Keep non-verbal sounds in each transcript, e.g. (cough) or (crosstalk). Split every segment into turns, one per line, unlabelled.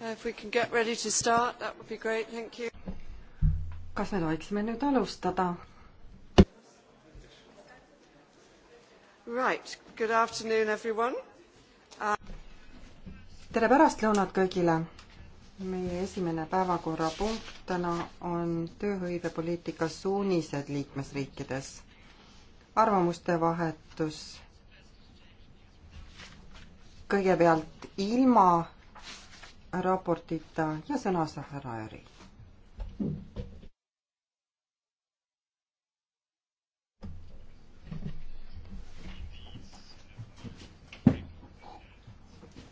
Uh,
kas me tohiksime nüüd alustada? Right, good afternoon everyone uh.... tere pärastlõunat kõigile. meie esimene päevakorrapunkt täna on tööhõivepoliitika suunised liikmesriikides. arvamuste vahetus kõigepealt ilma raportita ja sõna saab härra Jüri.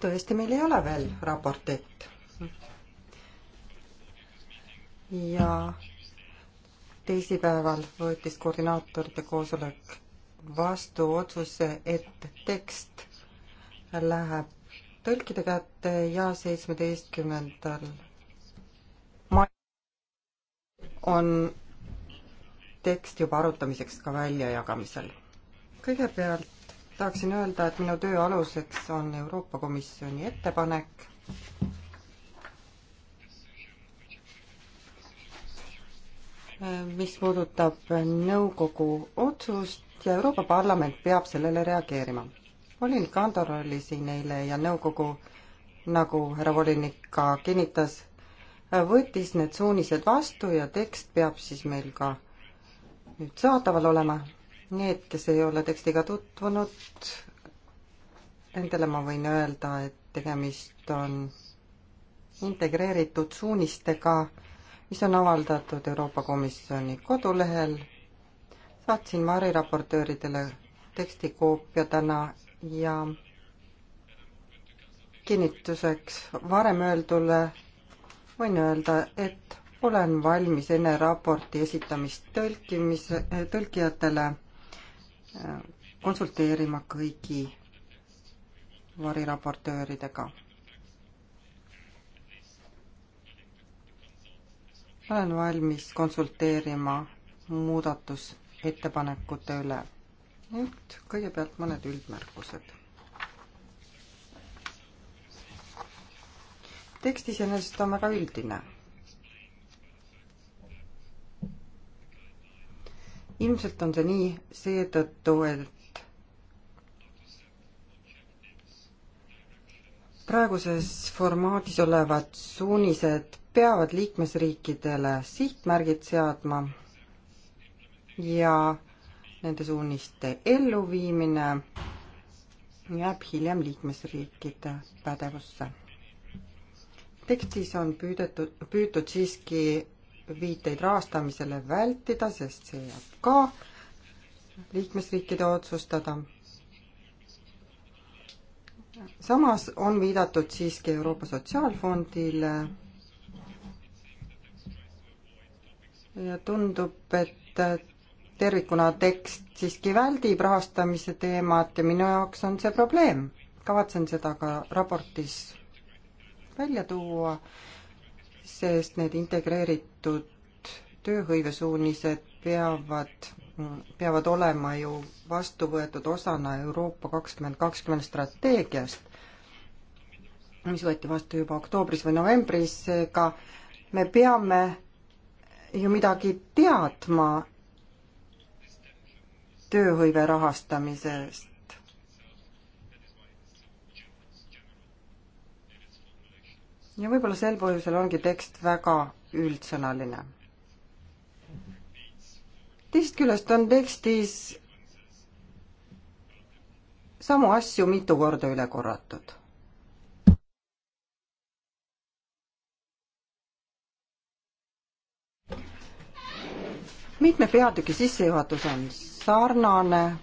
tõesti, meil ei ole veel raportit. ja teisipäeval võttis koordinaatorite koosolek vastu otsuse, et tekst läheb tõlkide kätte ja seitsmeteistkümnendal mai on tekst juba arutamiseks ka väljajagamisel. kõigepealt tahaksin öelda, et minu töö aluseks on Euroopa Komisjoni ettepanek mis puudutab nõukogu otsust ja Euroopa Parlament peab sellele reageerima volinik Andor oli siin eile ja nõukogu, nagu härra volinik ka kinnitas, võttis need suunised vastu ja tekst peab siis meil ka nüüd saadaval olema. Need, kes ei ole tekstiga tutvunud, nendele ma võin öelda, et tegemist on integreeritud suunistega, mis on avaldatud Euroopa Komisjoni kodulehel. saatsin variraportööridele tekstikoopia täna ja kinnituseks varem öeldule võin öelda, et olen valmis enne raporti esitamist tõlkimise, tõlkijatele äh, konsulteerima kõigi variraportööridega. olen valmis konsulteerima muudatusettepanekute üle nüüd kõigepealt mõned üldmärkused. tekst iseenesest on väga üldine. ilmselt on see nii seetõttu, et praeguses formaadis olevad suunised peavad liikmesriikidele sihtmärgid seadma ja nende suuniste elluviimine jääb hiljem liikmesriikide pädevusse. tekstis on püüdetud, püütud siiski viiteid rahastamisele vältida, sest see jääb ka liikmesriikide otsustada. samas on viidatud siiski Euroopa Sotsiaalfondile ja tundub, et tervikuna tekst siiski väldib rahastamise teemat ja minu jaoks on see probleem. kavatsen seda ka raportis välja tuua, sest need integreeritud tööhõivesuunised peavad, peavad olema ju vastu võetud osana Euroopa kakskümmend kakskümmend strateegiast, mis võeti vastu juba oktoobris või novembris, seega me peame ju midagi teadma tööhõive rahastamisest. ja võib-olla sel põhjusel ongi tekst väga üldsõnaline. teisest küljest on tekstis samu asju mitu korda üle korratud mitme peatüki sissejuhatus on sarnane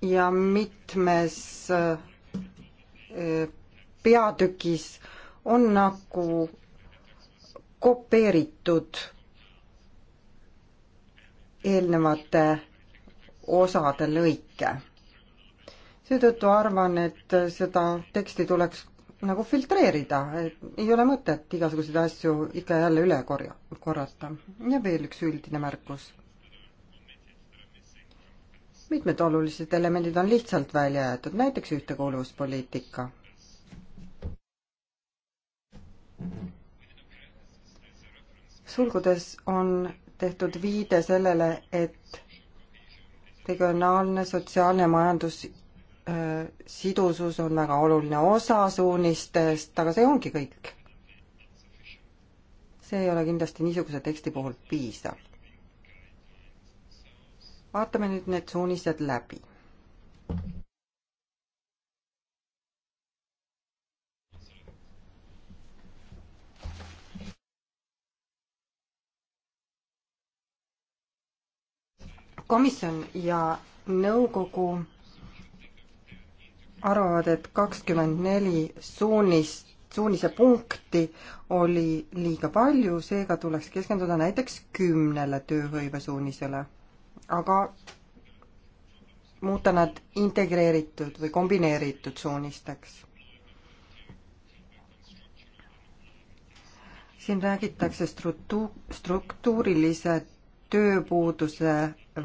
ja mitmes eh, peatükis on nagu kopeeritud eelnevate osade lõike. seetõttu arvan, et seda teksti tuleks nagu filtreerida, ei ole mõtet igasuguseid asju ikka ja jälle üle korja, korrata. ja veel üks üldine märkus. mitmed olulised elemendid on lihtsalt välja jäetud, näiteks ühtekuuluvuspoliitika. sulgudes on tehtud viide sellele, et regionaalne, sotsiaalne, majandus Äh, sidusus on väga oluline osa suunistest, aga see ongi kõik. see ei ole kindlasti niisuguse teksti puhul piisav. vaatame nüüd need suunised läbi. komisjon ja nõukogu arvavad, et kakskümmend neli suunist, suunise punkti oli liiga palju, seega tuleks keskenduda näiteks kümnele tööhõivesuunisele. aga muuta nad integreeritud või kombineeritud suunisteks. siin räägitakse struktu-, struktuurilise tööpuuduse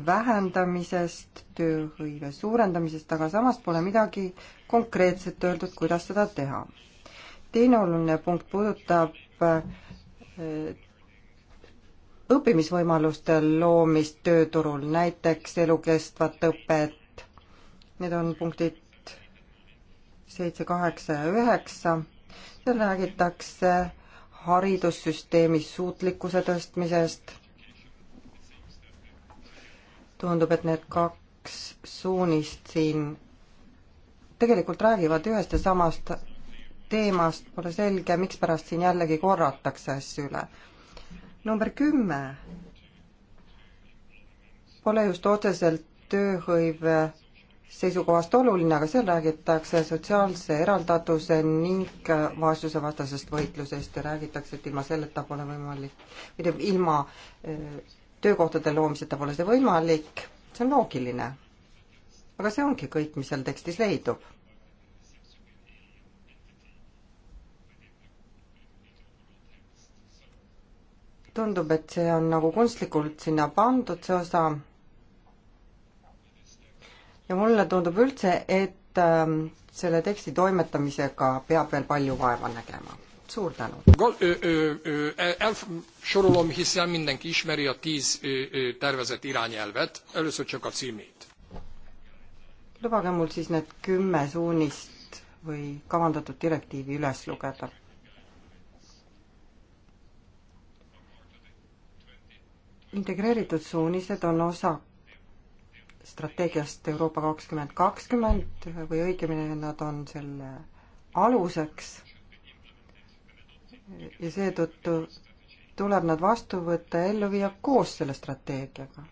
vähendamisest, tööhõive suurendamisest, aga samas pole midagi konkreetset öeldud, kuidas seda teha. teine oluline punkt puudutab äh, õppimisvõimaluste loomist tööturul, näiteks elukestvat õpet, need on punktid seitse, kaheksa ja üheksa, seal räägitakse haridussüsteemi suutlikkuse tõstmisest tundub, et need kaks suunist siin tegelikult räägivad ühest ja samast teemast, pole selge, mikspärast siin jällegi korratakse asju üle. number kümme pole just otseselt tööhõive seisukohast oluline, aga seal räägitakse sotsiaalse eraldatuse ning vaesusevastasest võitlusest ja räägitakse, et ilma selleta pole võimalik, või tähendab, ilma töökohtade loomiseta pole see võimalik, see on loogiline. aga see ongi kõik, mis seal tekstis leidub. tundub, et see on nagu kunstlikult sinna pandud, see osa. ja mulle tundub üldse, et ähm, selle teksti toimetamisega peab veel palju vaeva nägema Suur tänu.
Elsorolom, hiszen mindenki ismeri a tíz tervezett irányelvet, először csak a címét.
lubage mul siis need kümme suunist või kavandatud direktiivi üles lugeda. integreeritud suunised on osa strateegiast Euroopa kakskümmend kakskümmend või õigemini nad on selle aluseks ja seetõttu tuleb nad vastu võtta ja ellu viia koos selle strateegiaga.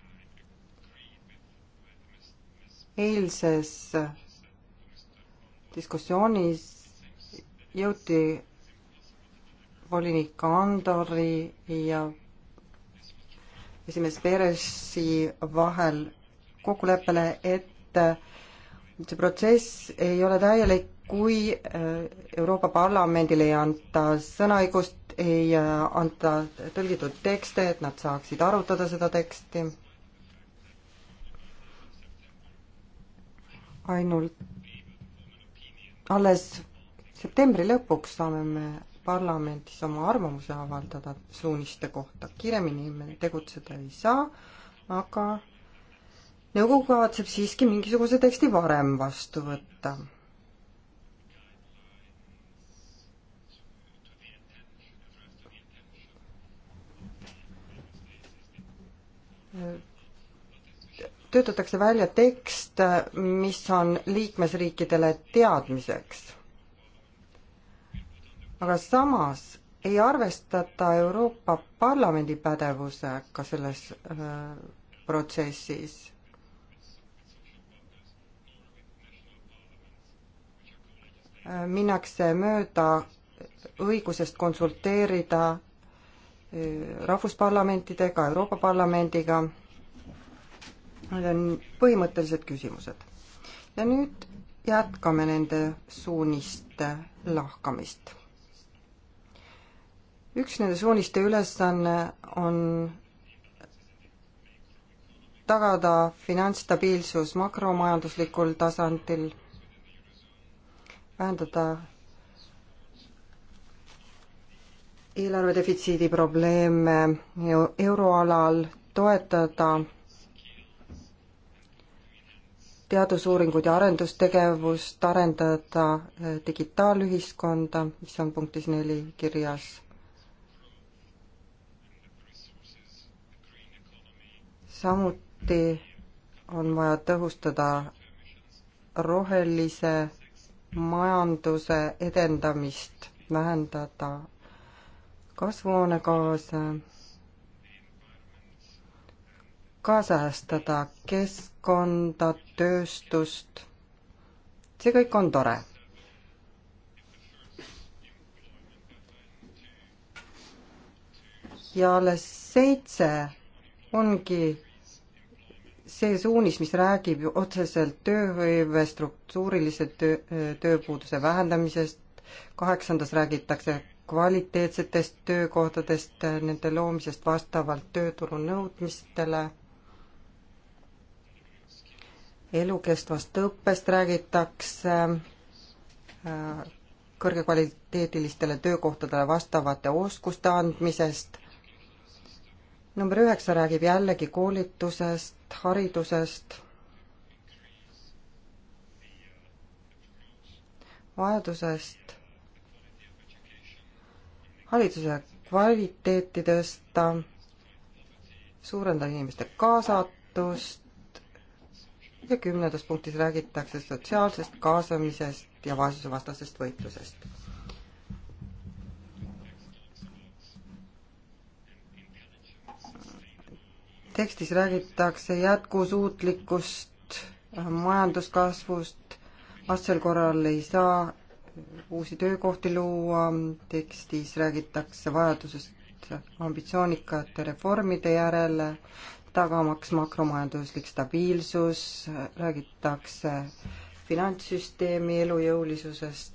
eilses diskussioonis jõuti volinik Andori ja esimees Peresi vahel kokkuleppele, et see protsess ei ole täielik kui äh, Euroopa Parlamendile ei anta sõnaõigust, ei äh, anta tõlgitud tekste, et nad saaksid arutada seda teksti. ainult alles septembri lõpuks saame me parlamendis oma arvamuse avaldada suuniste kohta, kiiremini me tegutseda ei saa, aga nõukogu kavatseb siiski mingisuguse teksti varem vastu võtta töötatakse välja tekst, mis on liikmesriikidele teadmiseks. aga samas ei arvestata Euroopa Parlamendi pädevusega selles äh, protsessis. Äh, minnakse mööda õigusest konsulteerida rahvusparlamentidega, Euroopa Parlamendiga. Need on põhimõttelised küsimused. ja nüüd jätkame nende suuniste lahkamist. üks nende suuniste ülesanne on tagada finantsstabiilsus makromajanduslikul tasandil, vähendada eelarvedefitsiidi probleeme euroalal, toetada teadusuuringuid ja arendustegevust, arendada äh, digitaalühiskonda, mis on punktis neli kirjas, samuti on vaja tõhustada rohelise majanduse edendamist, vähendada kasvuhoonegaase, kaasajastada keskkonda, tööstust, see kõik on tore. ja alles seitse ongi see suunis, mis räägib otseselt tööhõive struktuurilise töö, tööpuuduse vähendamisest, kaheksandas räägitakse kvaliteetsetest töökohtadest, nende loomisest vastavalt tööturu nõudmistele. elukestvast õppest räägitakse, kõrgekvaliteedilistele töökohtadele vastavate oskuste andmisest. number üheksa räägib jällegi koolitusest, haridusest. vajadusest hariduse kvaliteeti tõsta, suurendada inimeste kaasatust ja kümnendas punktis räägitakse sotsiaalsest kaasamisest ja vaesusevastasest võitlusest. tekstis räägitakse jätkusuutlikust majanduskasvust, vastasel korral ei saa uusi töökohti luua, tekstis räägitakse vajadusest ambitsioonikate reformide järele, tagamaks makromajanduslik stabiilsus, räägitakse finantssüsteemi elujõulisusest.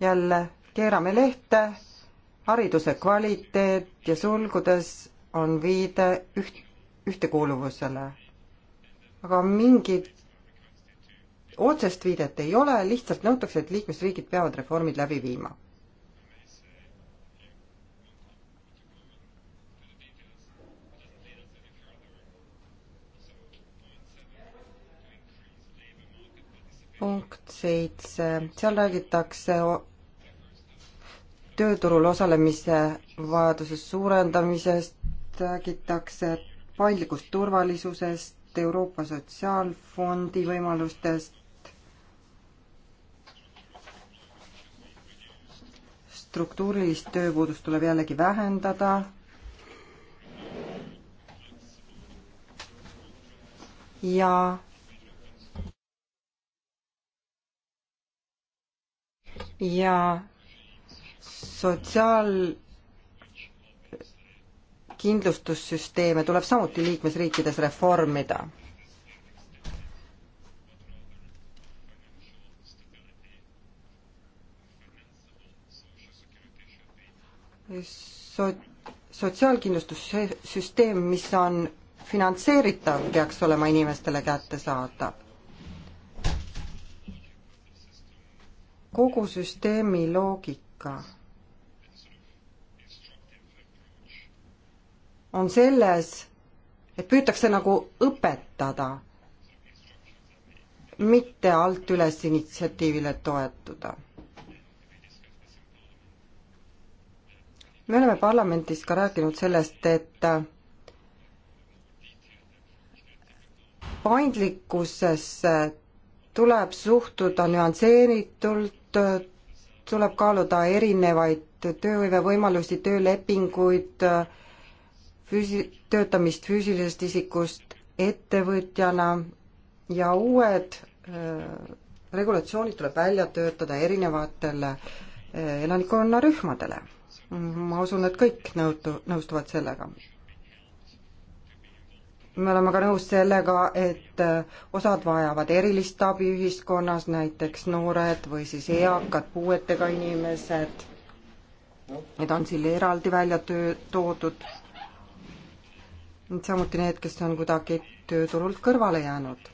jälle keerame lehte hariduse kvaliteet ja sulgudes on viide üht, ühtekuuluvusele. aga mingit otsest viidet ei ole, lihtsalt nõutakse, et liikmesriigid peavad reformid läbi viima. punkt seitse, seal räägitakse tööturul osalemise vajaduse suurendamisest räägitakse, paindlikust turvalisusest, Euroopa Sotsiaalfondi võimalustest, struktuurilist tööpuudust tuleb jällegi vähendada, ja ja sotsiaalkindlustussüsteeme tuleb samuti liikmesriikides reformida. So-, sotsiaalkindlustussüsteem, mis on finantseeritav, peaks olema inimestele kättesaadav. kogu süsteemi loogika on selles, et püütakse nagu õpetada, mitte alt üles initsiatiivile toetuda. me oleme parlamendis ka rääkinud sellest, et paindlikkusesse tuleb suhtuda nüansseeritult, tuleb kaaluda erinevaid tööhõive võimalusi, töölepinguid äh,, füüsi-, töötamist füüsilisest isikust ettevõtjana ja uued äh, regulatsioonid tuleb välja töötada erinevatele äh, elanikkonnarühmadele. ma usun, et kõik nõutu-, nõustuvad sellega. me oleme ka nõus sellega, et äh, osad vajavad erilist abi ühiskonnas, näiteks noored või siis eakad, puuetega inimesed, need on siin eraldi välja töö-, toodud samuti need, kes on kuidagi tööturult kõrvale jäänud.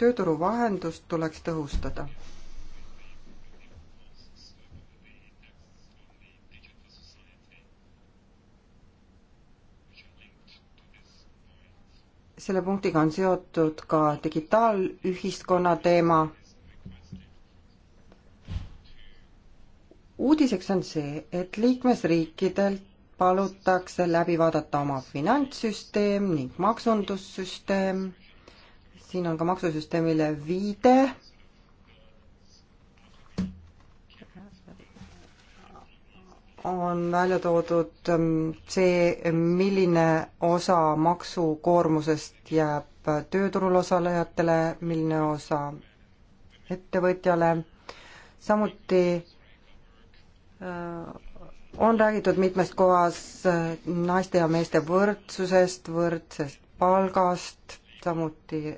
tööturu vahendust tuleks tõhustada. selle punktiga on seotud ka digitaalühiskonna teema. uudiseks on see, et liikmesriikidelt palutakse läbi vaadata oma finantssüsteem ning maksundussüsteem. siin on ka maksusüsteemile viide. on välja toodud ähm, see, milline osa maksukoormusest jääb tööturul osalejatele, milline osa ettevõtjale. samuti äh, on räägitud mitmes kohas äh, naiste ja meeste võrdsusest, võrdsest palgast, samuti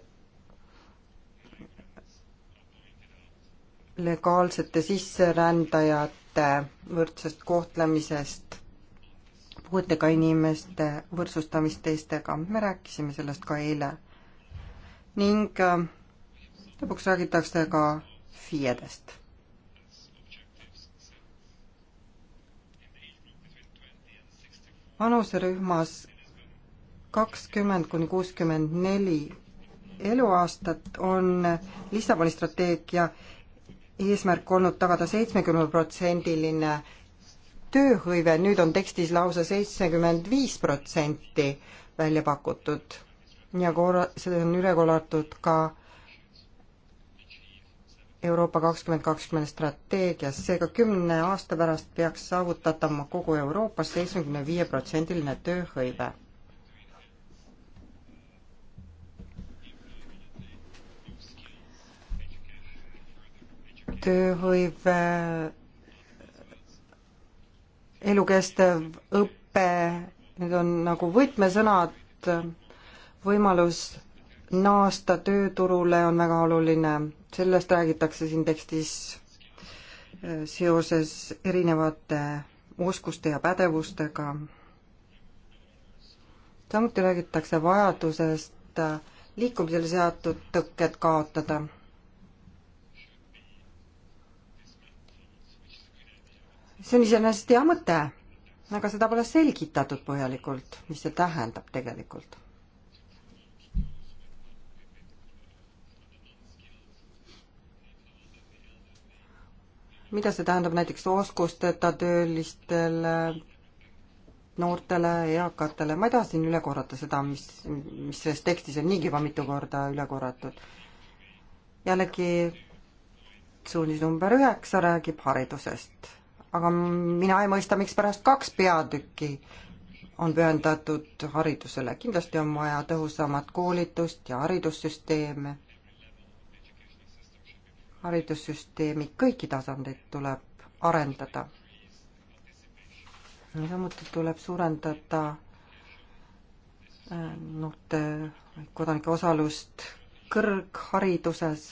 legaalsete sisserändajate võrdsest kohtlemisest, puudega inimeste võrdsustamist teistega, me rääkisime sellest ka eile. ning äh, lõpuks räägitakse ka FIE-dest vanuserühmas kakskümmend kuni kuuskümmend neli eluaastat on Lissaboni strateegia eesmärk olnud tagada seitsmekümneprotsendiline tööhõive, nüüd on tekstis lausa seitsekümmend viis protsenti välja pakutud ja korra-, see on üle korratud ka Euroopa kakskümmend kakskümmend strateegias, seega kümne aasta pärast peaks saavutatama kogu Euroopas seitsmekümne viie protsendiline tööhõive. tööhõive, elukestev õpe, need on nagu võtmesõnad, võimalus naasta tööturule on väga oluline sellest räägitakse siin tekstis äh, seoses erinevate oskuste ja pädevustega. samuti räägitakse vajadusest äh, liikumisele seatud tõkked kaotada see on iseenesest hea mõte, aga seda pole selgitatud põhjalikult, mis see tähendab tegelikult. mida see tähendab näiteks oskusteta töölistele, noortele, eakatele, ma ei taha siin üle korrata seda, mis, mis selles tekstis on niigi juba mitu korda üle korratud. jällegi suunis number üheksa räägib haridusest, aga mina ei mõista, mikspärast kaks peatükki on pühendatud haridusele, kindlasti on vaja tõhusamat koolitust ja haridussüsteeme haridussüsteemi kõiki tasandeid tuleb arendada. samuti tuleb suurendada äh, noorte kodanike osalust kõrghariduses,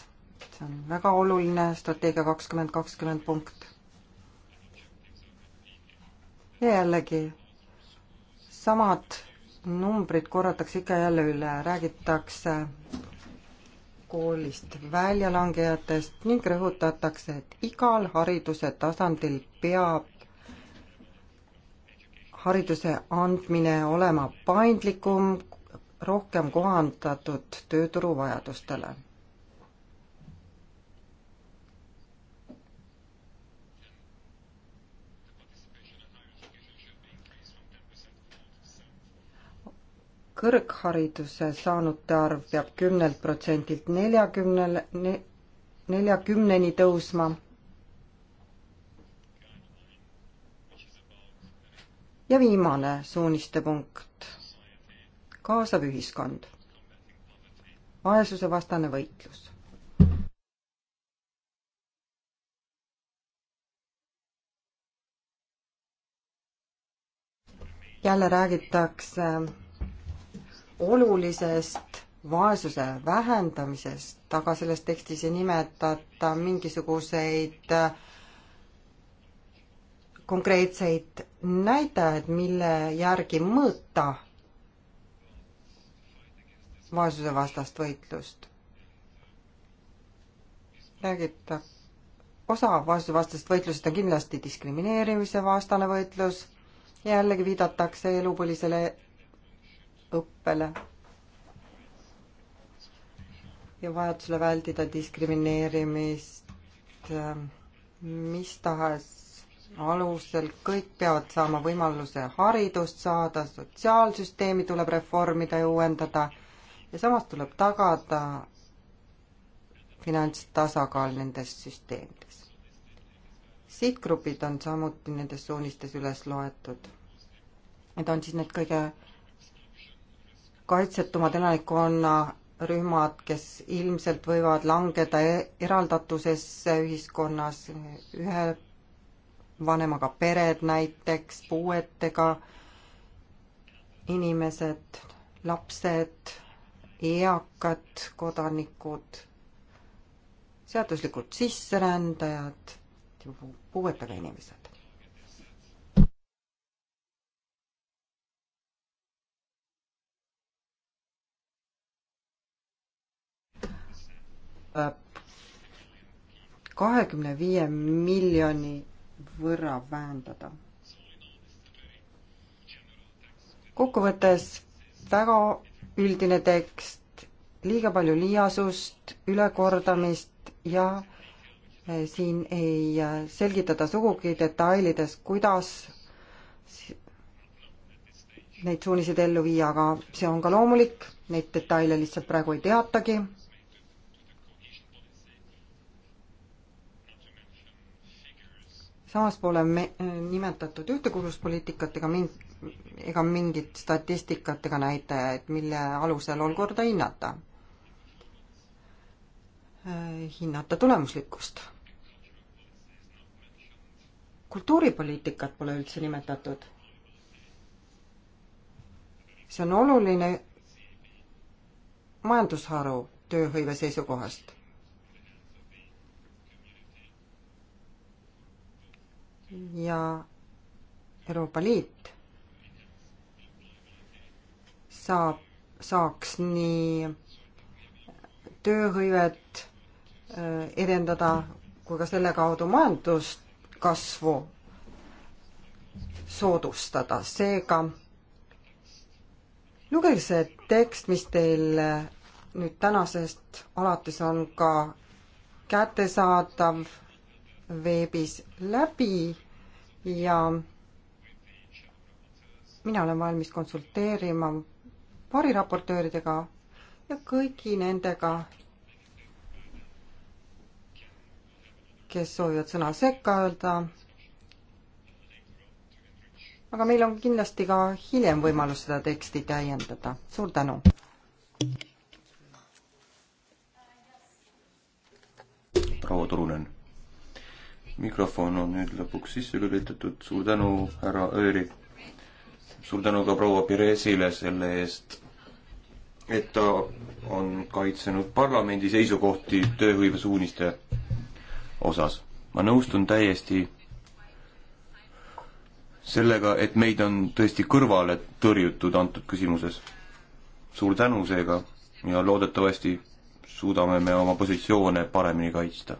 see on väga oluline strateegia kakskümmend kakskümmend punkt. ja jällegi, samad numbrid korratakse ikka jälle üle, räägitakse koolist väljalangejatest ning rõhutatakse, et igal hariduse tasandil peab hariduse andmine olema paindlikum, rohkem kohandatud tööturu vajadustele kõrghariduse saanute arv peab kümnelt protsendilt neljakümnele, neljakümneni tõusma. ja viimane suuniste punkt, kaasav ühiskond, vaesusevastane võitlus. jälle räägitakse olulisest vaesuse vähendamisest, aga selles tekstis ei nimetata mingisuguseid äh, konkreetseid näitajaid, mille järgi mõõta vaesusevastast võitlust. räägita, osa vaesusevastasest võitlusest on kindlasti diskrimineerimise vastane võitlus, jällegi viidatakse elupõlisele õppele ja vajadusele väldida diskrimineerimist ähm, mis tahes alusel, kõik peavad saama võimaluse haridust saada, sotsiaalsüsteemi tuleb reformida ja uuendada ja samas tuleb tagada finantstasakaal nendes süsteemides. sihtgrupid on samuti nendes suunistes üles loetud. Need on siis need kõige kaitsetumad elanikkonnarühmad, kes ilmselt võivad langeda e-, eraldatusesse ühiskonnas, ühe vanemaga pered näiteks, puuetega inimesed, lapsed, eakad kodanikud, seaduslikud sisserändajad, puuetega inimesed. kahekümne viie miljoni võrra vähendada. kokkuvõttes väga üldine tekst, liiga palju liiasust, ülekordamist ja eh, siin ei eh, selgitada sugugi detailides, kuidas neid suuniseid ellu viia, aga see on ka loomulik, neid detaile lihtsalt praegu ei teatagi samas pole me nimetatud ühtekuuluvuspoliitikat ega mind, ega mingit statistikat ega näitajaid, mille alusel olukorda hinnata. hinnata tulemuslikkust. kultuuripoliitikat pole üldse nimetatud. see on oluline majandusharu tööhõive seisukohast ja Euroopa Liit saab, saaks nii tööhõivet äh, edendada kui ka selle kaudu majanduskasvu soodustada, seega lugege see tekst, mis teil äh, nüüd tänasest alates on ka kättesaadav veebis läbi ja mina olen valmis konsulteerima variraportööridega ja kõigi nendega, kes soovivad sõna sekka öelda. aga meil on kindlasti ka hiljem võimalus seda teksti täiendada. suur tänu!
proua Turunen mikrofon on nüüd lõpuks sisse lülitatud, suur tänu, härra Ööri. suur tänu ka proua Piresile selle eest, et ta on kaitsenud parlamendi seisukohti tööhõivesuuniste osas. ma nõustun täiesti sellega, et meid on tõesti kõrvale tõrjutud antud küsimuses. suur tänu seega ja loodetavasti suudame me oma positsioone paremini kaitsta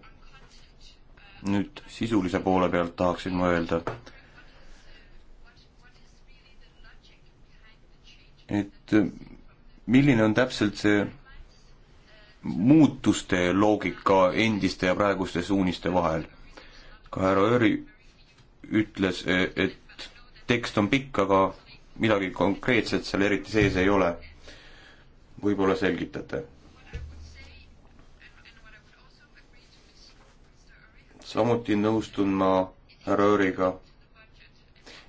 nüüd sisulise poole pealt tahaksin ma öelda, et äh, milline on täpselt see muutuste loogika endiste ja praeguste suuniste vahel? ka härra Öri ütles, e, et tekst on pikk, aga midagi konkreetset seal eriti sees ei ole. võib-olla selgitate samuti nõustun ma härra Ööriga,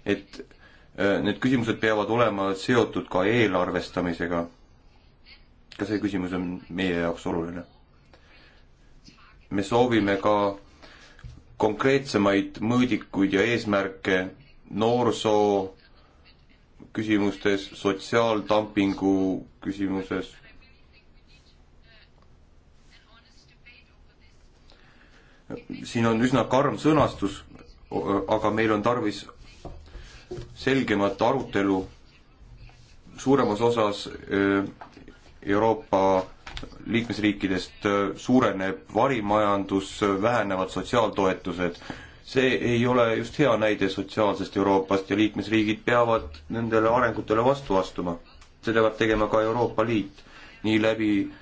et äh, need küsimused peavad olema seotud ka eelarvestamisega. ka see küsimus on meie jaoks oluline. me soovime ka konkreetsemaid mõõdikuid ja eesmärke noorsoo küsimustes, sotsiaaldumpingu küsimuses siin on üsna karm sõnastus, aga meil on tarvis selgemat arutelu suuremas osas äh, Euroopa liikmesriikidest äh, suureneb varimajandus, vähenevad sotsiaaltoetused. see ei ole just hea näide sotsiaalsest Euroopast ja liikmesriigid peavad nendele arengutele vastu astuma. seda peab tegema ka Euroopa Liit nii läbi äh,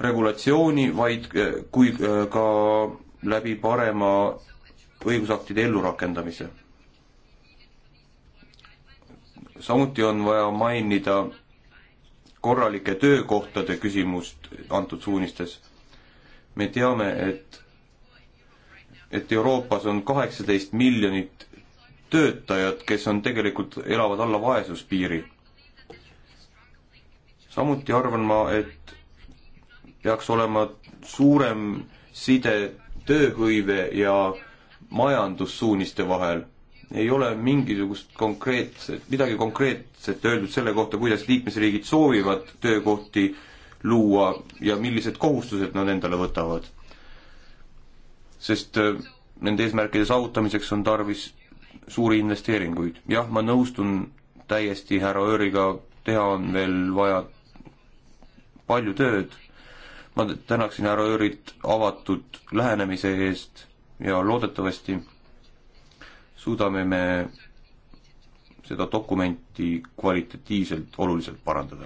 regulatsiooni, vaid äh, kui äh, ka läbi parema õigusaktide ellurakendamise. samuti on vaja mainida korralike töökohtade küsimust antud suunistes. me teame, et, et Euroopas on kaheksateist miljonit töötajat, kes on tegelikult, elavad alla vaesuspiiri. samuti arvan ma, et peaks olema suurem side tööhõive ja majandussuuniste vahel. ei ole mingisugust konkreetset, midagi konkreetset öeldud selle kohta, kuidas liikmesriigid soovivad töökohti luua ja millised kohustused nad endale võtavad. sest äh, nende eesmärkide saavutamiseks on tarvis suuri investeeringuid. jah, ma nõustun täiesti härra Ööriga, teha on veel vaja palju tööd ma tänaksin härra Öörit avatud lähenemise eest ja loodetavasti suudame me seda dokumenti kvalitatiivselt oluliselt parandada.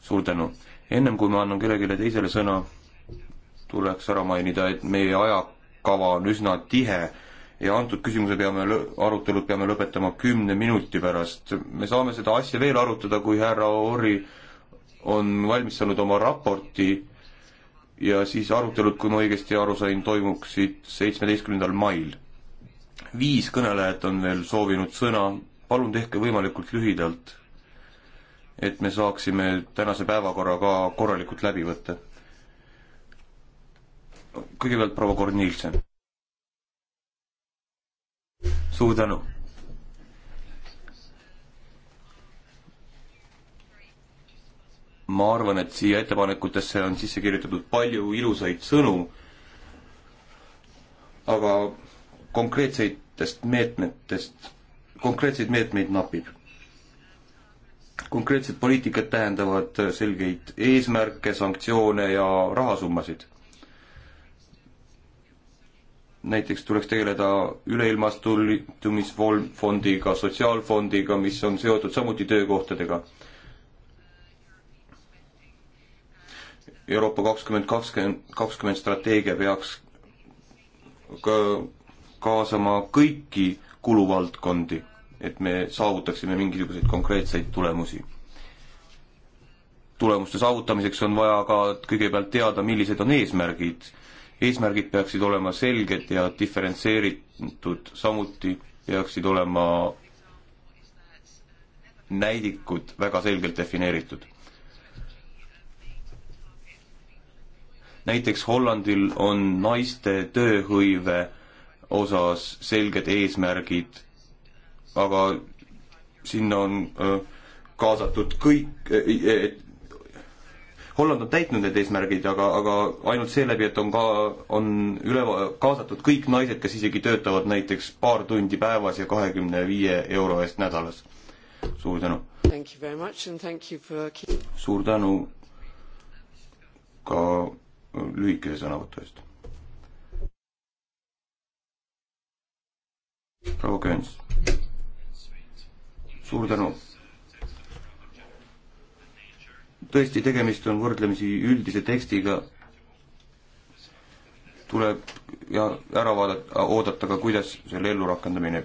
suur tänu. ennem kui ma annan kellelegi teisele sõna, tuleks ära mainida, et meie ajakava on üsna tihe ja antud küsimuse peame, arutelud peame lõpetama kümne minuti pärast. me saame seda asja veel arutada, kui härra Orri on valmistanud oma raporti ja siis arutelud, kui ma õigesti aru sain, toimuksid seitsmeteistkümnendal mail. viis kõnelejat on veel soovinud sõna, palun tehke võimalikult lühidalt, et me saaksime tänase päevakorra ka korralikult läbi võtta. kõigepealt proua Kornilsen. suur tänu ma arvan, et siia ettepanekutesse on sisse kirjutatud palju ilusaid sõnu, aga konkreetsetest meetmetest, konkreetseid meetmeid napib. konkreetsed poliitikad tähendavad selgeid eesmärke, sanktsioone ja rahasummasid. näiteks tuleks tegeleda üleilmastumisfondiga, sotsiaalfondiga, mis on seotud samuti töökohtadega Euroopa kakskümmend kakskümmend, kakskümmend strateegia peaks ka kaasama kõiki kuluvaldkondi, et me saavutaksime mingisuguseid konkreetseid tulemusi. tulemuste saavutamiseks on vaja ka kõigepealt teada, millised on eesmärgid. eesmärgid peaksid olema selged ja diferentseeritud, samuti peaksid olema näidikud väga selgelt defineeritud näiteks Hollandil on naiste tööhõive osas selged eesmärgid, aga sinna on öö, kaasatud kõik eh,, Holland on täitnud need eesmärgid, aga, aga ainult seeläbi, et on ka, on üle kaasatud kõik naised, kes isegi töötavad näiteks paar tundi päevas ja kahekümne viie euro eest nädalas. suur tänu! For... suur tänu ka lühikese sõnavõtu eest. proua Köns, suur tänu. tõesti, tegemist on võrdlemisi üldise tekstiga. tuleb ja ära vaadata, oodata ka, kuidas selle ellurakendamine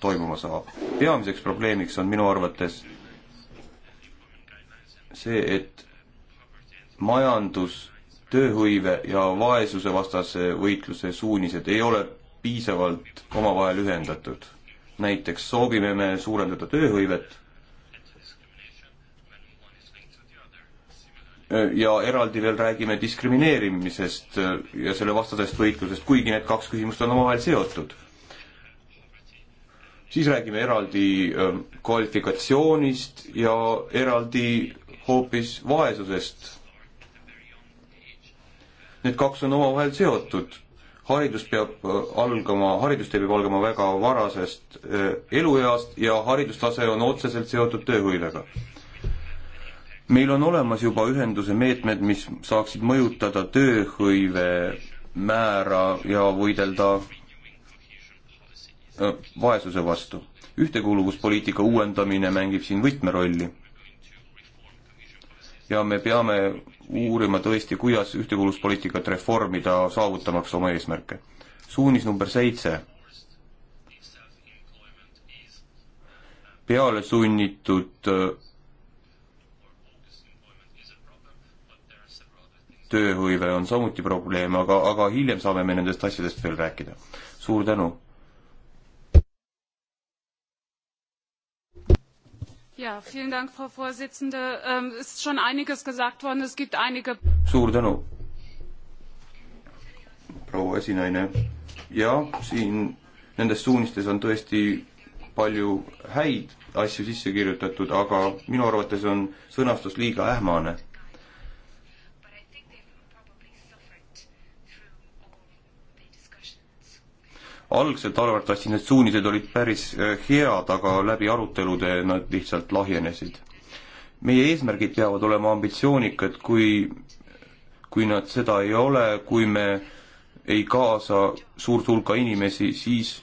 toimuma saab. peamiseks probleemiks on minu arvates see, et majandus tööhõive ja vaesusevastase võitluse suunised ei ole piisavalt omavahel ühendatud. näiteks soovime me suurendada tööhõivet ja eraldi veel räägime diskrimineerimisest ja selle vastasest võitlusest, kuigi need kaks küsimust on omavahel seotud. siis räägime eraldi ähm, kvalifikatsioonist ja eraldi hoopis vaesusest Need kaks on omavahel seotud. haridus peab äh, algama, haridustee peab algama väga varasest äh, elueast ja haridustase on otseselt seotud tööhõivega. meil on olemas juba ühenduse meetmed, mis saaksid mõjutada tööhõive määra ja võidelda äh, vaesuse vastu. ühtekuuluvuspoliitika uuendamine mängib siin võtmerolli ja me peame uurima tõesti, kuidas ühtekuuluvuspoliitikat reformida, saavutamaks oma eesmärke. suunis number seitse. peale sunnitud äh, tööhõive on samuti probleem, aga, aga hiljem saame me nendest asjadest veel rääkida. suur tänu!
Ja, vielen Dank, Frau Vorsitzende. Ähm, ist schon einiges gesagt worden. Es gibt einige.
Suur tänu. proua esinaine. ja siin nendes suunistes on tõesti palju häid asju sisse kirjutatud, aga minu arvates on sõnastus liiga ähmane algselt arvatavasti need suunised olid päris äh, head, aga läbi arutelude nad lihtsalt lahjenesid. meie eesmärgid peavad olema ambitsioonikad, kui, kui nad seda ei ole, kui me ei kaasa suurt hulka inimesi, siis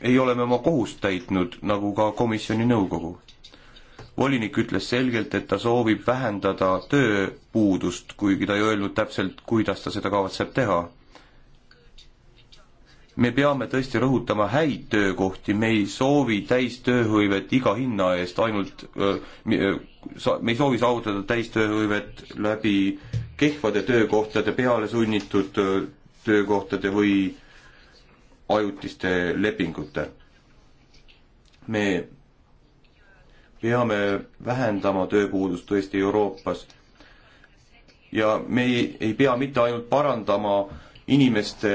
ei ole me oma kohust täitnud, nagu ka komisjoni nõukogu. volinik ütles selgelt, et ta soovib vähendada tööpuudust, kuigi ta ei öelnud täpselt, kuidas ta seda kavatseb teha me peame tõesti rõhutama häid töökohti, me ei soovi täistööhõivet iga hinna eest ainult, me ei soovi saavutada täistööhõivet läbi kehvade töökohtade, pealesunnitud töökohtade või ajutiste lepingute. me peame vähendama tööpuudust tõesti Euroopas ja me ei, ei pea mitte ainult parandama inimeste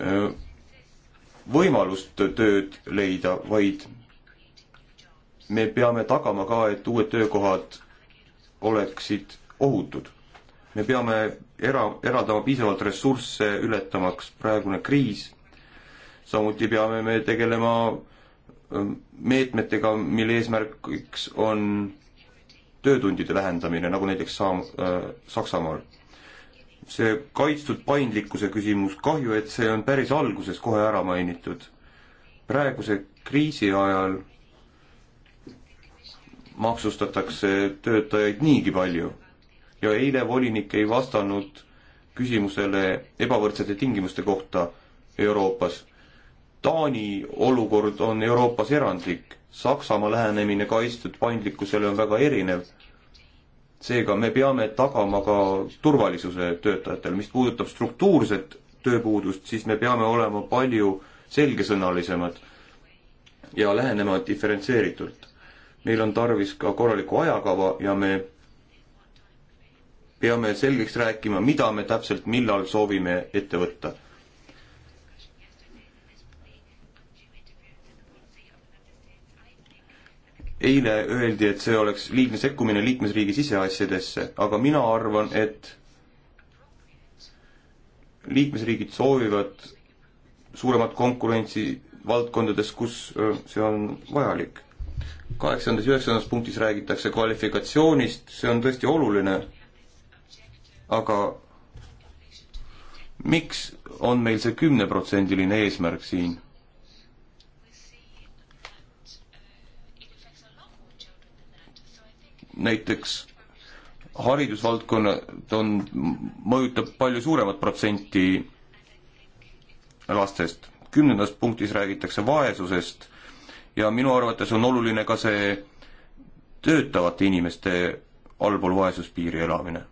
Äh, võimalust tööd leida, vaid me peame tagama ka, et uued töökohad oleksid ohutud. me peame era, eraldama piisavalt ressursse, ületamaks praegune kriis, samuti peame me tegelema ähm, meetmetega, mille eesmärgiks on töötundide vähendamine, nagu näiteks Saam- äh,, Saksamaal see kaitstud paindlikkuse küsimus, kahju, et see on päris alguses kohe ära mainitud. praeguse kriisi ajal maksustatakse töötajaid niigi palju ja eile volinik ei vastanud küsimusele ebavõrdsete tingimuste kohta Euroopas. Taani olukord on Euroopas erandlik, Saksamaa lähenemine kaitstud paindlikkusele on väga erinev seega me peame tagama ka turvalisuse töötajatele, mis puudutab struktuurset tööpuudust, siis me peame olema palju selgesõnalisemad ja lähenema diferentseeritult. meil on tarvis ka korralikku ajakava ja me peame selgeks rääkima, mida me täpselt millal soovime ette võtta eile öeldi, et see oleks liigne sekkumine liikmesriigi siseasjadesse, aga mina arvan, et liikmesriigid soovivad suuremat konkurentsi valdkondades, kus see on vajalik. kaheksandas, üheksandas punktis räägitakse kvalifikatsioonist, see on tõesti oluline, aga miks on meil see kümneprotsendiline eesmärk siin? näiteks haridusvaldkonnad on, mõjutab palju suuremat protsenti lastest. kümnendas punktis räägitakse vaesusest ja minu arvates on oluline ka see töötavate inimeste allpool vaesuspiiri elamine.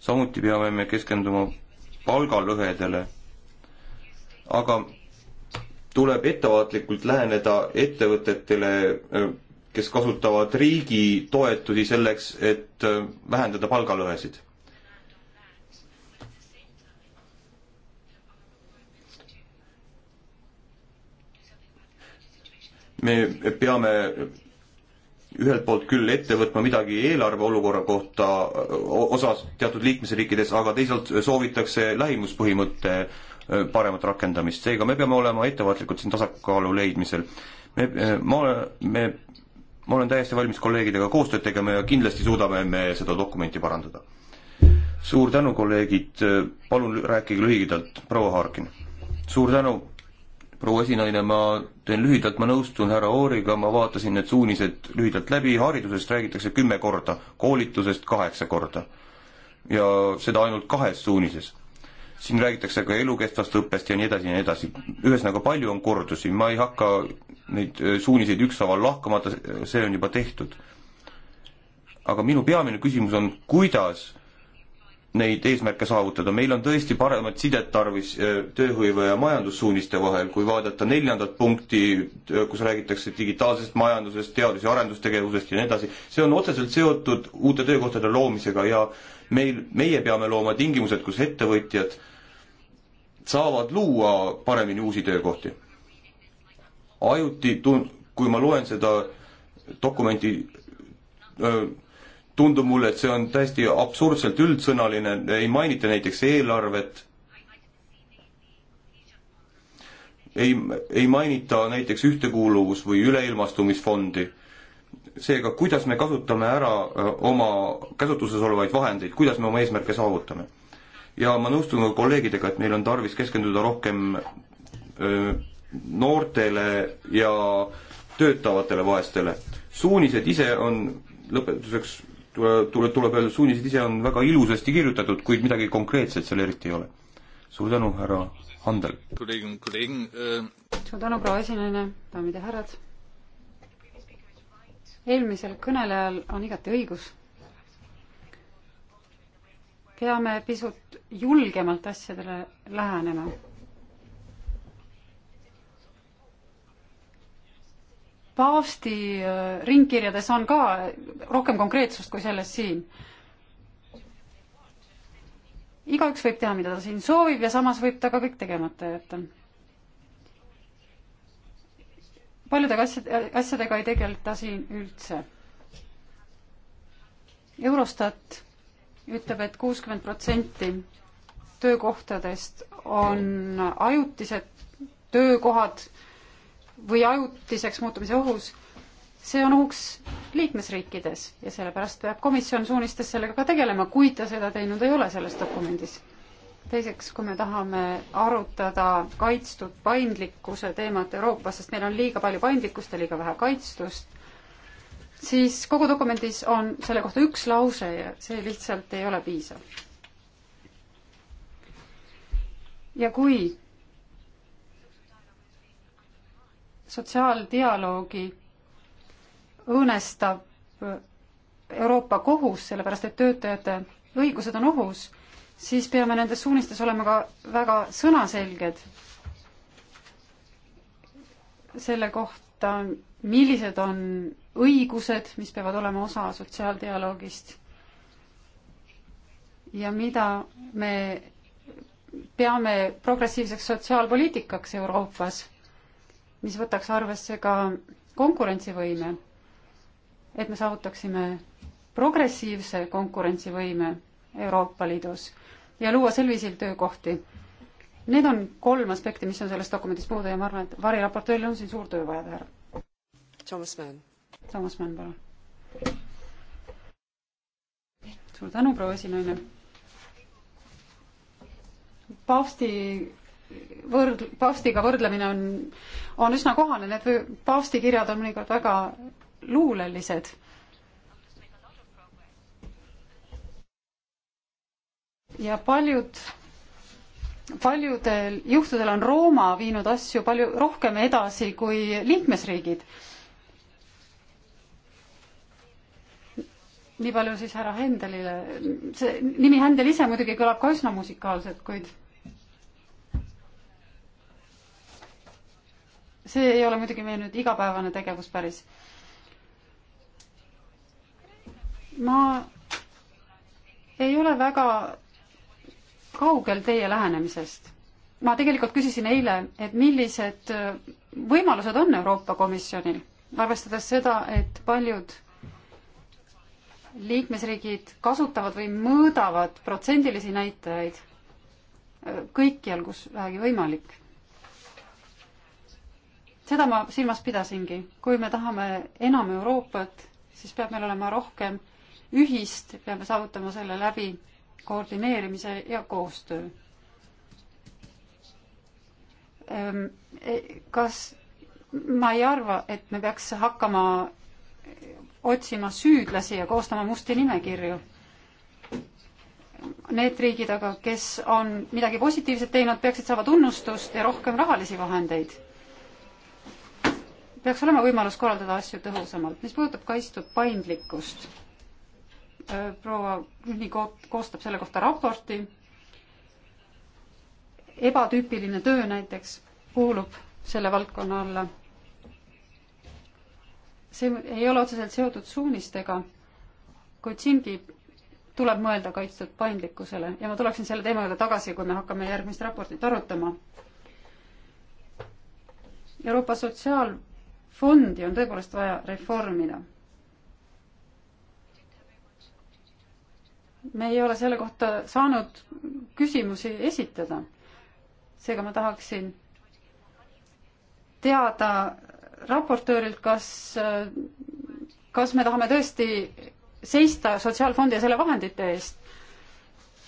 samuti peame me keskenduma palgalõhedele, aga tuleb ettevaatlikult läheneda ettevõtetele, äh, kes kasutavad riigi toetusi selleks, et äh, vähendada palgalõhesid. me peame ühelt poolt küll ette võtma midagi eelarve olukorra kohta äh, osas teatud liikmesriikides, aga teisalt soovitakse lähimuspõhimõtte äh, paremat rakendamist, seega me peame olema ettevaatlikud siin tasakaalu leidmisel. me, ma, me, ma olen täiesti valmis kolleegidega koostööd tegema ja kindlasti suudame me seda dokumenti parandada. suur tänu, kolleegid, palun rääkige lühidalt, proua Harkin. suur tänu, proua esinaine, ma teen lühidalt, ma nõustun härra Ooriga, ma vaatasin need suunised lühidalt läbi, haridusest räägitakse kümme korda, koolitusest kaheksa korda. ja seda ainult kahes suunises siin räägitakse ka elukestvast õppest ja nii edasi ja nii edasi. ühesõnaga, palju on kordusi, ma ei hakka neid äh, suuniseid ükshaaval lahkama, see on juba tehtud. aga minu peamine küsimus on, kuidas neid eesmärke saavutada, meil on tõesti paremat sidet tarvis äh, tööhõive ja majandussuuniste vahel, kui vaadata neljandat punkti, äh, kus räägitakse digitaalsest majandusest, teadus- ja arendustegevusest ja nii edasi, see on otseselt seotud uute töökohtade loomisega ja meil, meie peame looma tingimused, kus ettevõtjad saavad luua paremini uusi töökohti. ajuti tun-, kui ma loen seda dokumenti öö, äh, tundub mulle, et see on täiesti absurdselt üldsõnaline, ei mainita näiteks eelarvet, ei, ei mainita näiteks ühtekuuluvus- või üleilmastumisfondi. seega, kuidas me kasutame ära oma käsutuses olevaid vahendeid, kuidas me oma eesmärke saavutame? ja ma nõustun ka kolleegidega, et meil on tarvis keskenduda rohkem öö, noortele ja töötavatele vaestele. suunised ise on lõpetuseks tule, tule, tuleb öelda, suunised ise on väga ilusasti kirjutatud, kuid midagi konkreetset seal eriti ei ole. suur tänu, härra Handel. Äh.
suur tänu, proua esinaine, daamid ja härrad. eelmisel kõnelejal on igati õigus. peame pisut julgemalt asjadele lähenema paavsti äh, ringkirjades on ka rohkem konkreetsust kui selles siin. igaüks võib teha, mida ta siin soovib ja samas võib ta ka kõik tegemata jätta. paljudega asjad, asjadega ei tegeleta siin üldse. Eurostat ütleb et, et kuuskümmend protsenti töökohtadest on ajutised töökohad või ajutiseks muutumise ohus, see on ohuks liikmesriikides ja sellepärast peab komisjon suunistes sellega ka tegelema, kui ta seda teinud ei ole selles dokumendis. teiseks, kui me tahame arutada kaitstud paindlikkuse teemat Euroopas, sest meil on liiga palju paindlikkust ja liiga vähe kaitstust, siis kogu dokumendis on selle kohta üks lause ja see lihtsalt ei ole piisav. ja kui sotsiaaldialoogi õõnestab Euroopa Kohus, sellepärast et töötajate õigused on ohus, siis peame nendes suunistes olema ka väga sõnaselged selle kohta, millised on õigused, mis peavad olema osa sotsiaaldialoogist ja mida me peame progressiivseks sotsiaalpoliitikaks Euroopas mis võtaks arvesse ka konkurentsivõime, et me saavutaksime progressiivse konkurentsivõime Euroopa Liidus ja luua sel viisil töökohti. Need on kolm aspekti, mis on selles dokumendis puudu ja ma arvan, et variraportööril on siin suur töö vaja teha. Thomas Mann. Thomas Mann, palun. suur tänu, proua esinaine. paavsti võrd-, paavstiga võrdlemine on, on üsna kohane, need paavsti kirjad on mõnikord väga luulelised. ja paljud, paljudel juhtudel on Rooma viinud asju palju rohkem edasi kui liikmesriigid. nii palju siis härra Händelile, see nimi Händel ise muidugi kõlab ka üsna musikaalselt, kuid see ei ole muidugi meie nüüd igapäevane tegevus päris. ma ei ole väga kaugel teie lähenemisest. ma tegelikult küsisin eile, et millised võimalused on Euroopa Komisjonil, arvestades seda, et paljud liikmesriigid kasutavad või mõõdavad protsendilisi näitajaid kõikjal, kus vähegi võimalik seda ma silmas pidasingi. kui me tahame enam Euroopat, siis peab meil olema rohkem ühist, peame saavutama selle läbi koordineerimise ja koostöö. Ehm, e, kas, ma ei arva, et me peaks hakkama otsima süüdlasi ja koostama musti nimekirju. Need riigid aga, kes on midagi positiivset teinud, peaksid saama tunnustust ja rohkem rahalisi vahendeid peaks olema võimalus korraldada asju tõhusamalt. mis puudutab kaitstud paindlikkust, äh, proua Rühmi koostab selle kohta raporti, ebatüüpiline töö näiteks kuulub selle valdkonna alla. see ei ole otseselt seotud suunistega, kuid siingi tuleb mõelda kaitstud paindlikkusele ja ma tuleksin selle teema juurde tagasi, kui me hakkame järgmist raportit arutama. Euroopa Sotsiaal- fondi on tõepoolest vaja reformida. me ei ole selle kohta saanud küsimusi esitada. seega ma tahaksin teada raportöörilt, kas, kas me tahame tõesti seista Sotsiaalfondi ja selle vahendite eest.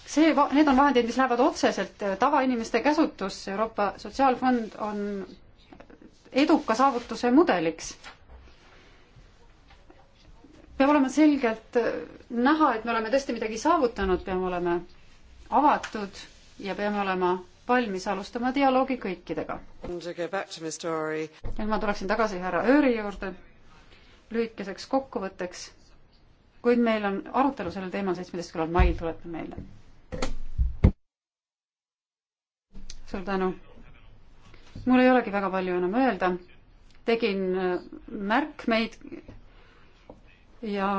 see, need on vahendid, mis lähevad otseselt tavainimeste käsutusse, Euroopa Sotsiaalfond on eduka saavutuse mudeliks. peab olema selgelt näha, et me oleme tõesti midagi saavutanud, peame olema avatud ja peame olema valmis alustama dialoogi kõikidega. nüüd ma tuleksin tagasi härra Ööri juurde lühikeseks kokkuvõtteks, kuid meil on arutelu sellel teemal seitsmeteistkümnendal mail, tuletan meelde. suur tänu mul ei olegi väga palju enam öelda. tegin äh, märkmeid ja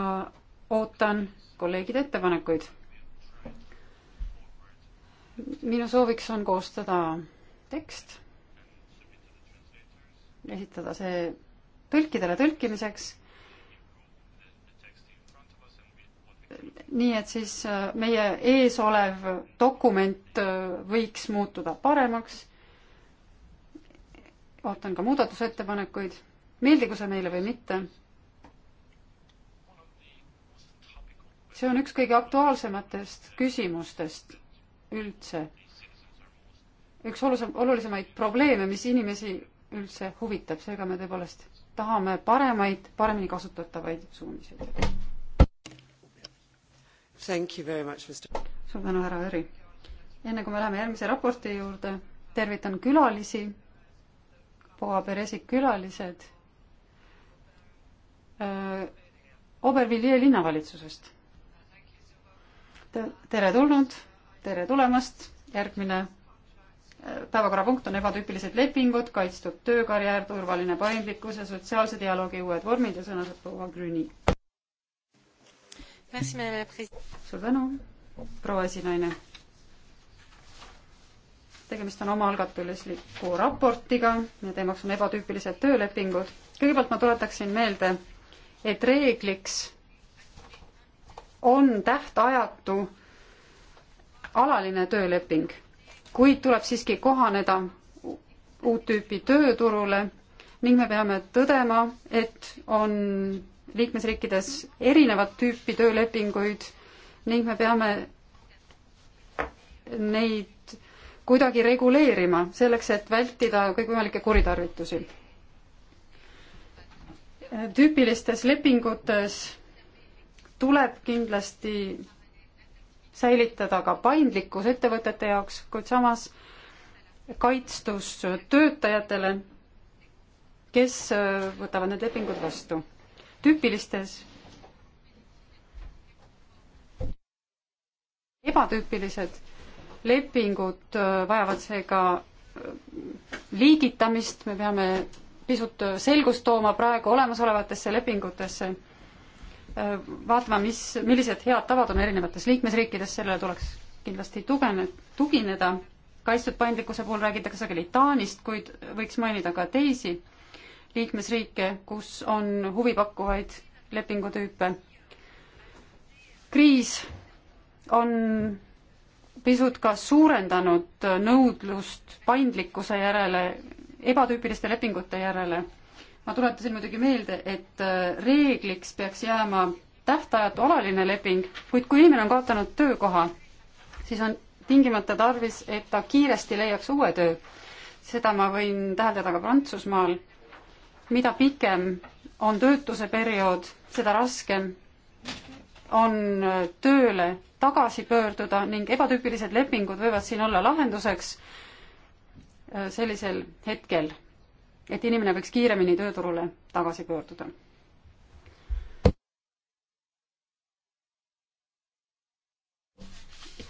ootan kolleegide ettepanekuid. minu sooviks on koostada tekst, esitada see tõlkidele tõlkimiseks nii et siis äh, meie ees olev dokument äh, võiks muutuda paremaks ootan ka muudatusettepanekuid, meeldigu see meile või mitte. see on üks kõige aktuaalsematest küsimustest üldse. üks olusem, olulisemaid probleeme, mis inimesi üldse huvitab, seega me tõepoolest tahame paremaid, paremini kasutatavaid suuniseid.
suur
tänu, härra Jüri. enne kui me läheme järgmise raporti juurde, tervitan külalisi proua Peresi külalised Obervilje linnavalitsusest. tere tulnud, tere tulemast, järgmine päevakorrapunkt on ebatüüpilised lepingud, kaitstud töökarjäär, turvaline paindlikkus ja sotsiaalse dialoogi uued vormid ja sõna saab proua Grüni. suur tänu, proua esinaine tegemist on omaalgatusliku raportiga ja teemaks on ebatüüpilised töölepingud. kõigepealt ma tuletaksin meelde, et reegliks on tähtajatu alaline tööleping, kuid tuleb siiski kohaneda uut tüüpi tööturule ning me peame tõdema, et on liikmesriikides erinevat tüüpi töölepinguid ning me peame neid kuidagi reguleerima, selleks et vältida kõikvõimalikke kuritarvitusi. tüüpilistes lepingutes tuleb kindlasti säilitada ka paindlikkus ettevõtete jaoks, kuid samas kaitstus töötajatele, kes äh, võtavad need lepingud vastu. tüüpilistes, ebatüüpilised lepingud äh, vajavad seega äh, liigitamist, me peame pisut selgust tooma praegu olemasolevatesse lepingutesse, äh, vaatama, mis, millised head tavad on erinevates liikmesriikides, sellele tuleks kindlasti tugene, tugineda, kaitstud paindlikkuse puhul räägitakse sageli Taanist, kuid võiks mainida ka teisi liikmesriike, kus on huvipakkuvaid lepingutüüpe. kriis on pisut ka suurendanud nõudlust paindlikkuse järele, ebatüüpiliste lepingute järele. ma tuletasin muidugi meelde, et äh, reegliks peaks jääma tähtajatu alaline leping, kuid kui inimene on kaotanud töökoha, siis on tingimata tarvis, et ta kiiresti leiaks uue töö. seda ma võin täheldada ka Prantsusmaal. mida pikem on töötuse periood, seda raskem on tööle tagasi pöörduda ning ebatüüpilised lepingud võivad siin olla lahenduseks äh, sellisel hetkel, et inimene võiks kiiremini tööturule tagasi pöörduda.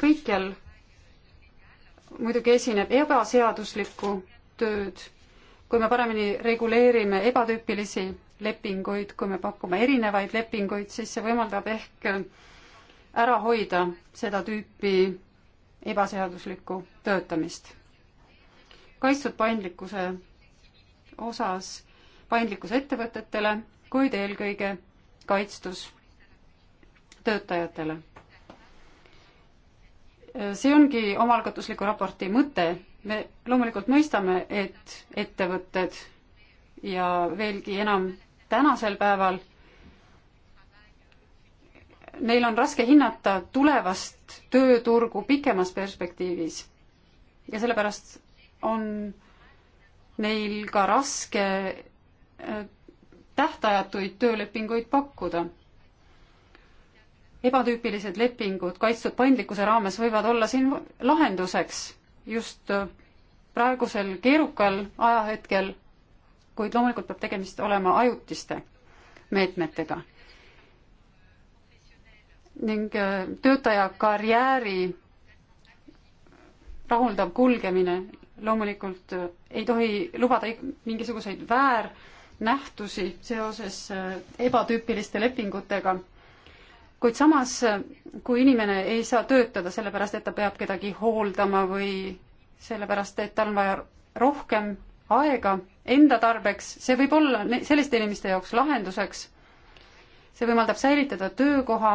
kõikjal muidugi esineb ebaseaduslikku tööd, kui me paremini reguleerime ebatüüpilisi lepinguid, kui me pakume erinevaid lepinguid, siis see võimaldab ehk ära hoida seda tüüpi ebaseaduslikku töötamist. kaitstud paindlikkuse osas paindlikkus ettevõtetele, kuid eelkõige kaitstus töötajatele. see ongi omaalgatusliku raporti mõte. me loomulikult mõistame, et ettevõtted ja veelgi enam tänasel päeval neil on raske hinnata tulevast tööturgu pikemas perspektiivis. ja sellepärast on neil ka raske äh, tähtajatuid töölepinguid pakkuda. ebatüüpilised lepingud kaitstud paindlikkuse raames võivad olla siin lahenduseks just äh, praegusel keerukal ajahetkel kuid loomulikult peab tegemist olema ajutiste meetmetega. ning äh, töötaja karjääri rahuldav kulgemine loomulikult äh, ei tohi lubada mingisuguseid väärnähtusi seoses äh, ebatüüpiliste lepingutega, kuid samas, kui inimene ei saa töötada sellepärast, et ta peab kedagi hooldama või sellepärast, et tal on vaja rohkem aega enda tarbeks, see võib olla selliste inimeste jaoks lahenduseks. see võimaldab säilitada töökoha,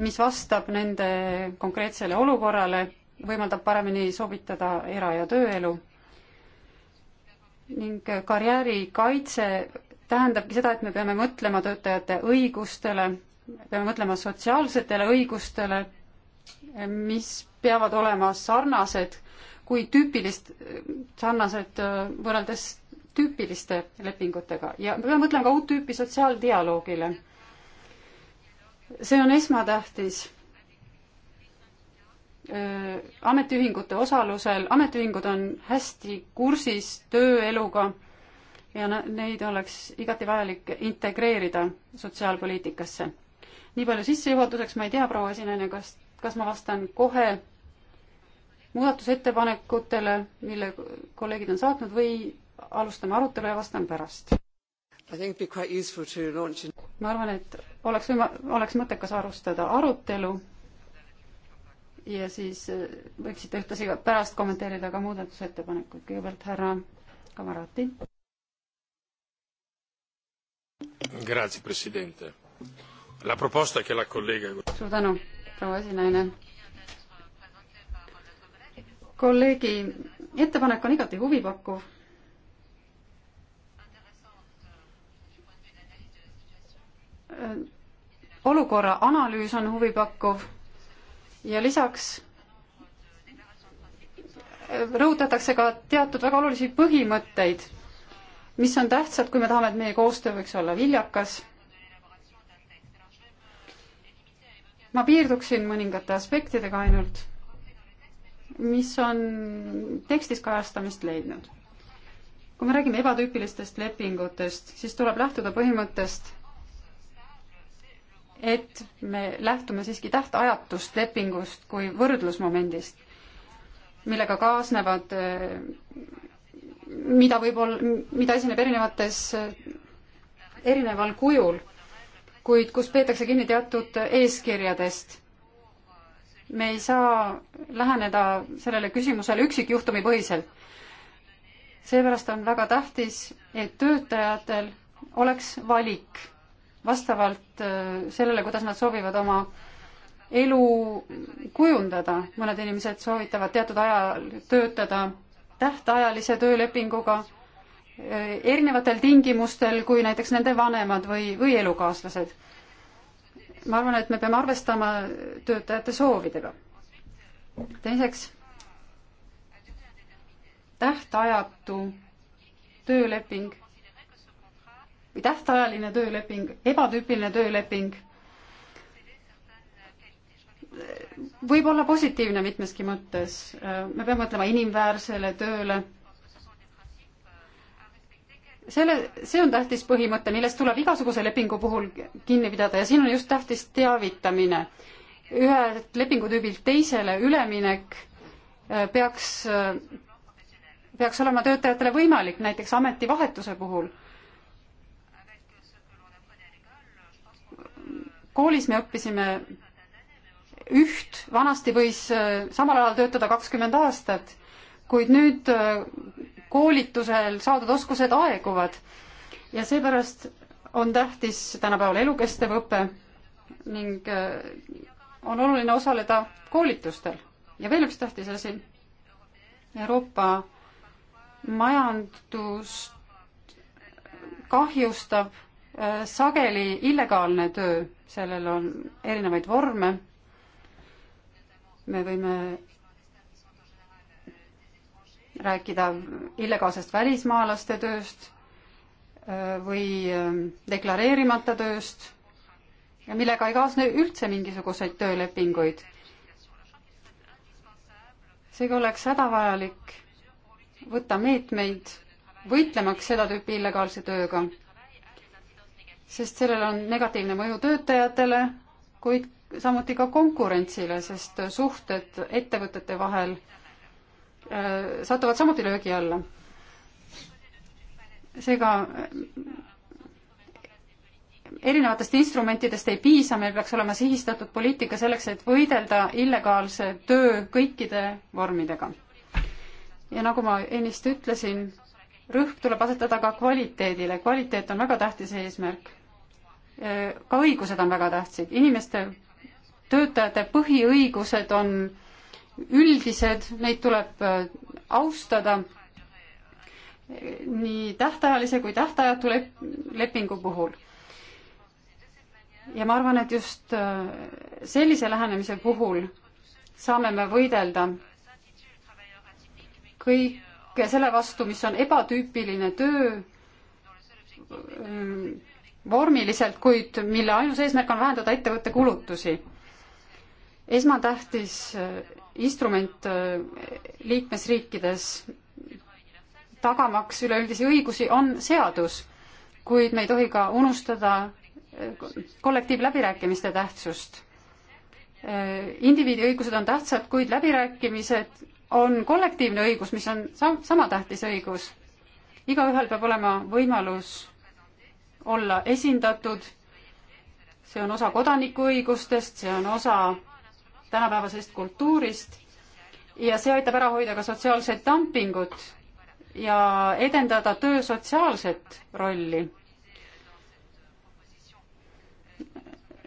mis vastab nende konkreetsele olukorrale, võimaldab paremini sobitada era- ja tööelu. ning karjäärikaitse tähendabki seda, et me peame mõtlema töötajate õigustele, peame mõtlema sotsiaalsetele õigustele, mis peavad olema sarnased kui tüüpilist, sarnaselt äh, võrreldes tüüpiliste lepingutega ja me peame mõtlema ka uut tüüpi sotsiaaldialoogile. see on esmatähtis äh, ametiühingute osalusel, ametiühingud on hästi kursis tööeluga ja neid oleks igati vajalik integreerida sotsiaalpoliitikasse. nii palju sissejuhatuseks, ma ei tea, proua esineja, kas, kas ma vastan kohe muudatusettepanekutele, mille kolleegid on saatnud või alustame arutelu ja vastan pärast. ma arvan, et oleks võima-, oleks mõttekas alustada arutelu ja siis äh, võiksite ühtlasi pärast kommenteerida ka muudatusettepanekuid. kõigepealt härra Kamarati.
Grazie, president. La proposta che la collega...
suur tänu, proua esinaine kolleegi ettepanek on igati huvipakkuv. olukorra analüüs on huvipakkuv ja lisaks rõhutatakse ka teatud väga olulisi põhimõtteid, mis on tähtsad, kui me tahame, et meie koostöö võiks olla viljakas. ma piirduksin mõningate aspektidega ainult mis on tekstis kajastamist leidnud. kui me räägime ebatüüpilistest lepingutest, siis tuleb lähtuda põhimõttest, et me lähtume siiski tähtajatust lepingust kui võrdlusmomendist, millega kaasnevad, eh, mida võib-olla, mida esineb erinevates, erineval kujul, kuid kus peetakse kinni teatud eeskirjadest me ei saa läheneda sellele küsimusele üksikjuhtumipõhiselt. seepärast on väga tähtis, et töötajatel oleks valik vastavalt äh, sellele, kuidas nad soovivad oma elu kujundada. mõned inimesed soovitavad teatud ajal töötada tähtajalise töölepinguga äh, erinevatel tingimustel kui näiteks nende vanemad või, või elukaaslased ma arvan, et me peame arvestama töötajate soovidega. teiseks, tähtajatu tööleping või tähtajaline tööleping, ebatüüpiline tööleping võib olla positiivne mitmeski mõttes. me peame mõtlema inimväärsele tööle selle, see on tähtis põhimõte, millest tuleb igasuguse lepingu puhul kinni pidada ja siin on just tähtis teavitamine. ühelt lepingutüübilt teisele üleminek äh, peaks, äh, peaks olema töötajatele võimalik, näiteks ametivahetuse puhul. koolis me õppisime üht, vanasti võis äh, samal ajal töötada kakskümmend aastat, kuid nüüd koolitusel saadud oskused aeguvad ja seepärast on tähtis tänapäeval elukestev õpe ning äh, on oluline osaleda koolitustel. ja veel üks tähtis asi. Euroopa majandust kahjustab äh, sageli illegaalne töö, sellel on erinevaid vorme. me võime rääkida illegaalsest välismaalaste tööst äh, või ähm, deklareerimata tööst ja millega ei kaasne üldse mingisuguseid töölepinguid. seega oleks hädavajalik võtta meetmeid võitlemaks seda tüüpi illegaalse tööga, sest sellel on negatiivne mõju töötajatele, kuid samuti ka konkurentsile, sest suhted ettevõtete vahel Äh, satuvad samuti löögi alla. seega erinevatest instrumentidest ei piisa, meil peaks olema sihistatud poliitika selleks, et võidelda illegaalse töö kõikide vormidega. ja nagu ma ennist ütlesin, rõhk tuleb asetada ka kvaliteedile, kvaliteet on väga tähtis eesmärk. Äh, ka õigused on väga tähtsad, inimeste, töötajate põhiõigused on üldised, neid tuleb äh, austada nii tähtajalise kui tähtajatu lep-, lepingu puhul. ja ma arvan, et just äh, sellise lähenemise puhul saame me võidelda kõike selle vastu, mis on ebatüüpiline töö mm, vormiliselt, kuid mille ainus eesmärk on vähendada ettevõtte kulutusi. esmatähtis äh, instrument äh, liikmesriikides tagamaks üleüldisi õigusi on seadus, kuid me ei tohi ka unustada äh, kollektiivläbirääkimiste tähtsust. Äh, indiviidi õigused on tähtsad, kuid läbirääkimised on kollektiivne õigus, mis on sam-, sama tähtis õigus. igaühel peab olema võimalus olla esindatud, see on osa kodanikuõigustest, see on osa tänapäevasest kultuurist ja see aitab ära hoida ka sotsiaalset dumpingut ja edendada töö sotsiaalset rolli.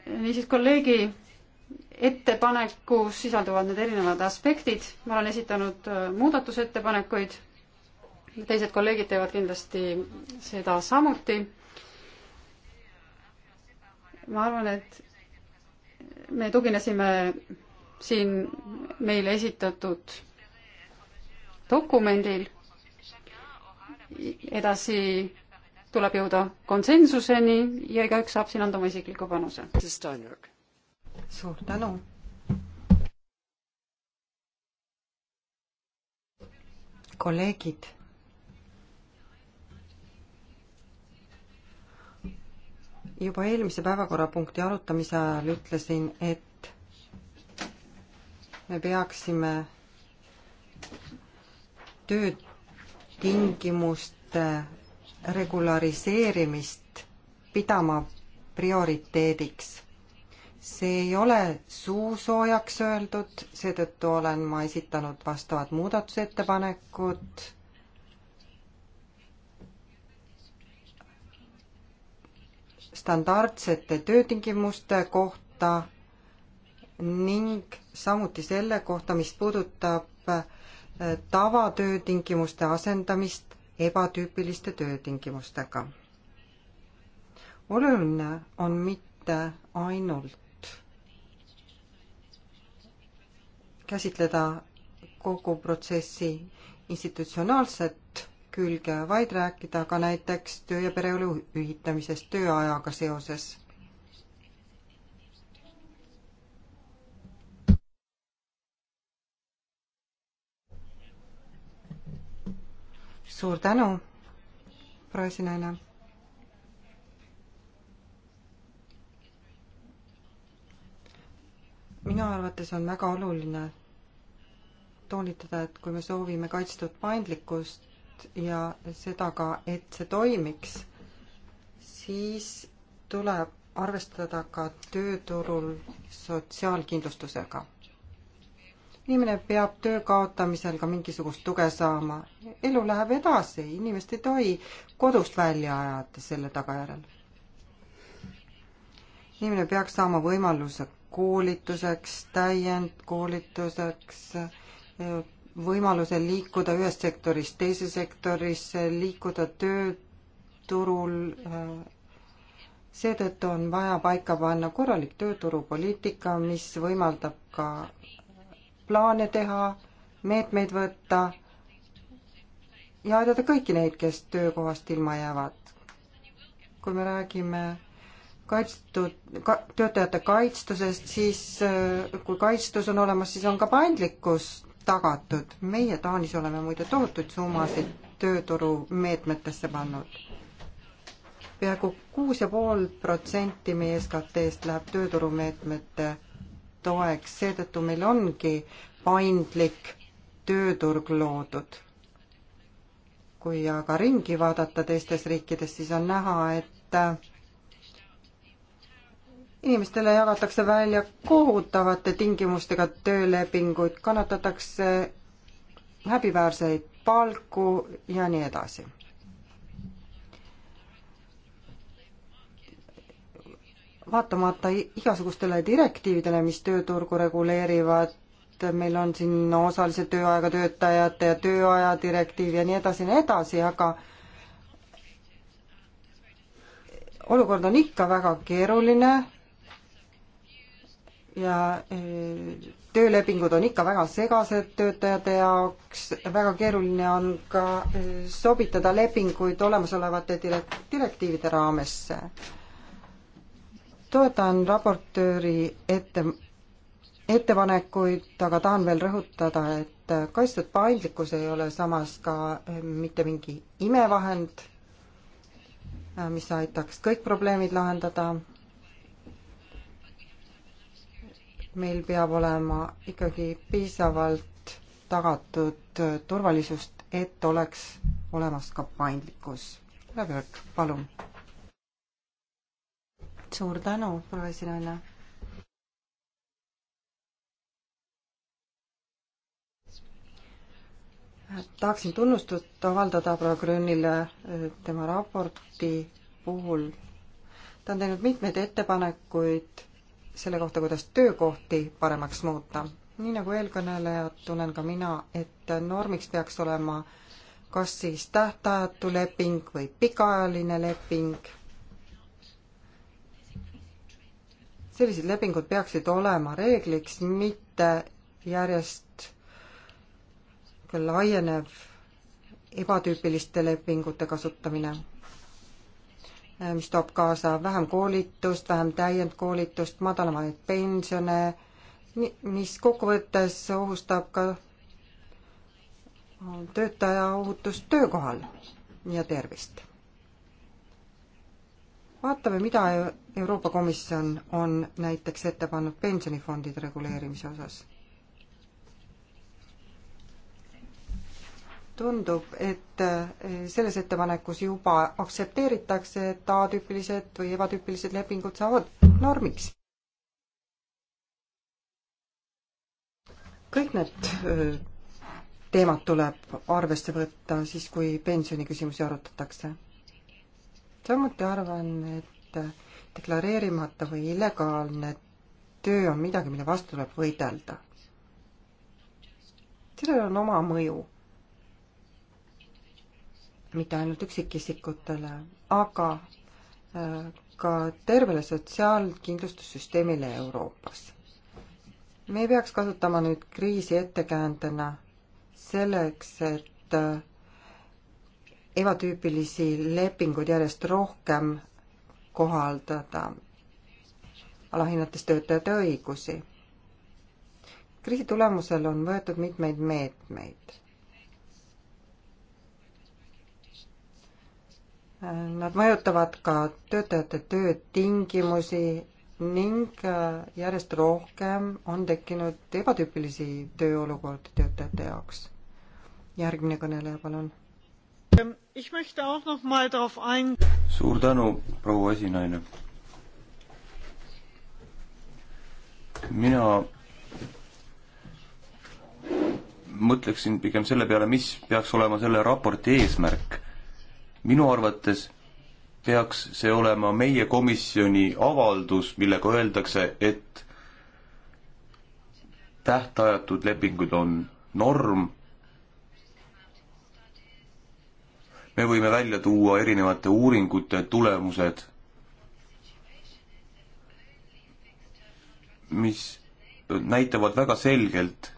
niisiis, kolleegi ettepanekus sisalduvad need erinevad aspektid, ma olen esitanud äh, muudatusettepanekuid, teised kolleegid teevad kindlasti seda samuti. ma arvan, et me tuginesime siin meile esitatud dokumendil. edasi tuleb jõuda konsensuseni ja igaüks saab siin anda oma isikliku panuse.
suur tänu. kolleegid. juba eelmise päevakorrapunkti arutamise ajal ütlesin, et me peaksime töötingimuste regulariseerimist pidama prioriteediks. see ei ole suusoojaks öeldud, seetõttu olen ma esitanud vastavad muudatusettepanekud. standardsete töötingimuste kohta ning samuti selle kohta, mis puudutab äh, tavatöötingimuste asendamist ebatüüpiliste töötingimustega. oluline on mitte ainult käsitleda kogu protsessi institutsionaalset külge, vaid rääkida ka näiteks töö ja pereelu ühitamisest tööajaga seoses suur tänu, proua esinaine. minu arvates on väga oluline toonitada, et kui me soovime kaitstud paindlikkust ja seda ka, et see toimiks, siis tuleb arvestada ka tööturul sotsiaalkindlustusega inimene peab töö kaotamisel ka mingisugust tuge saama. elu läheb edasi, inimest ei tohi kodust välja ajada selle tagajärjel. inimene peaks saama võimaluse koolituseks, täiendkoolituseks, võimaluse liikuda ühest sektorist teise sektorisse, liikuda tööturul seetõttu on vaja paika panna korralik tööturupoliitika, mis võimaldab ka plaane teha, meetmeid võtta ja aidata kõiki neid, kes töökohast ilma jäävad. kui me räägime kaitstud ka,, töötajate kaitstusest, siis äh, kui kaitstus on olemas, siis on ka paindlikkus tagatud. meie Taanis oleme muide tohutuid summasid tööturumeetmetesse pannud. peaaegu kuus ja pool protsenti meie SKT-st läheb tööturumeetmete toeks, seetõttu meil ongi paindlik tööturg loodud. kui aga ringi vaadata teistes riikides, siis on näha, et äh, inimestele jagatakse välja kohutavate tingimustega töölepinguid, kannatatakse häbiväärseid palku ja nii edasi vaatamata igasugustele direktiividele, mis tööturgu reguleerivad, meil on siin osalise tööaega töötajate ja tööaja direktiiv ja nii edasi ja nii edasi, aga olukord on ikka väga keeruline ja e, töölepingud on ikka väga segased töötajate jaoks, väga keeruline on ka e, sobitada lepinguid olemasolevate direk-, direktiivide raamesse toetan raportööri ette, ettepanekuid, aga tahan veel rõhutada, et kaitstud paindlikkus ei ole samas ka eh, mitte mingi imevahend, eh, mis aitaks kõik probleemid lahendada. meil peab olema ikkagi piisavalt tagatud turvalisust, et oleks olemas ka paindlikkus. Läbjörg, palun suur tänu, proua esinaine. tahaksin tunnustust avaldada proua Grönile eh, tema raporti puhul. ta on teinud mitmeid ettepanekuid selle kohta, kuidas töökohti paremaks muuta. nii nagu eelkõnelejad, tunnen ka mina, et normiks peaks olema kas siis tähtajatu leping või pikaajaline leping sellised lepingud peaksid olema reegliks, mitte järjest laienev ebatüüpiliste lepingute kasutamine, äh, mis toob kaasa vähem koolitust, vähem täiendkoolitust, madalamaid pensione, mis kokkuvõttes ohustab ka töötaja ohutust töökohal ja tervist. vaatame, mida Euroopa Komisjon on näiteks ette pannud pensionifondide reguleerimise osas. tundub, et eh, selles ettepanekus juba aktsepteeritakse, et A-tüüpilised või ebatüüpilised lepingud saavad normiks. kõik need eh, teemad tuleb arvesse võtta siis, kui pensioniküsimusi arutatakse. samuti arvan, et eh, deklareerimata või illegaalne töö on midagi, mille vastu tuleb võidelda. sellel on oma mõju. mitte ainult üksikisikutele, aga äh, ka tervele sotsiaalkindlustussüsteemile Euroopas. me ei peaks kasutama nüüd kriisi ettekäändena selleks, et äh, ebatüüpilisi lepinguid järjest rohkem kohaldada, alahinnates töötajate õigusi. kriisi tulemusel on võetud mitmeid meetmeid. Nad mõjutavad ka töötajate töötingimusi ning järjest rohkem on tekkinud ebatüüpilisi tööolukordi töötajate jaoks. järgmine kõneleja, palun
suur tänu, proua esinaine. mina mõtleksin pigem selle peale, mis peaks olema selle raporti eesmärk. minu arvates peaks see olema meie komisjoni avaldus, millega öeldakse, et tähtajatud lepingud on norm me võime välja tuua erinevate uuringute tulemused, mis näitavad väga selgelt,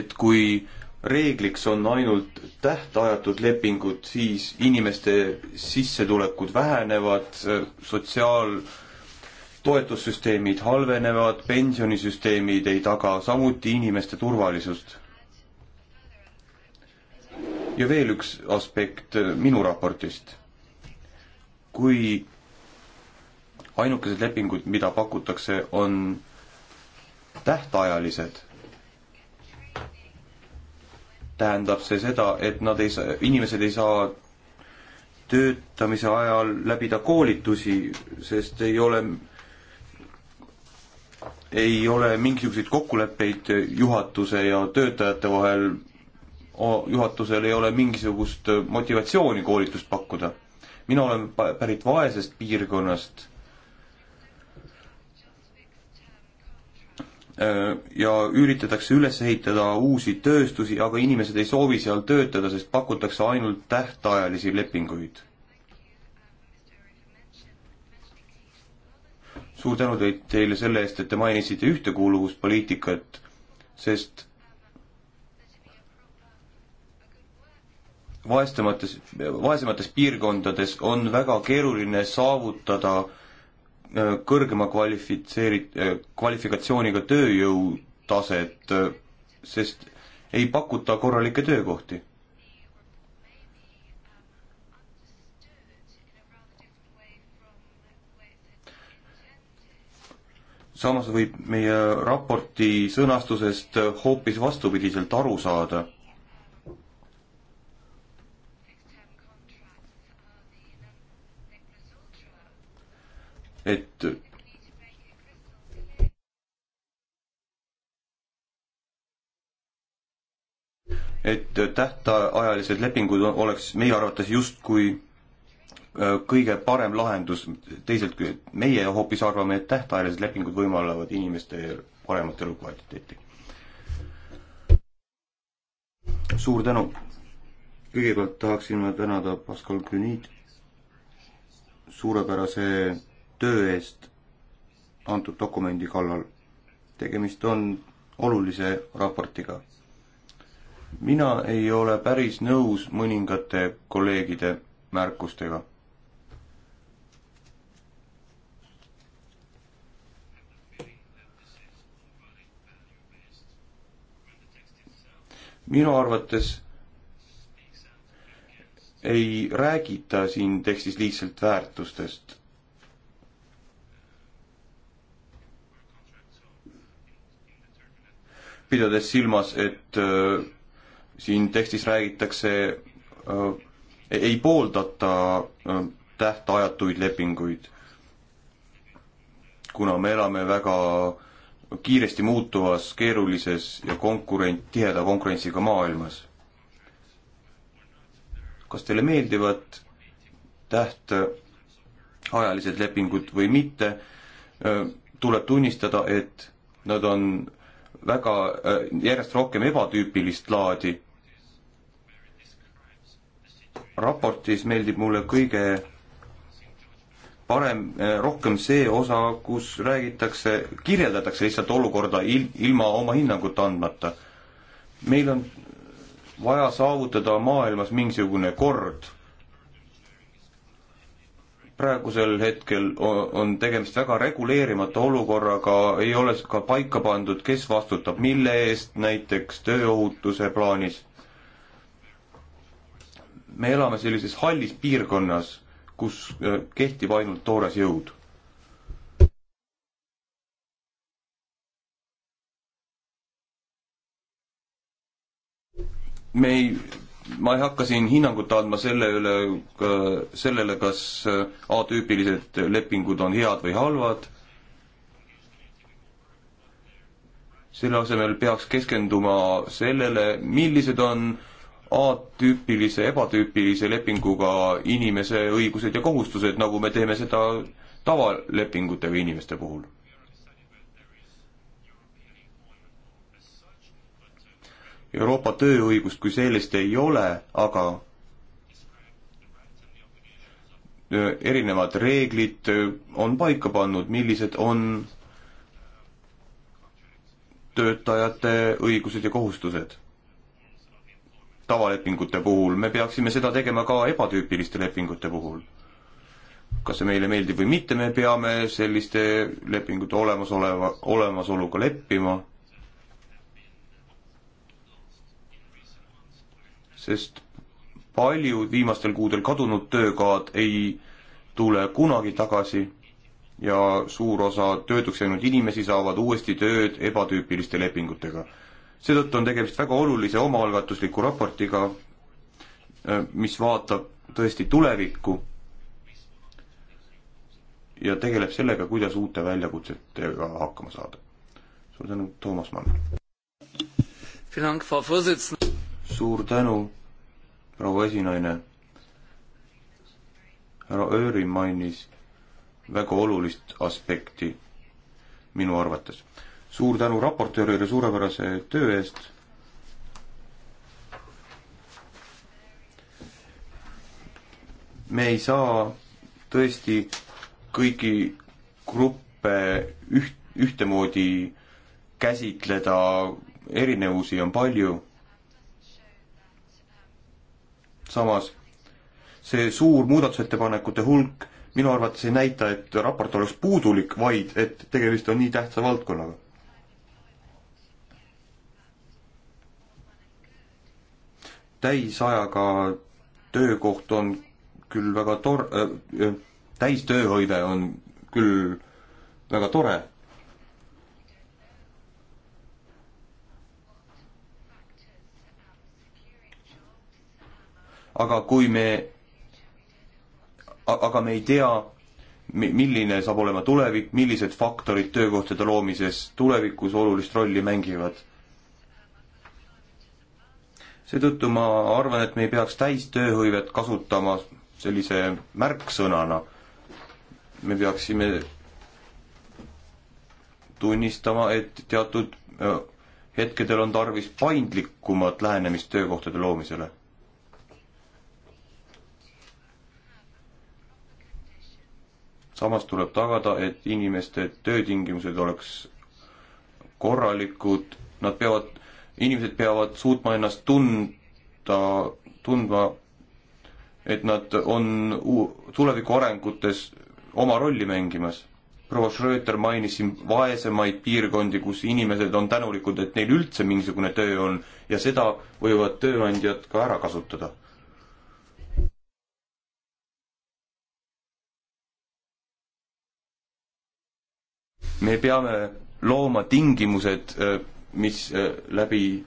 et kui reegliks on ainult tähtajatud lepingud, siis inimeste sissetulekud vähenevad, sotsiaaltoetussüsteemid halvenevad, pensionisüsteemid ei taga samuti inimeste turvalisust ja veel üks aspekt äh, minu raportist. kui ainukesed lepingud, mida pakutakse, on tähtajalised, tähendab see seda, et nad ei saa, inimesed ei saa töötamise ajal läbida koolitusi, sest ei ole, ei ole mingisuguseid kokkuleppeid juhatuse ja töötajate vahel juhatusel ei ole mingisugust äh, motivatsiooni koolitust pakkuda. mina olen pärit vaesest piirkonnast äh, ja üritatakse üles ehitada uusi tööstusi, aga inimesed ei soovi seal töötada, sest pakutakse ainult tähtajalisi lepinguid. suur tänu teid, teile selle eest, et te mainisite ühtekuuluvuspoliitikat, sest vaestemates, vaesemates piirkondades on väga keeruline saavutada äh, kõrgema kvalifitseerit-, äh, kvalifikatsiooniga tööjõutaset, äh, sest ei pakuta korralikke töökohti. samas võib meie raporti sõnastusest hoopis vastupidiselt aru saada et et tähtaajalised lepingud oleks meie arvates justkui äh, kõige parem lahendus, teiselt küljelt meie hoopis arvame, et tähtaajalised lepingud võimaldavad inimeste paremat elukvaliteeti. suur tänu! kõigepealt tahaksin ma tänada Pascal Grünit suurepärase töö eest antud dokumendi kallal. tegemist on olulise raportiga. mina ei ole päris nõus mõningate kolleegide märkustega. minu arvates ei räägita siin tekstis lihtsalt väärtustest pidades silmas, et äh, siin tekstis räägitakse, äh, ei pooldata äh, tähtajatuid lepinguid. kuna me elame väga kiiresti muutuvas, keerulises ja konkurent, tiheda konkurentsiga maailmas. kas teile meeldivad tähtajalised lepingud või mitte, tuleb tunnistada, et nad on väga äh, järjest rohkem ebatüüpilist laadi. raportis meeldib mulle kõige parem, äh, rohkem see osa, kus räägitakse, kirjeldatakse lihtsalt olukorda il-, ilma oma hinnangut andmata. meil on vaja saavutada maailmas mingisugune kord praegusel hetkel on tegemist väga reguleerimata olukorraga, ei ole ka paika pandud, kes vastutab mille eest, näiteks tööohutuse plaanis. me elame sellises hallis piirkonnas, kus äh, kehtib ainult toores jõud. me ei ma ei hakka siin hinnangut andma selle üle, sellele, kas äh, atüüpilised lepingud on head või halvad. selle asemel peaks keskenduma sellele, millised on atüüpilise, ebatüüpilise lepinguga inimese õigused ja kohustused, nagu me teeme seda tavalepingutega inimeste puhul Euroopa tööõigust kui sellist ei ole, aga äh, erinevad reeglid äh, on paika pannud, millised on töötajate õigused ja kohustused. tavalepingute puhul me peaksime seda tegema ka ebatüüpiliste lepingute puhul. kas see meile meeldib või mitte, me peame selliste lepingute olemasoleva, olemasoluga leppima sest paljud viimastel kuudel kadunud töökohad ei tule kunagi tagasi ja suur osa töötuks jäänud inimesi saavad uuesti tööd ebatüüpiliste lepingutega. seetõttu on tegemist väga olulise omaalgatusliku raportiga, äh, mis vaatab tõesti tulevikku ja tegeleb sellega, kuidas uute väljakutsetega hakkama saada. suur tänu, Toomas Mann! suur tänu, proua esinaine. härra Ööri mainis väga olulist aspekti minu arvates. suur tänu raportöörile suurepärase töö eest. me ei saa tõesti kõiki gruppe üht, ühtemoodi käsitleda, erinevusi on palju samas see suur muudatusettepanekute hulk minu arvates ei näita, et raport oleks puudulik, vaid et tegemist on nii tähtsa valdkonnaga. täisajaga töökoht on küll väga tor- äh,, äh täistööhõive on küll väga tore, aga kui me, aga me ei tea, milline saab olema tulevik, millised faktorid töökohtade loomises tulevikus olulist rolli mängivad. seetõttu ma arvan, et me ei peaks täistööhõivet kasutama sellise märksõnana. me peaksime tunnistama, et teatud hetkedel on tarvis paindlikumat lähenemist töökohtade loomisele samas tuleb tagada, et inimeste töötingimused oleks korralikud, nad peavad, inimesed peavad suutma ennast tunda, tundma, et nad on tuleviku arengutes oma rolli mängimas. proua Schröter mainis siin vaesemaid piirkondi, kus inimesed on tänulikud, et neil üldse mingisugune töö on ja seda võivad tööandjad ka ära kasutada me peame looma tingimused, äh, mis äh, läbi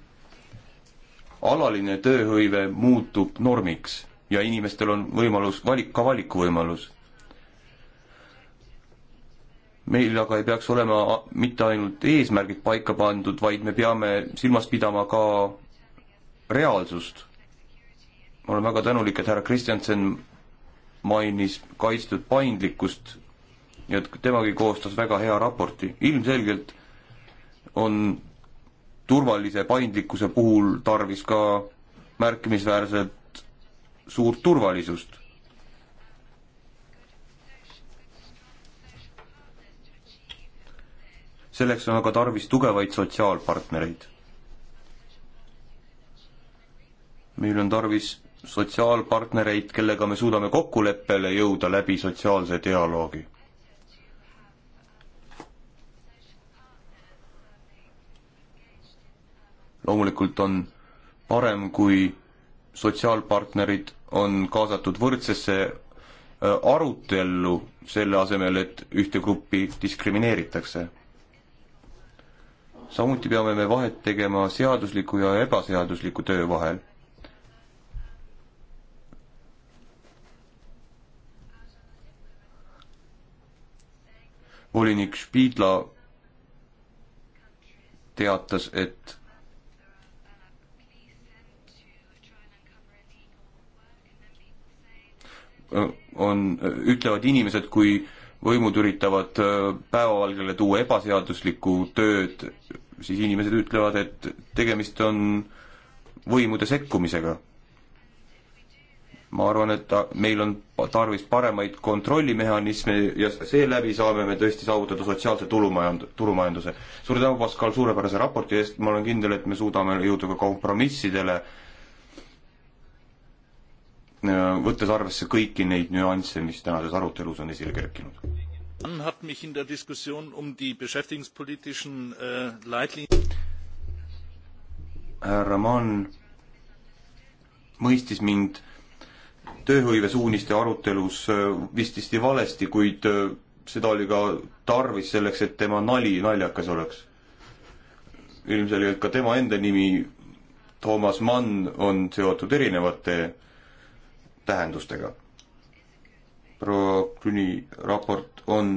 alaline tööhõive muutub normiks ja inimestel on võimalus, valik, ka valikuvõimalus. meil aga ei peaks olema mitte ainult eesmärgid paika pandud, vaid me peame silmas pidama ka reaalsust. ma olen väga tänulik, et härra Kristjanson mainis kaitstud paindlikkust nii et temagi koostas väga hea raporti. ilmselgelt on turvalise paindlikkuse puhul tarvis ka märkimisväärselt suurt turvalisust. selleks on aga tarvis tugevaid sotsiaalpartnereid. meil on tarvis sotsiaalpartnereid, kellega me suudame kokkuleppele jõuda läbi sotsiaalse dialoogi loomulikult on parem, kui sotsiaalpartnerid on kaasatud võrdsesse arutellu, selle asemel, et ühte gruppi diskrimineeritakse. samuti peame me vahet tegema seadusliku ja ebaseadusliku töö vahel. volinik Spiidla teatas, et Äh, on, äh, ütlevad inimesed, kui võimud üritavad äh, päevavalgele tuua ebaseaduslikku tööd, siis inimesed ütlevad, et tegemist on võimude sekkumisega. ma arvan, et ta, meil on tarvis paremaid kontrollimehhanisme ja seeläbi saame me tõesti saavutada sotsiaalse tulumajand-, turumajanduse. suur tänu, Pascal, suurepärase raporti eest, ma olen kindel, et me suudame jõuda ka kompromissidele äh, Äh, võttes arvesse kõiki neid nüansse, mis tänases arutelus on esile kerkinud.
hat mich in der diskussion um die beschäftigungspolitischen äh, leitlinien
härra Mann mõistis mind tööhõivesuuniste arutelus äh, vististi valesti, kuid seda oli ka tarvis selleks, et tema nali naljakas oleks. ilmselgelt ka tema enda nimi, Toomas Mann, on seotud erinevate tähendustega. proua Klüni raport on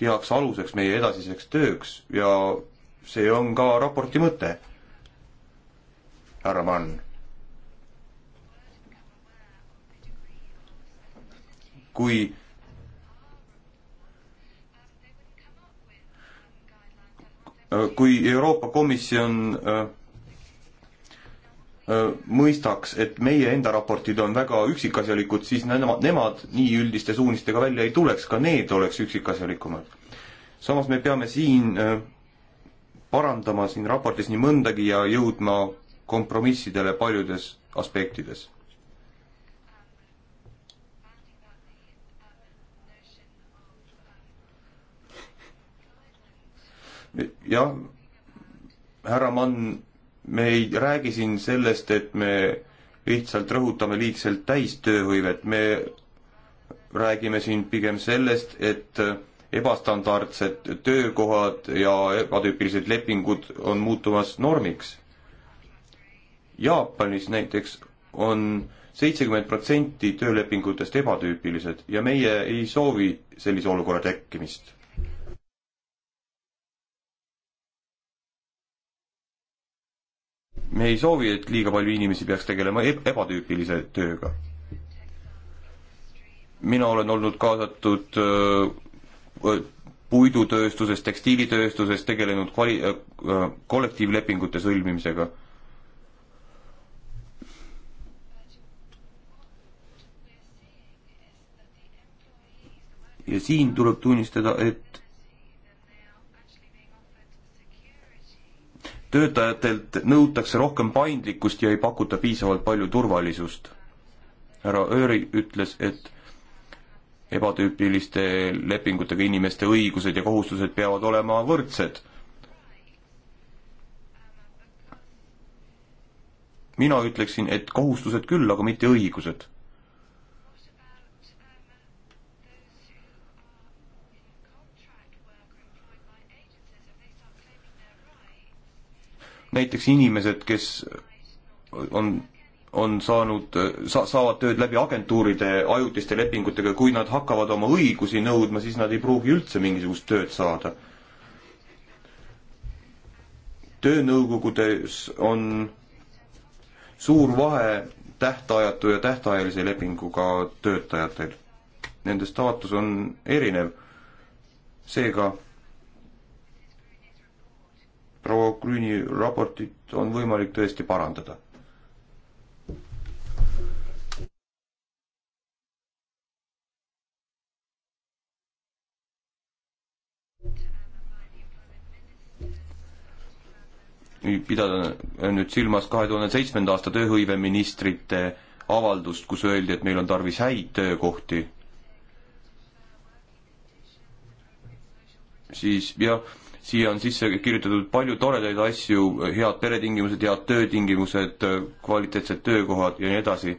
heaks aluseks meie edasiseks tööks ja see on ka raporti mõte, härra Mann. kui kui Euroopa Komisjon äh, mõistaks, et meie enda raportid on väga üksikasjalikud, siis nemad, nemad nii üldiste suunistega välja ei tuleks, ka need oleks üksikasjalikumad. samas me peame siin parandama siin raportis nii mõndagi ja jõudma kompromissidele paljudes aspektides. jah, härra Mann me ei räägi siin sellest, et me lihtsalt rõhutame liigselt täistööhõivet, me räägime siin pigem sellest, et ebastandardsed töökohad ja ebatüüpilised lepingud on muutumas normiks. Jaapanis näiteks on seitsekümmend protsenti töölepingutest ebatüüpilised ja meie ei soovi sellise olukorra tekkimist me ei soovi, et liiga palju inimesi peaks tegelema eb ebatüüpilise tööga. mina olen olnud kaasatud puidutööstuses, tekstiilitööstuses, tegelenud kvali-, kollektiivlepingute sõlmimisega. ja siin tuleb tunnistada, et töötajatelt nõutakse rohkem paindlikkust ja ei pakuta piisavalt palju turvalisust. härra Ööri ütles, et ebatüüpiliste lepingutega inimeste õigused ja kohustused peavad olema võrdsed. mina ütleksin, et kohustused küll, aga mitte õigused näiteks inimesed, kes on, on saanud sa,, saavad tööd läbi agentuuride ajutiste lepingutega, kui nad hakkavad oma õigusi nõudma, siis nad ei pruugi üldse mingisugust tööd saada. töönõukogudes on suur vahe tähtajatu ja tähtajalise lepinguga töötajatel. Nende staatus on erinev. seega proua Grüni raportit on võimalik tõesti parandada. pidada nüüd silmas kahe tuhande seitsmenda aasta tööhõiveministrite avaldust, kus öeldi, et meil on tarvis häid töökohti, siis jah siia on sisse kirjutatud palju toredaid asju, head peretingimused, head töötingimused, kvaliteetsed töökohad ja nii edasi.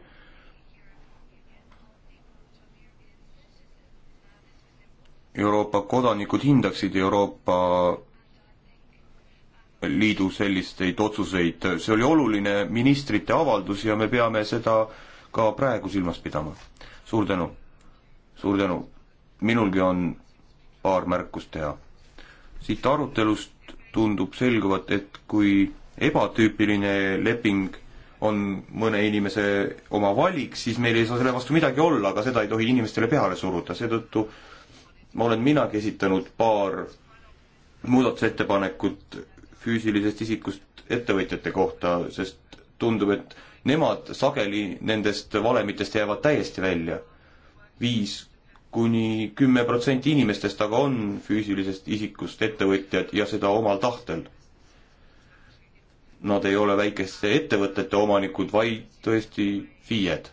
Euroopa kodanikud hindaksid Euroopa Liidu selliseid otsuseid, see oli oluline ministrite avaldus ja me peame seda ka praegu silmas pidama. suur tänu, suur tänu, minulgi on paar märkust teha siit arutelust tundub selguvat, et kui ebatüüpiline leping on mõne inimese oma valik, siis meil ei saa selle vastu midagi olla, aga seda ei tohi inimestele peale suruda, seetõttu ma olen minagi esitanud paar muudatusettepanekut füüsilisest isikust ettevõtjate kohta, sest tundub, et nemad sageli nendest valemitest jäävad täiesti välja. viis kuni kümme protsenti inimestest aga on füüsilisest isikust ettevõtjad ja seda omal tahtel. Nad ei ole väikeste ettevõtete omanikud, vaid tõesti FIE-d.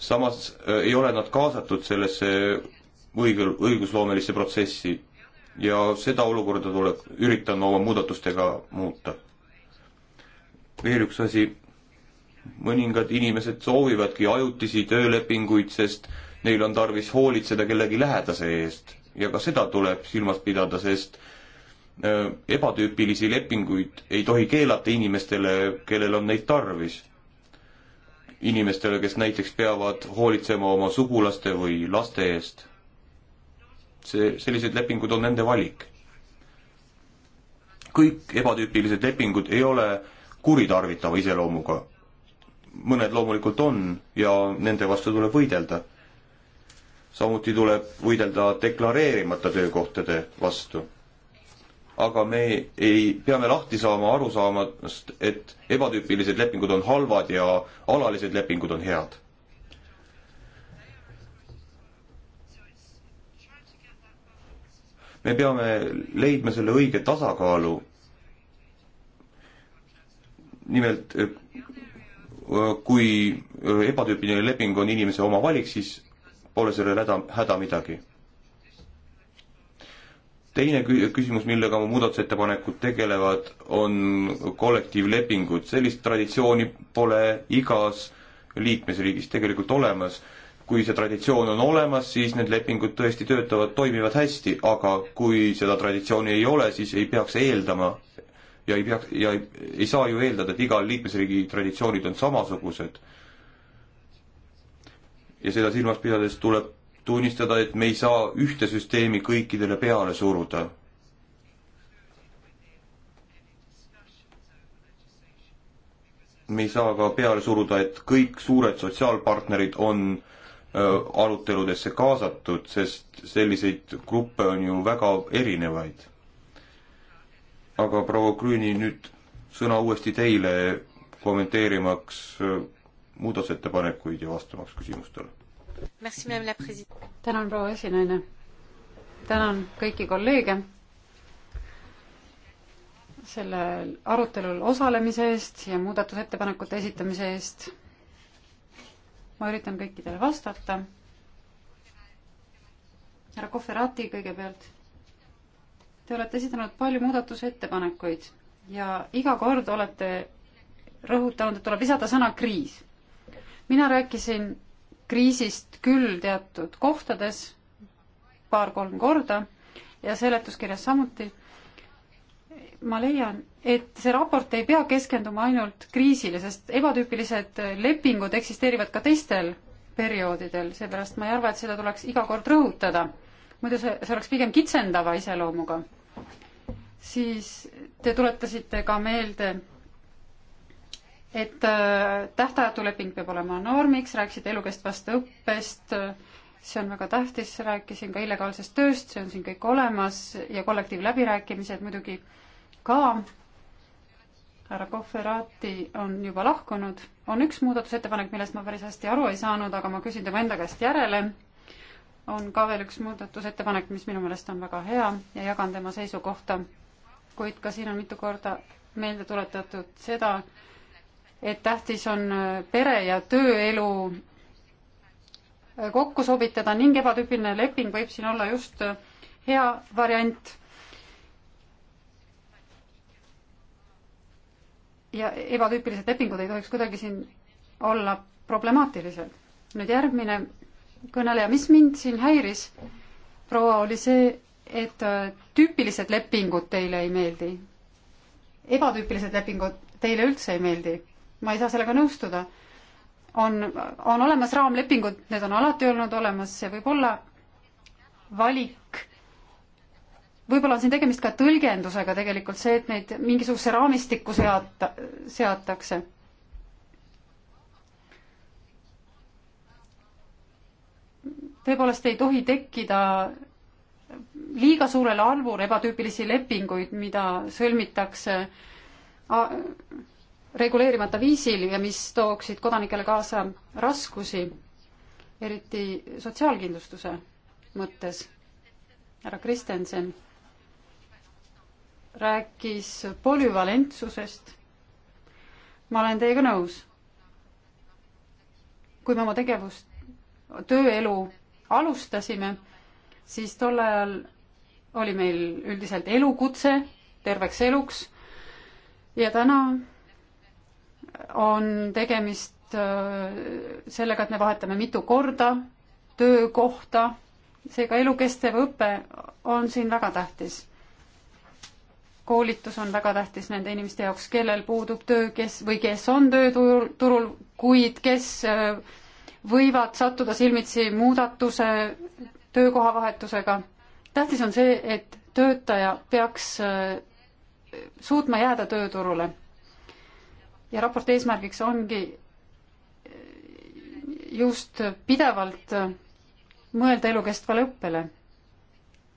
samas äh, ei ole nad kaasatud sellesse õigel, õigusloomelisse protsessi ja seda olukorda tuleb, üritan oma muudatustega muuta. veel üks asi mõningad inimesed soovivadki ajutisi töölepinguid, sest neil on tarvis hoolitseda kellegi lähedase eest ja ka seda tuleb silmas pidada, sest äh, ebatüüpilisi lepinguid ei tohi keelata inimestele, kellel on neid tarvis. inimestele, kes näiteks peavad hoolitsema oma sugulaste või laste eest. see, sellised lepingud on nende valik. kõik ebatüüpilised lepingud ei ole kuritarvitava iseloomuga mõned loomulikult on ja nende vastu tuleb võidelda. samuti tuleb võidelda deklareerimata töökohtade vastu. aga me ei, peame lahti saama arusaamast, et ebatüüpilised lepingud on halvad ja alalised lepingud on head. me peame leidma selle õige tasakaalu nimelt kui ebatüüpiline leping on inimese oma valik, siis pole sellel häda, häda midagi. teine küsimus, millega mu muudatusettepanekud tegelevad, on kollektiivlepingud, sellist traditsiooni pole igas liikmesriigis tegelikult olemas. kui see traditsioon on olemas, siis need lepingud tõesti töötavad, toimivad hästi, aga kui seda traditsiooni ei ole, siis ei peaks eeldama, ja ei peaks, ja ei, ei saa ju eeldada, et igal liikmesriigi traditsioonid on samasugused. ja seda silmas pidades tuleb tunnistada, et me ei saa ühte süsteemi kõikidele peale suruda. me ei saa ka peale suruda, et kõik suured sotsiaalpartnerid on aruteludesse kaasatud, sest selliseid gruppe on ju väga erinevaid aga proua Grüni, nüüd sõna uuesti teile kommenteerimaks äh, muudatusettepanekuid ja vastamaks küsimustele.
tänan, proua esinaine. tänan kõiki kolleege sellel arutelul osalemise eest ja muudatusettepanekute esitamise eest. ma üritan kõikidele vastata. härra Kohverati kõigepealt Te olete esitanud palju muudatusettepanekuid ja iga kord olete rõhutanud, et tuleb lisada sõna kriis. mina rääkisin kriisist küll teatud kohtades paar-kolm korda ja seletuskirjas samuti. ma leian, et see raport ei pea keskenduma ainult kriisile, sest ebatüüpilised lepingud eksisteerivad ka teistel perioodidel, seepärast ma ei arva, et seda tuleks iga kord rõhutada. muidu see, see oleks pigem kitsendava iseloomuga siis te tuletasite ka meelde, et äh, tähtajatu leping peab olema normiks, rääkisite elukestvast õppest, see on väga tähtis, rääkisin ka illegaalsest tööst, see on siin kõik olemas ja kollektiivläbirääkimised muidugi ka. härra Kohverati on juba lahkunud, on üks muudatusettepanek, millest ma päris hästi aru ei saanud, aga ma küsin tema enda käest järele. on ka veel üks muudatusettepanek, mis minu meelest on väga hea ja jagan tema seisukohta kuid ka siin on mitu korda meelde tuletatud seda, et tähtis on äh, pere ja tööelu äh, kokku sobitada ning ebatüüpiline leping võib siin olla just äh, hea variant. ja ebatüüpilised lepingud ei tohiks kuidagi siin olla problemaatilised. nüüd järgmine kõneleja, mis mind siin häiris, proua, oli see, et äh, tüüpilised lepingud teile ei meeldi. ebatüüpilised lepingud teile üldse ei meeldi. ma ei saa sellega nõustuda. on, on olemas raamlepingud, need on alati olnud olemas, see võib olla valik. võib-olla on siin tegemist ka tõlgendusega tegelikult see, et neid mingisugusesse raamistikku seata, seatakse. tõepoolest ei tohi tekkida liiga suurel arvul ebatüüpilisi lepinguid, mida sõlmitakse reguleerimata viisil ja mis tooksid kodanikele kaasa raskusi, eriti sotsiaalkindlustuse mõttes. härra Kristensen rääkis polüvalentsusest. ma olen teiega nõus. kui me oma tegevust, tööelu alustasime siis tol ajal oli meil üldiselt elukutse terveks eluks ja täna on tegemist äh, sellega, et me vahetame mitu korda töökohta, seega elukestev õpe on siin väga tähtis. koolitus on väga tähtis nende inimeste jaoks, kellel puudub töö, kes või kes on tööturul, kuid kes äh, võivad sattuda silmitsi muudatuse töökohavahetusega. tähtis on see, et töötaja peaks äh, suutma jääda tööturule. ja raporti eesmärgiks ongi äh, just pidevalt äh, mõelda elukestvale õppele.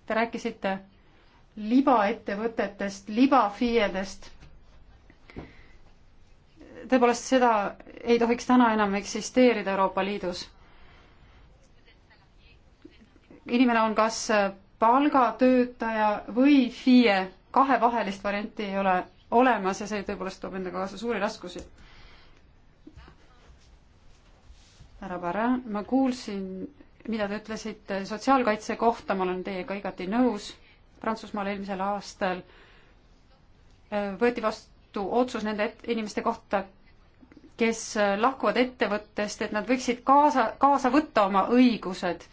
Te rääkisite libaettevõtetest, libafiiedest. tõepoolest, seda ei tohiks täna enam eksisteerida Euroopa Liidus inimene on kas palgatöötaja või FIE, kahevahelist varianti ei ole olemas ja see tõepoolest toob endaga kaasa suuri raskusi. härra Barra, ma kuulsin, mida te ütlesite sotsiaalkaitse kohta, ma olen teiega igati nõus. Prantsusmaal eelmisel aastal äh, võeti vastu otsus nende inimeste kohta, kes lahkuvad ettevõttest, et nad võiksid kaasa, kaasa võtta oma õigused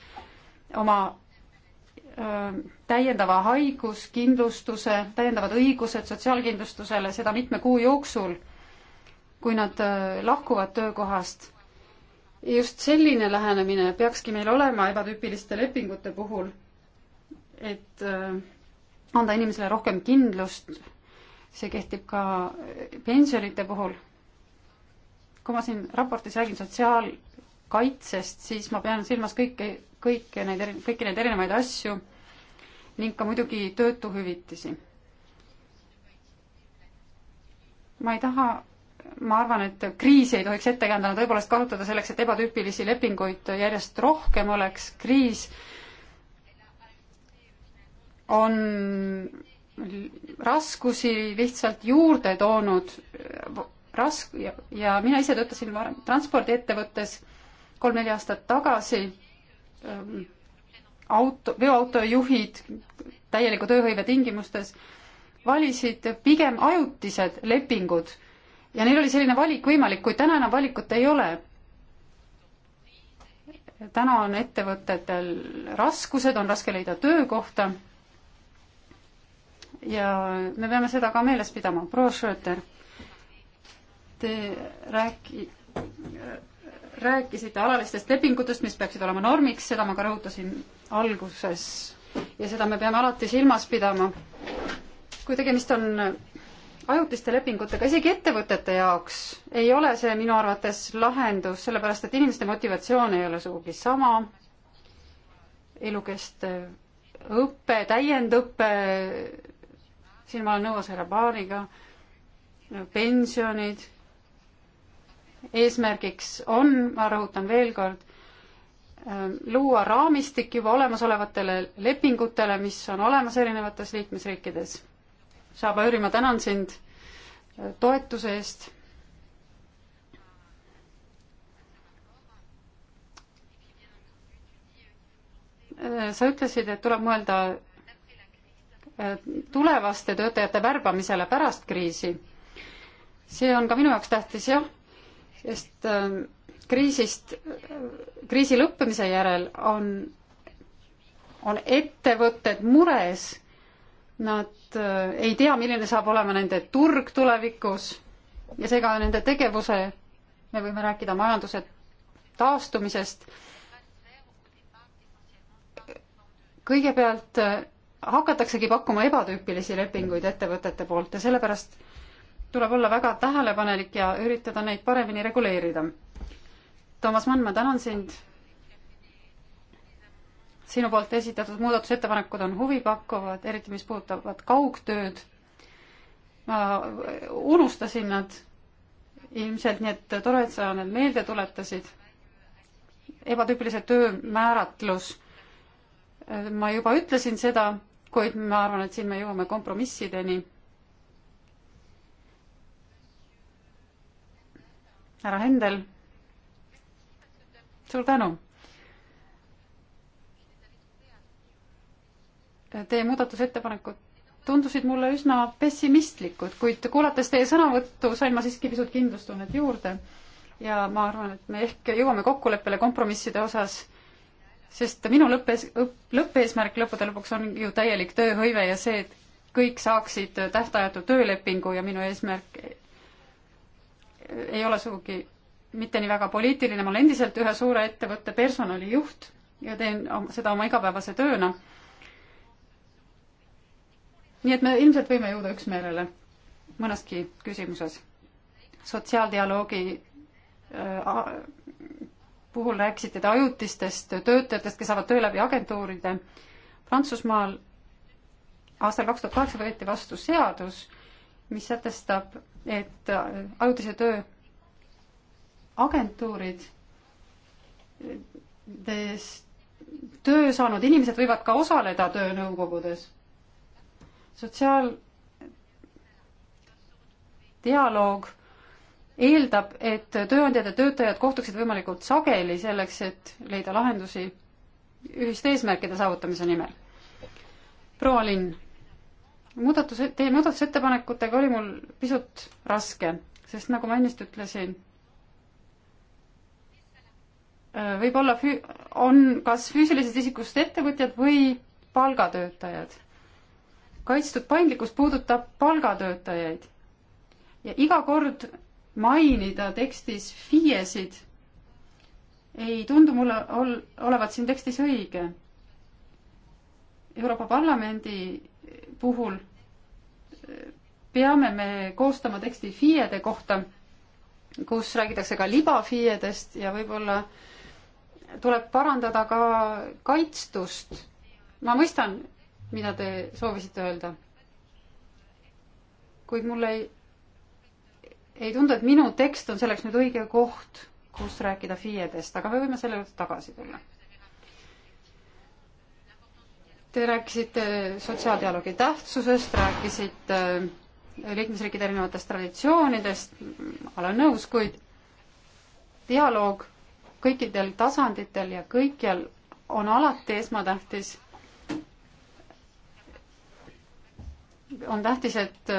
oma täiendava haiguskindlustuse, täiendavad õigused sotsiaalkindlustusele, seda mitme kuu jooksul, kui nad lahkuvad töökohast. just selline lähenemine peakski meil olema ebatüüpiliste lepingute puhul, et anda inimesele rohkem kindlust, see kehtib ka pensionite puhul. kui ma siin raportis räägin sotsiaalkaitsest, siis ma pean silmas kõiki kõike neid, kõiki neid erinevaid asju ning ka muidugi töötuhüvitisi. ma ei taha, ma arvan, et kriisi ei tohiks ettekäändena tõepoolest kasutada selleks, et ebatüüpilisi lepinguid järjest rohkem oleks, kriis on raskusi lihtsalt juurde toonud, rask- ja, ja mina ise töötasin varem transpordiettevõttes kolm-neli aastat tagasi Ähm, auto, veoautojuhid täieliku tööhõive tingimustes valisid pigem ajutised lepingud ja neil oli selline valik võimalik, kuid täna enam valikut ei ole. täna on ettevõtetel raskused, on raske leida töökohta. ja me peame seda ka meeles pidama. proua Schröter, te rääki-, rääkisite alalistest lepingutest, mis peaksid olema normiks, seda ma ka rõhutasin alguses ja seda me peame alati silmas pidama. kui tegemist on ajutiste lepingutega, isegi ettevõtete jaoks ei ole see minu arvates lahendus, sellepärast et inimeste motivatsioon ei ole sugugi sama, elukestev õpe, täiendõpe, siin ma olen nõus härra Baariga, pensionid eesmärgiks on, ma rõhutan veel kord, ähm, luua raamistik juba olemasolevatele lepingutele, mis on olemas erinevates liikmesriikides. Saaba Jüri, ma tänan sind äh, toetuse eest. Äh, sa ütlesid, et tuleb mõelda äh, tulevaste töötajate värbamisele pärast kriisi. see on ka minu jaoks tähtis, jah sest ähm, kriisist, äh, kriisi lõppemise järel on, on ettevõtted mures. Nad äh, ei tea, milline saab olema nende turg tulevikus ja seega nende tegevuse, me võime rääkida majanduse taastumisest. kõigepealt äh, hakataksegi pakkuma ebatüüpilisi lepinguid ettevõtete poolt ja sellepärast tuleb olla väga tähelepanelik ja üritada neid paremini reguleerida. Toomas Mann, ma tänan sind. sinu poolt esitatud muudatusettepanekud on huvipakkuvad, eriti mis puudutavad kaugtööd. ma unustasin nad ilmselt, nii et tore, et sa need meelde tuletasid. ebatüüpilise töö määratlus. ma juba ütlesin seda, kuid ma arvan, et siin me jõuame kompromissideni härra Hendel. suur tänu. Teie muudatusettepanekud tundusid mulle üsna pessimistlikud, kuid kuulates teie sõnavõttu, sain ma siiski pisut kindlustunnet juurde. ja ma arvan, et me ehk jõuame kokkuleppele kompromisside osas, sest minu lõppes, lõppeesmärk lõppude lõpuks on ju täielik tööhõive ja see, et kõik saaksid tähtajatu töölepingu ja minu eesmärk ei ole sugugi mitte nii väga poliitiline, ma olen endiselt ühe suure ettevõtte personalijuht ja teen seda oma igapäevase tööna. nii et me ilmselt võime jõuda üksmeelele mõneski küsimuses. sotsiaaldialoogi äh, puhul rääkisite te ajutistest töötajatest, kes saavad töö läbi agentuuride. Prantsusmaal aastal kaks tuhat kaheksa võeti vastu seadus, mis sätestab et äh, ajutise töö agentuurid, töö saanud inimesed võivad ka osaleda töönõukogudes. sotsiaaldialoog eeldab, et tööandjad ja töötajad kohtuksid võimalikult sageli selleks, et leida lahendusi ühiste eesmärkide saavutamise nimel. proua Linn muudatus, teie muudatusettepanekutega oli mul pisut raske, sest nagu ma ennist ütlesin, äh, võib-olla füü-, on kas füüsilisest isikust ettevõtjad või palgatöötajad. kaitstud paindlikkus puudutab palgatöötajaid. ja iga kord mainida tekstis FIE-sid ei tundu mulle ol-, olevat siin tekstis õige. Euroopa Parlamendi puhul peame me koostama teksti FIE-de kohta, kus räägitakse ka libafiedest ja võib-olla tuleb parandada ka kaitstust. ma mõistan, mida te soovisite öelda. kuid mulle ei, ei tundu, et minu tekst on selleks nüüd õige koht, kus rääkida FIE-dest, aga me võime selle juurde tagasi tulla Te rääkisite sotsiaaldialoogi tähtsusest, rääkisite äh, liikmesriikide erinevatest traditsioonidest, olen nõus, kuid dialoog kõikidel tasanditel ja kõikjal on alati esmatähtis. on tähtis, et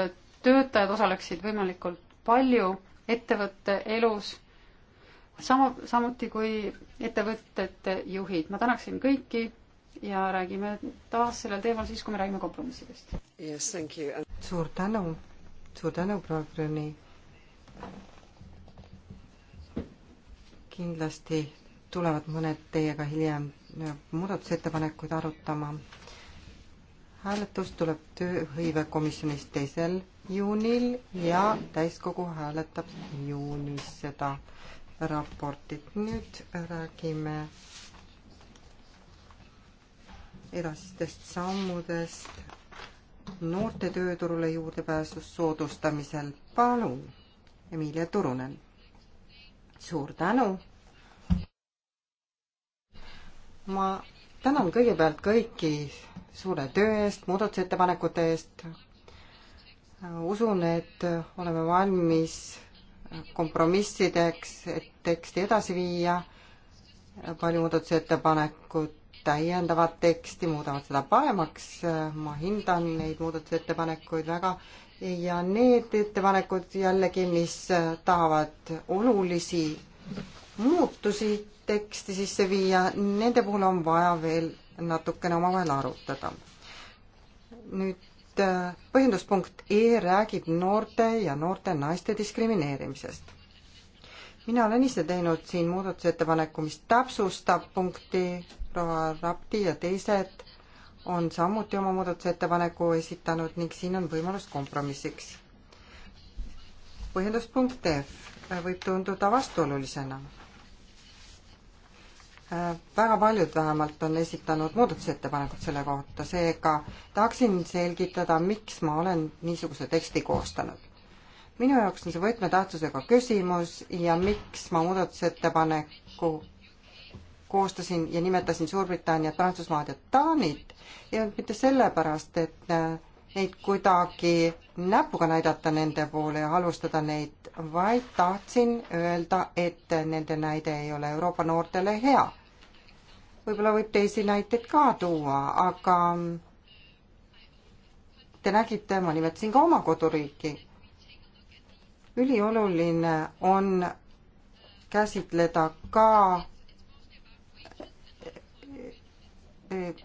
töötajad osaleksid võimalikult palju ettevõtte elus, sama, samuti kui ettevõtete juhid. ma tänaksin kõiki ja räägime taas sellel teemal siis, kui me räägime kompromissidest yes,.
suur tänu, suur tänu, proua Grüni. kindlasti tulevad mõned teiega hiljem muudatusettepanekuid arutama. hääletus tuleb tööhõivekomisjonis teisel juunil ja täiskogu hääletab juunis seda raportit. nüüd räägime edasistest sammudest noorte tööturule juurdepääsus soodustamisel. palun, Emilia Turunen. suur tänu. ma tänan kõigepealt kõiki suure töö eest, muudatusettepanekute eest. usun, et oleme valmis kompromissideks, et teksti edasi viia. palju muudatusettepanekut täiendavat teksti, muudavad seda paremaks, ma hindan neid muudatusettepanekuid väga ja need ettepanekud jällegi, mis tahavad olulisi muutusi teksti sisse viia, nende puhul on vaja veel natukene omavahel arutada. nüüd põhjenduspunkt E räägib noorte ja noorte naiste diskrimineerimisest. mina olen ise teinud siin muudatusettepaneku, mis täpsustab punkti proua Rapti ja teised on samuti oma muudatusettepaneku esitanud ning siin on võimalus kompromissiks. põhjenduspunkt F võib tunduda vastuolulisena. väga paljud vähemalt on esitanud muudatusettepanekud selle kohta, seega tahaksin selgitada, miks ma olen niisuguse teksti koostanud. minu jaoks on see võtmetähtsusega küsimus ja miks ma muudatusettepaneku koostasin ja nimetasin Suurbritanniat, Prantsusmaad ja Taanit ja mitte sellepärast, et äh, neid kuidagi näpuga näidata nende poole ja halvustada neid, vaid tahtsin öelda, et nende näide ei ole Euroopa noortele hea. võib-olla võib teisi näiteid ka tuua, aga mm, te nägite, ma nimetasin ka oma koduriiki. ülioluline on käsitleda ka Eh,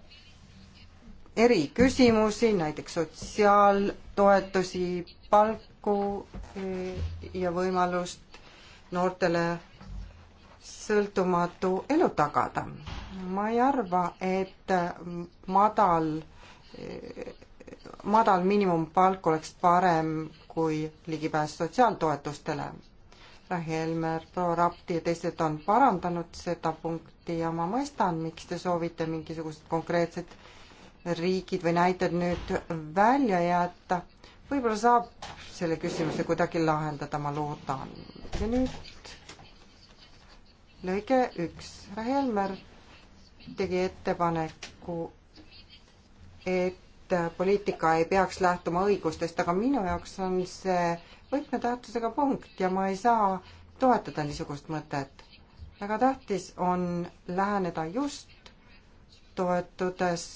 eriküsimusi, näiteks sotsiaaltoetusi, palku eh, ja võimalust noortele sõltumatu elu tagada. ma ei arva, et eh, madal, madal miinimumpalk oleks parem kui ligipääs sotsiaaltoetustele härra Helmer, proua Rapti ja teised on parandanud seda punkti ja ma mõistan, miks te soovite mingisugused konkreetsed riigid või näited nüüd välja jätta. võib-olla saab selle küsimuse kuidagi lahendada, ma loodan. ja nüüd lõige üks. härra Helmer tegi ettepaneku, et poliitika ei peaks lähtuma õigustest, aga minu jaoks on see võtmetähtsusega punkt ja ma ei saa toetada niisugust mõtet. väga tähtis on läheneda just toetudes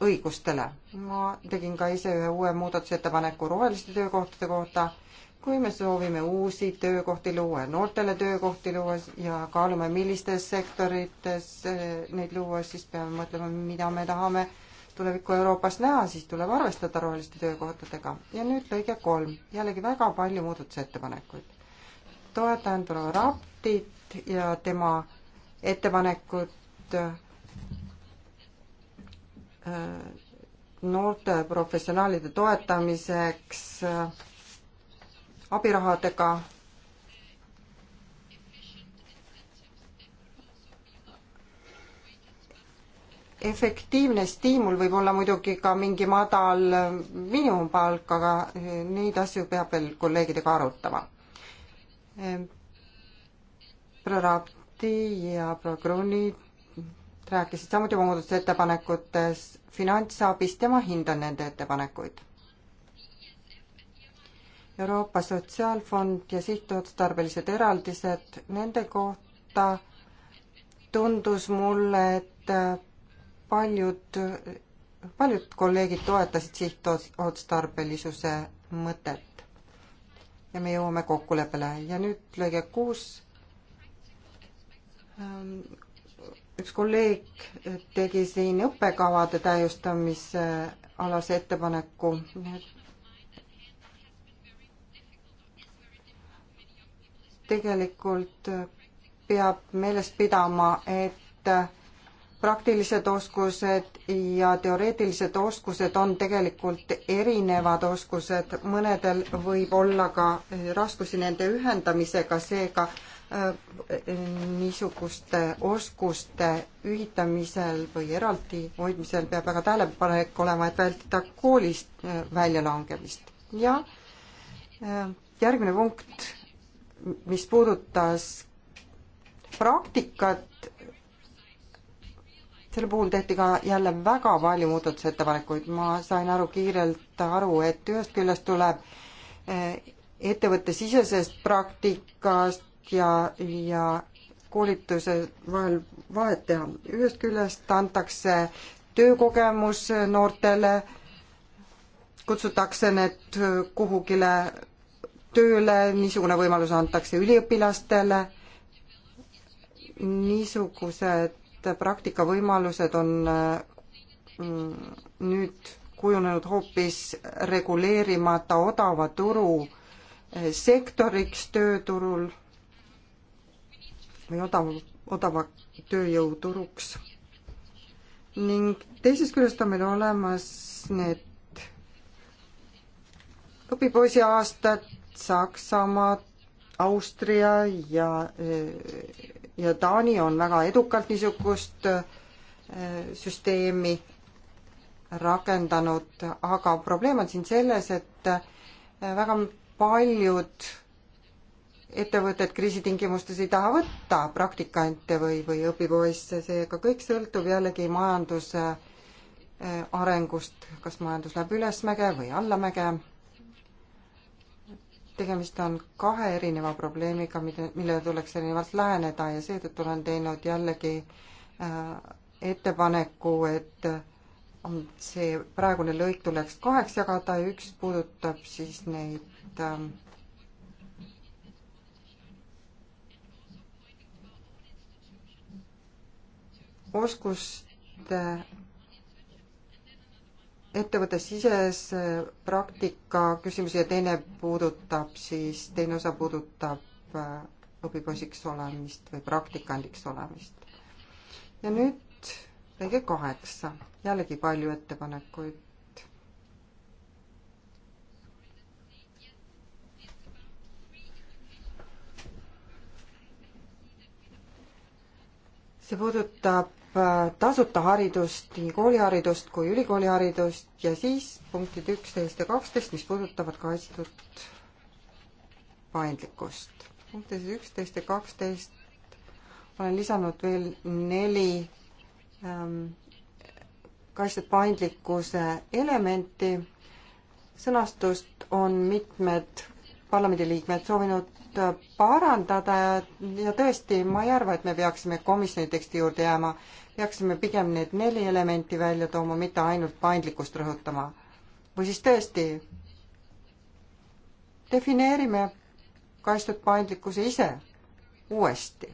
õigustele. ma tegin ka ise ühe uue muudatusettepaneku roheliste töökohtade kohta. kui me soovime uusi töökohti luua, noortele töökohti luua ja kaalume, millistes sektorites eh, neid luua, siis peame mõtlema, mida me tahame äh, tulevikku Euroopas näha, siis tuleb arvestada roheliste töökohtadega. ja nüüd lõige kolm, jällegi väga palju muudatusettepanekuid. toetan proua Raptit ja tema ettepanekut äh, noorte professionaalide toetamiseks äh, abirahadega efektiivne stiimul võib olla muidugi ka mingi madal miinimumpalk, aga eh, neid asju peab veel kolleegidega arutama. Prorabti ja Progruni rääkisid samuti oma muudatusettepanekutes finantsabist ja ma hindan nende ettepanekuid. Euroopa Sotsiaalfond ja sihtotstarbelised eraldised, nende kohta tundus mulle, et paljud, paljud kolleegid toetasid sihtotstarbelisuse mõtet. ja me jõuame kokkuleppele ja nüüd lõige kuus. Ähm, üks kolleeg tegi siin õppekavade täiustamise alase ettepaneku, tegelikult peab meeles pidama, et praktilised oskused ja teoreetilised oskused on tegelikult erinevad oskused, mõnedel võib olla ka eh, raskusi nende ühendamisega, seega eh, niisuguste oskuste ühitamisel või eraldi hoidmisel peab väga tähelepanelik olema, et vältida koolist eh, väljalangemist. ja järgmine punkt, mis puudutas praktikat, selle puhul tehti ka jälle väga palju muudatusettepanekuid, ma sain aru kiirelt aru, et ühest küljest tuleb eh, ettevõttesisesest praktikast ja, ja koolituse vahel vahet teha. ühest küljest antakse töökogemus noortele, kutsutakse need kuhugile tööle, niisugune võimalus antakse üliõpilastele, niisugused praktika võimalused on mm, nüüd kujunenud hoopis reguleerimata odava turu eh, sektoriks tööturul või odav, odava tööjõuturuks. ning teisest küljest on meil olemas need õpipoisiaastad Saksamaa, Austria ja eh, ja Taani on väga edukalt niisugust äh, süsteemi rakendanud, aga probleem on siin selles, et äh, väga paljud ettevõtted kriisitingimustes ei taha võtta praktikante või, või õpipoisse, seega kõik sõltub jällegi majanduse äh, arengust, kas majandus läheb ülesmäge või allamäge tegemist on kahe erineva probleemiga, mida, millele tuleks erinevalt läheneda ja seetõttu olen teinud jällegi äh, ettepaneku, et see praegune lõik tuleks kaheks jagada ja üks puudutab siis neid äh, oskuste äh, ettevõttesisese praktika küsimusi ja teine puudutab siis, teine osa puudutab äh, õpipoisiks olemist või praktikandiks olemist. ja nüüd lõige kaheksa, jällegi palju ettepanekuid. see puudutab Äh, tasuta haridust, nii kooliharidust kui ülikooliharidust ja siis punktid üksteist ja kaksteist, mis puudutavad kaitstud paindlikkust. punktides üksteist ja kaksteist olen lisanud veel neli ähm, kaitstud paindlikkuse elementi. sõnastust on mitmed parlamendiliikmed soovinud äh, parandada ja, ja tõesti, ma ei arva, et me peaksime komisjoni teksti juurde jääma, peaksime pigem need neli elementi välja tooma, mitte ainult paindlikkust rõhutama. või siis tõesti defineerime kaitstud paindlikkuse ise uuesti.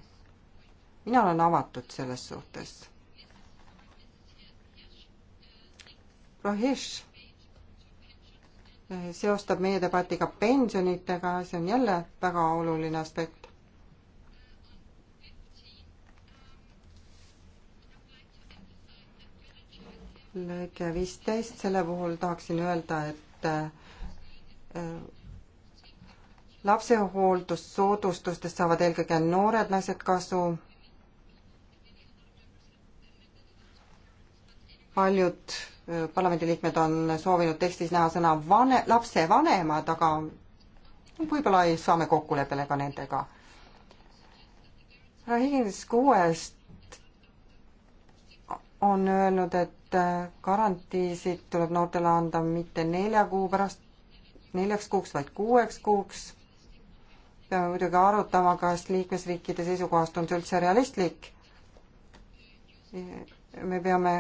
mina olen avatud selles suhtes. Rohish seostab meie debatiga pensionitega, see on jälle väga oluline aspekt. lõige viisteist, selle puhul tahaksin öelda, et äh, lapsehooldussoodustustest saavad eelkõige noored naised kasu. paljud parlamendiliikmed on soovinud tekstis näha sõna vane, lapsevanemad, aga võib-olla ei saame kokkuleppele ka nendega. härra Higins kuuest on öelnud, et garantiisid tuleb noortele anda mitte nelja kuu pärast, neljaks kuuks, vaid kuueks kuuks. peame muidugi arutama, kas liikmesriikide seisukohast on see üldse realistlik. me peame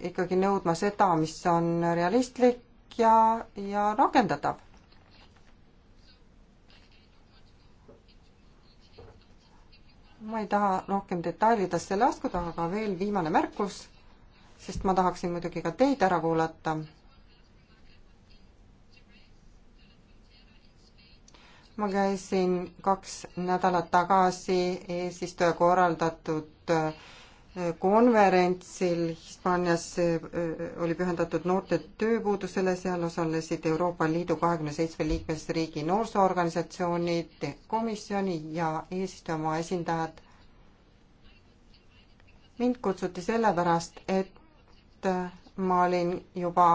ikkagi nõudma seda, mis on realistlik ja, ja rakendatav. ma ei taha rohkem detailidesse laskuda, aga veel viimane märkus, sest ma tahaksin muidugi ka teid ära kuulata ma käisin kaks nädalat tagasi eesistuja korraldatud äh, konverentsil Hispaanias eh, oli pühendatud noorte tööpuudusele, seal osalesid Euroopa Liidu kahekümne seitsme liikmesriigi noorsoorganisatsioonid, komisjoni ja eesistujamaa esindajad. mind kutsuti sellepärast, et eh, ma olin juba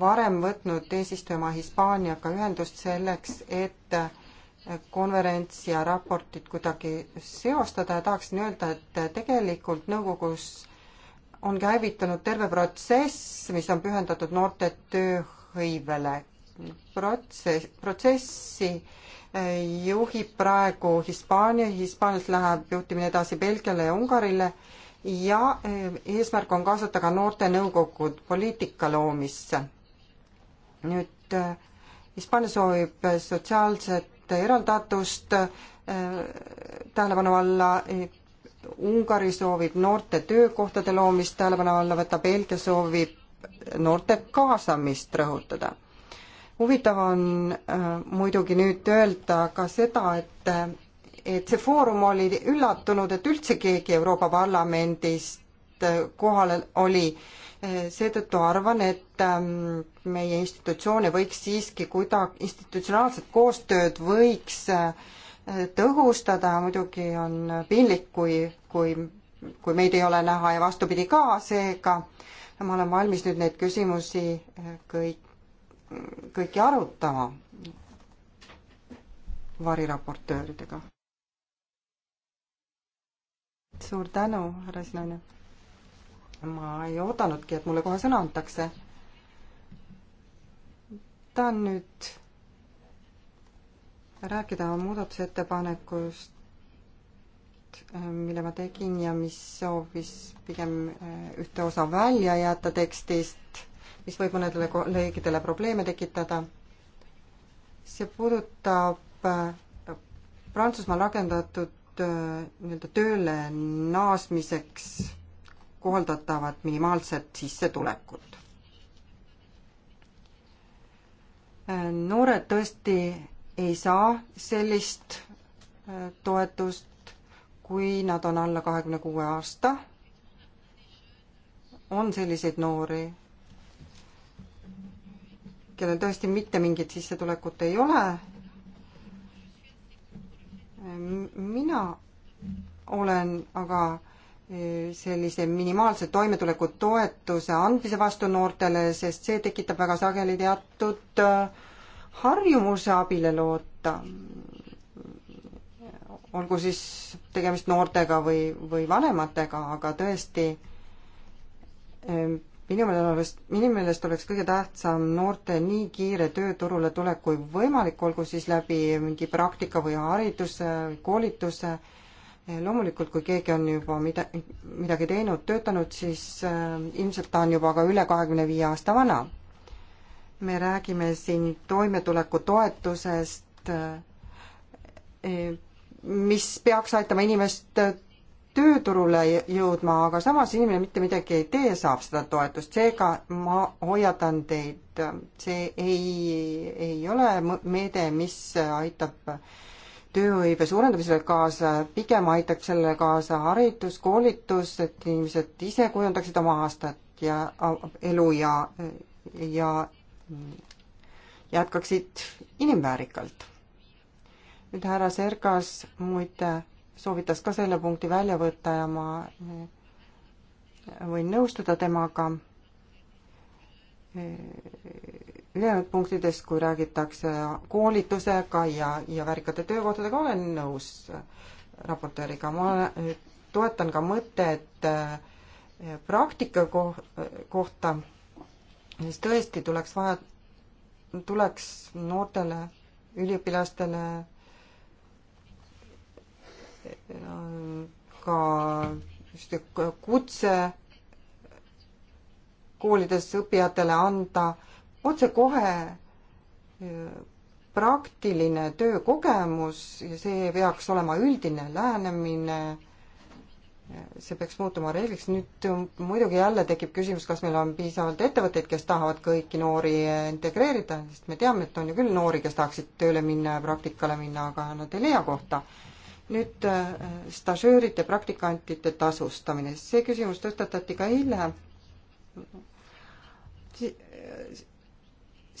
varem võtnud eesistujamaa Hispaaniaga ühendust selleks, et eh, konverents ja raportit kuidagi seostada ja tahaksin öelda, et tegelikult nõukogus on käivitunud terve protsess, mis on pühendatud noorte tööhõivele. protsess, protsessi eh, juhib praegu Hispaania, Hispaanias läheb juhtimine edasi Belgiale ja Ungarile ja eh, eesmärk on kaasata ka noorte nõukogud poliitika loomisse. nüüd eh, Hispaania soovib sotsiaalset eraldatust äh, tähelepanu alla, Ungari soovib noorte töökohtade loomist tähelepanu alla võtta, Belgia soovib noorte kaasamist rõhutada. huvitav on äh, muidugi nüüd öelda ka seda, et et see foorum oli üllatunud, et üldse keegi Euroopa Parlamendist äh, kohal oli äh, seetõttu arvan, et ähm, meie institutsioone võiks siiski kuida-, institutsionaalset koostööd võiks äh, tõhustada, muidugi on piinlik, kui, kui, kui meid ei ole näha ja vastupidi ka, seega ma olen valmis nüüd neid küsimusi äh, kõik, kõiki arutama variraportööridega. suur tänu, härra Sinaine ma ei oodanudki, et mulle kohe sõna antakse. tahan nüüd rääkida muudatusettepanekust, mille ma tegin ja mis soovis pigem eh, ühte osa välja jätta tekstist, mis võib mõnedele kolleegidele probleeme tekitada. see puudutab eh, Prantsusmaal rakendatud eh, nii-öelda tööle naasmiseks kohaldatavat minimaalset sissetulekut. noored tõesti ei saa sellist äh, toetust, kui nad on alla kahekümne kuue aasta. on selliseid noori, kellel tõesti mitte mingit sissetulekut ei ole. mina olen aga sellise minimaalse toimetulekutoetuse andmise vastu noortele, sest see tekitab väga sageli teatud äh, harjumuse abile loota. olgu siis tegemist noortega või, või vanematega, aga tõesti äh, minu meelest, minu meelest oleks kõige tähtsam noorte nii kiire tööturule tulek kui võimalik, olgu siis läbi mingi praktika või hariduse või koolituse äh, Eh, loomulikult, kui keegi on juba mida, midagi teinud, töötanud, siis eh, ilmselt ta on juba ka üle kahekümne viie aasta vana. me räägime siin toimetulekutoetusest, eh, mis peaks aitama inimest tööturule jõudma, aga samas inimene mitte midagi ei tee, saab seda toetust, seega ma hoiatan teid, see ei, ei ole meede, mis aitab äh, tööhõive suurendamisele kaasa, pigem aitab sellele kaasa haridus, koolitus, et inimesed ise kujundaksid oma aastat ja elu ja, ja jätkaksid inimväärikalt. nüüd härra Sergas muide soovitas ka selle punkti välja võtta ja ma eh, võin nõustuda temaga eh, ülejäänud punktidest, kui räägitakse koolitusega ja, ja väärikate töökohtadega, olen nõus raportööriga, ma toetan ka mõtet eh, praktika ko-, kohta, siis tõesti tuleks vaja, tuleks noortele üliõpilastele eh, ka kutse koolides õppijatele anda äh, otsekohe eh, praktiline töökogemus ja see peaks olema üldine lähenemine, eh, see peaks muutuma reegliks, nüüd eh, muidugi jälle tekib küsimus, kas meil on piisavalt ettevõtteid, kes tahavad kõiki noori integreerida, sest me teame, et on ju küll noori, kes tahaksid tööle minna ja praktikale minna, aga nad ei leia kohta nüüd stažööride, praktikantide tasustamine, see küsimus tõstatati ka eile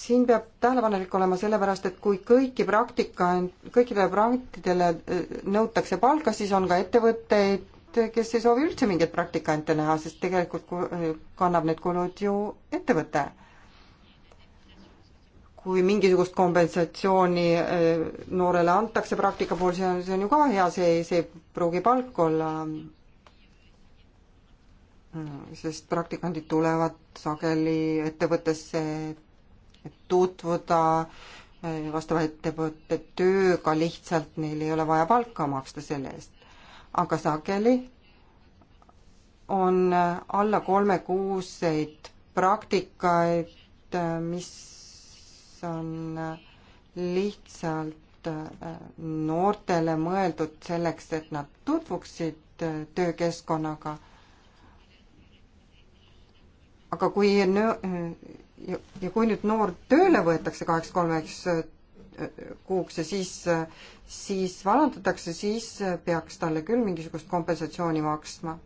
siin peab tähelepanelik olema sellepärast, et kui kõiki praktika, kõikidele praktidele eh, nõutakse palka, siis on ka ettevõtteid, kes ei soovi üldse mingeid praktikante näha, sest tegelikult kannab need kulud ju ettevõte. kui mingisugust kompensatsiooni eh, noorele antakse praktika puhul, see on, see on ju ka hea, see, see ei pruugi palk olla mm, sest praktikandid tulevad sageli ettevõttesse, et tutvuda eh, vastavate ettevõtte tööga, lihtsalt neil ei ole vaja palka maksta selle eest. aga sageli on eh, alla kolmekuuseid praktikaid, eh, mis on lihtsalt noortele mõeldud selleks, et nad tutvuksid töökeskkonnaga. aga kui ja kui nüüd noor tööle võetakse kaheks-kolmeks äh, kuuks ja siis, äh, siis vallandatakse, siis äh, peaks talle küll mingisugust kompensatsiooni maksma.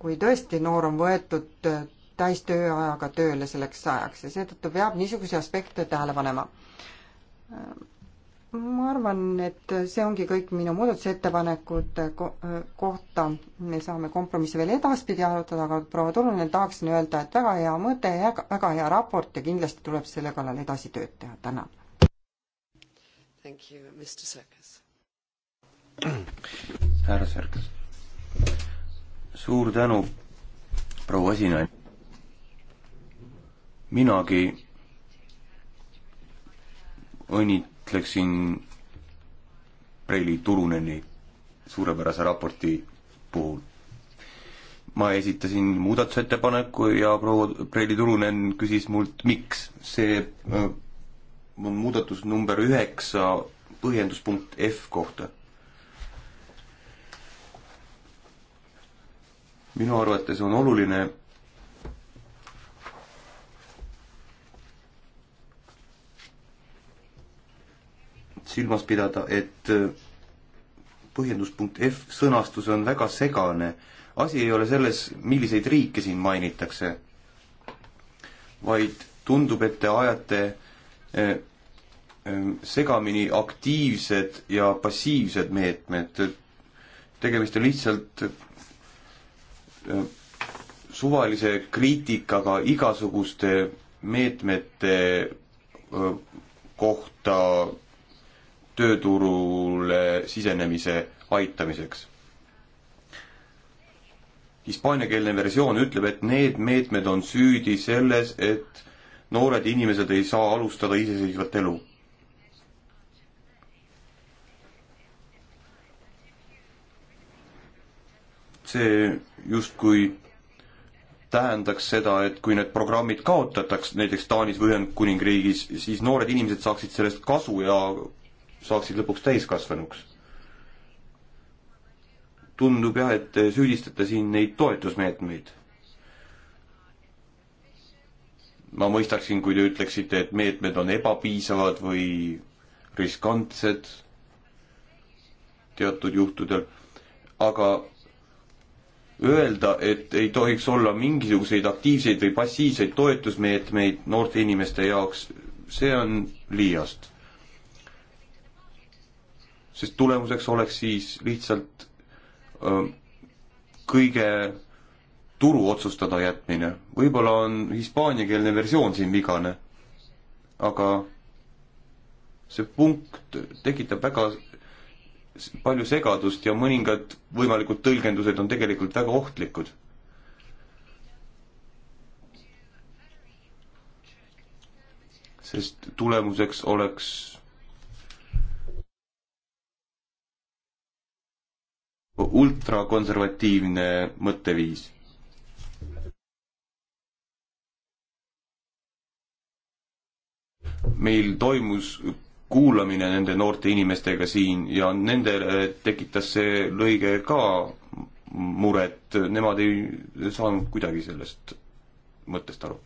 kui tõesti noor on võetud täistööajaga tööle selleks ajaks ja seetõttu peab niisuguseid aspekte tähele panema ma arvan, et see ongi kõik minu muudatusettepanekute eh, ko-, eh, kohta, me saame kompromisse veel edaspidi arutada, aga proua Turunen, tahaksin öelda, et väga hea mõte ja väga hea raport ja kindlasti tuleb selle kallal edasi tööd teha, tänan.
(clears throat) härra Särkas, suur tänu, proua esinaine. minagi õnnit-, ütleksin Reili Turuneni suurepärase raporti puhul. ma esitasin muudatusettepaneku ja proua Reili Turunen küsis mult, miks. see äh, on muudatus number üheksa põhjenduspunkt F kohta. minu arvates on oluline silmas pidada, et äh, põhjenduspunkt F sõnastus on väga segane. asi ei ole selles, milliseid riike siin mainitakse, vaid tundub, et te ajate äh, äh, segamini aktiivsed ja passiivsed meetmed. tegemist on lihtsalt suvalise kriitikaga igasuguste meetmete kohta tööturule sisenemise aitamiseks. Hispaaniakeelne versioon ütleb, et need meetmed on süüdi selles, et noored inimesed ei saa alustada iseseisvat elu see justkui tähendaks seda, et kui need programmid kaotataks näiteks Taanis või Ühendkuningriigis, siis noored inimesed saaksid sellest kasu ja saaksid lõpuks täiskasvanuks. tundub jah, et süüdistate siin neid toetusmeetmeid. ma mõistaksin, kui te ütleksite, et meetmed on ebapiisavad või riskantsed teatud juhtudel, aga öelda, et ei tohiks olla mingisuguseid aktiivseid või passiivseid toetusmeetmeid noorte inimeste jaoks, see on liiast sest tulemuseks oleks siis lihtsalt öö, kõige turu otsustada jätmine. võib-olla on hispaaniakeelne versioon siin vigane, aga see punkt tekitab väga palju segadust ja mõningad võimalikud tõlgendused on tegelikult väga ohtlikud. sest tulemuseks oleks ultrakonservatiivne mõtteviis. meil toimus kuulamine nende noorte inimestega siin ja nendele tekitas see lõige ka muret, nemad ei saanud kuidagi sellest mõttest aru.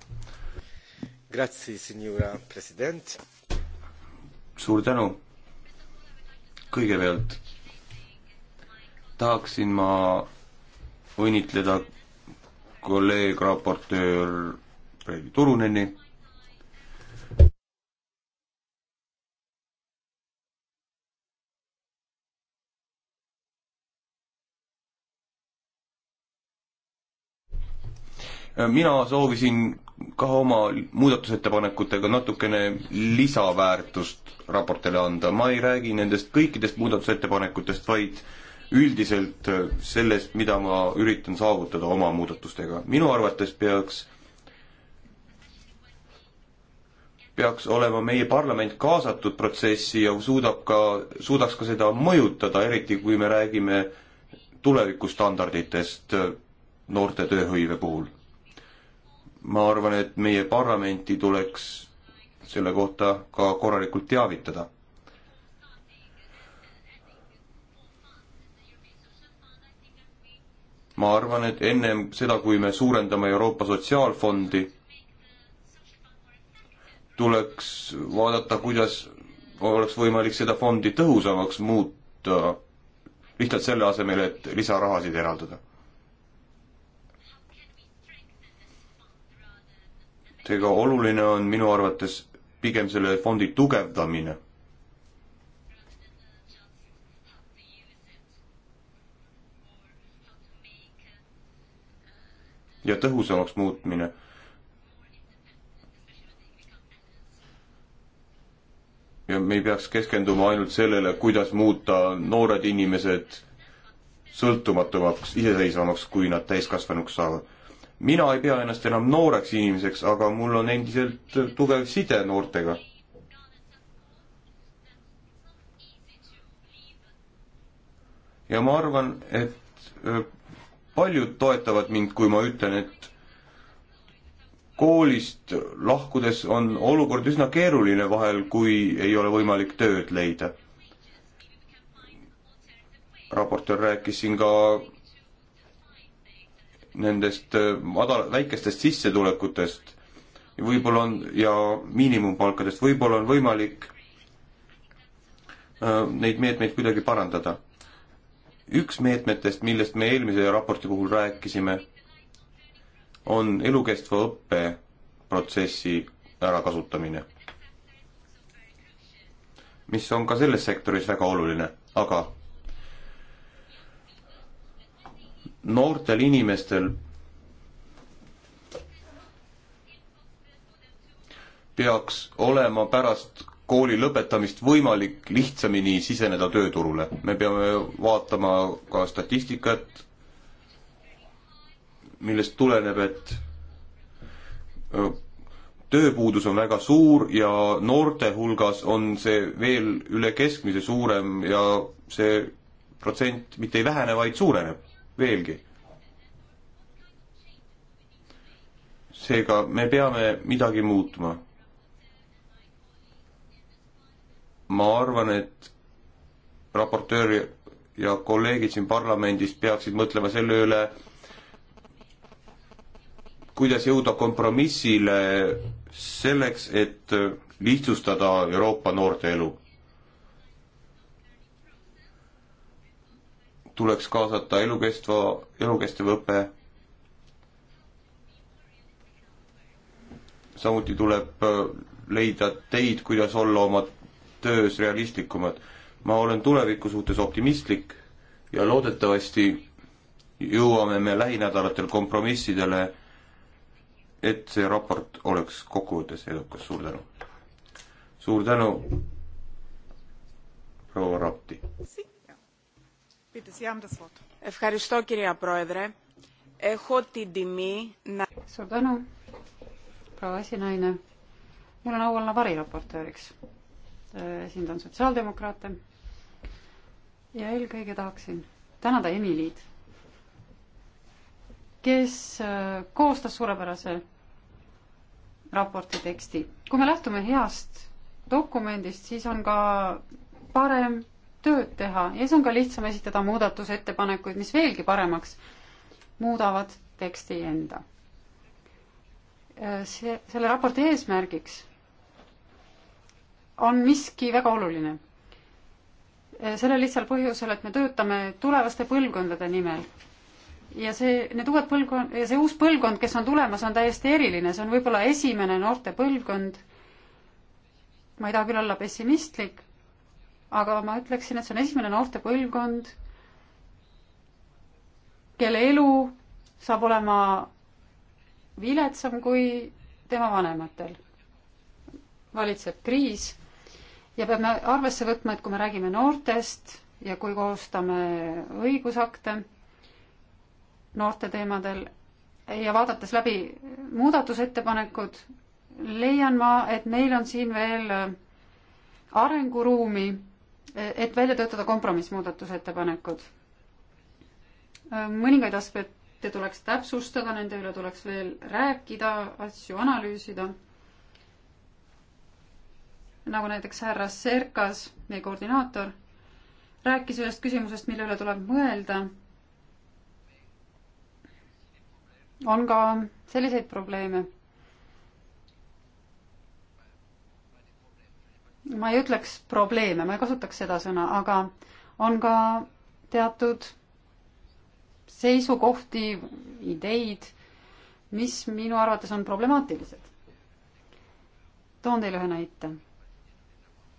suur tänu. kõigepealt tahaksin ma õnnitleda kolleeg raportöör Reili Turuneni. mina soovisin ka oma muudatusettepanekutega natukene lisaväärtust raportile anda, ma ei räägi nendest kõikidest muudatusettepanekutest, vaid äh, üldiselt äh, sellest, mida ma üritan saavutada oma muudatustega. minu arvates peaks, peaks olema meie parlament kaasatud protsessi ja suudab ka, suudaks ka seda mõjutada, eriti kui me räägime tulevikustandarditest äh, noorte tööhõive puhul. ma arvan, et meie parlamenti tuleks selle kohta ka korralikult teavitada ma arvan, et ennem seda, kui me suurendame Euroopa Sotsiaalfondi, tuleks vaadata, kuidas oleks võimalik seda fondi tõhusamaks muuta, lihtsalt selle asemel, et lisarahasid eraldada. seega oluline on minu arvates pigem selle fondi tugevdamine ja tõhusamaks muutmine. ja me ei peaks keskenduma ainult sellele, kuidas muuta noored inimesed sõltumatumaks, iseseisvamaks, kui nad täiskasvanuks saavad. mina ei pea ennast enam nooreks inimeseks, aga mul on endiselt tugev side noortega ja ma arvan, et äh, paljud toetavad mind, kui ma ütlen, et koolist lahkudes on olukord üsna keeruline vahel, kui ei ole võimalik tööd leida. raportöör rääkis siin ka nendest äh, madal-, väikestest sissetulekutest võib-olla on ja miinimumpalkadest, võib-olla on võimalik äh, neid meetmeid kuidagi parandada üks meetmetest, millest me eelmise raporti puhul rääkisime, on elukestva õppe protsessi ärakasutamine, mis on ka selles sektoris väga oluline, aga noortel inimestel peaks olema pärast kooli lõpetamist võimalik lihtsamini siseneda tööturule. me peame vaatama ka statistikat, millest tuleneb, et tööpuudus on väga suur ja noorte hulgas on see veel üle keskmise suurem ja see protsent mitte ei vähene, vaid suureneb veelgi. seega me peame midagi muutma ma arvan, et raportöör ja kolleegid siin parlamendis peaksid mõtlema selle üle, kuidas jõuda kompromissile selleks, et lihtsustada Euroopa noorte elu. tuleks kaasata elukestva, elukestev õpe. samuti tuleb leida teid, kuidas olla oma töös realistlikumad. ma olen tuleviku suhtes optimistlik ja loodetavasti jõuame me lähinädalatel kompromissidele, et see raport oleks kokkuvõttes edukas, suur tänu. suur tänu, proua Rapti.
suur tänu, proua esinaine. mul on au olla variraportööriks Äh, esindan sotsiaaldemokraate ja eelkõige tahaksin tänada Emilit, kes äh, koostas suurepärase raporti teksti. kui me lähtume heast dokumendist, siis on ka parem tööd teha ja siis on ka lihtsam esitada muudatusettepanekuid, mis veelgi paremaks muudavad teksti enda. Äh, see, selle raporti eesmärgiks on miski väga oluline. sellel lihtsal põhjusel, et me töötame tulevaste põlvkondade nimel. ja see, need uued põlvkond, ja see uus põlvkond, kes on tulemas, on täiesti eriline, see on võib-olla esimene noorte põlvkond, ma ei taha küll olla pessimistlik, aga ma ütleksin, et see on esimene noorte põlvkond, kelle elu saab olema viletsam kui tema vanematel. valitseb kriis ja peame arvesse võtma, et kui me räägime noortest ja kui koostame õigusakte noorte teemadel ja vaadates läbi muudatusettepanekud, leian ma, et meil on siin veel äh, arenguruumi, e, et välja töötada kompromissmuudatusettepanekud. Äh, mõningaid aspekte tuleks täpsustada, nende üle tuleks veel rääkida, asju analüüsida nagu näiteks härra Serkas, meie koordinaator, rääkis ühest küsimusest, mille üle tuleb mõelda. on ka selliseid probleeme. ma ei ütleks probleeme, ma ei kasutaks seda sõna, aga on ka teatud seisukohti, ideid, mis minu arvates on problemaatilised. toon teile ühe näite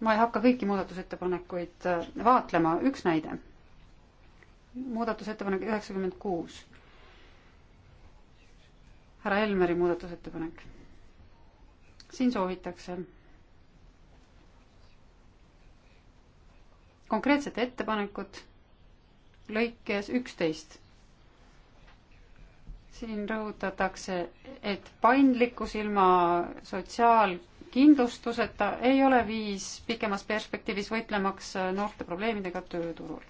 ma ei hakka kõiki muudatusettepanekuid äh, vaatlema, üks näide. muudatusettepanek üheksakümmend kuus. härra Elmeri muudatusettepanek. siin soovitakse konkreetset ettepanekut lõikes üksteist. siin rõhutatakse, et paindlikkus ilma sotsiaal- kindlustuseta ei ole viis pikemas perspektiivis võitlemaks noorte probleemidega tööturul.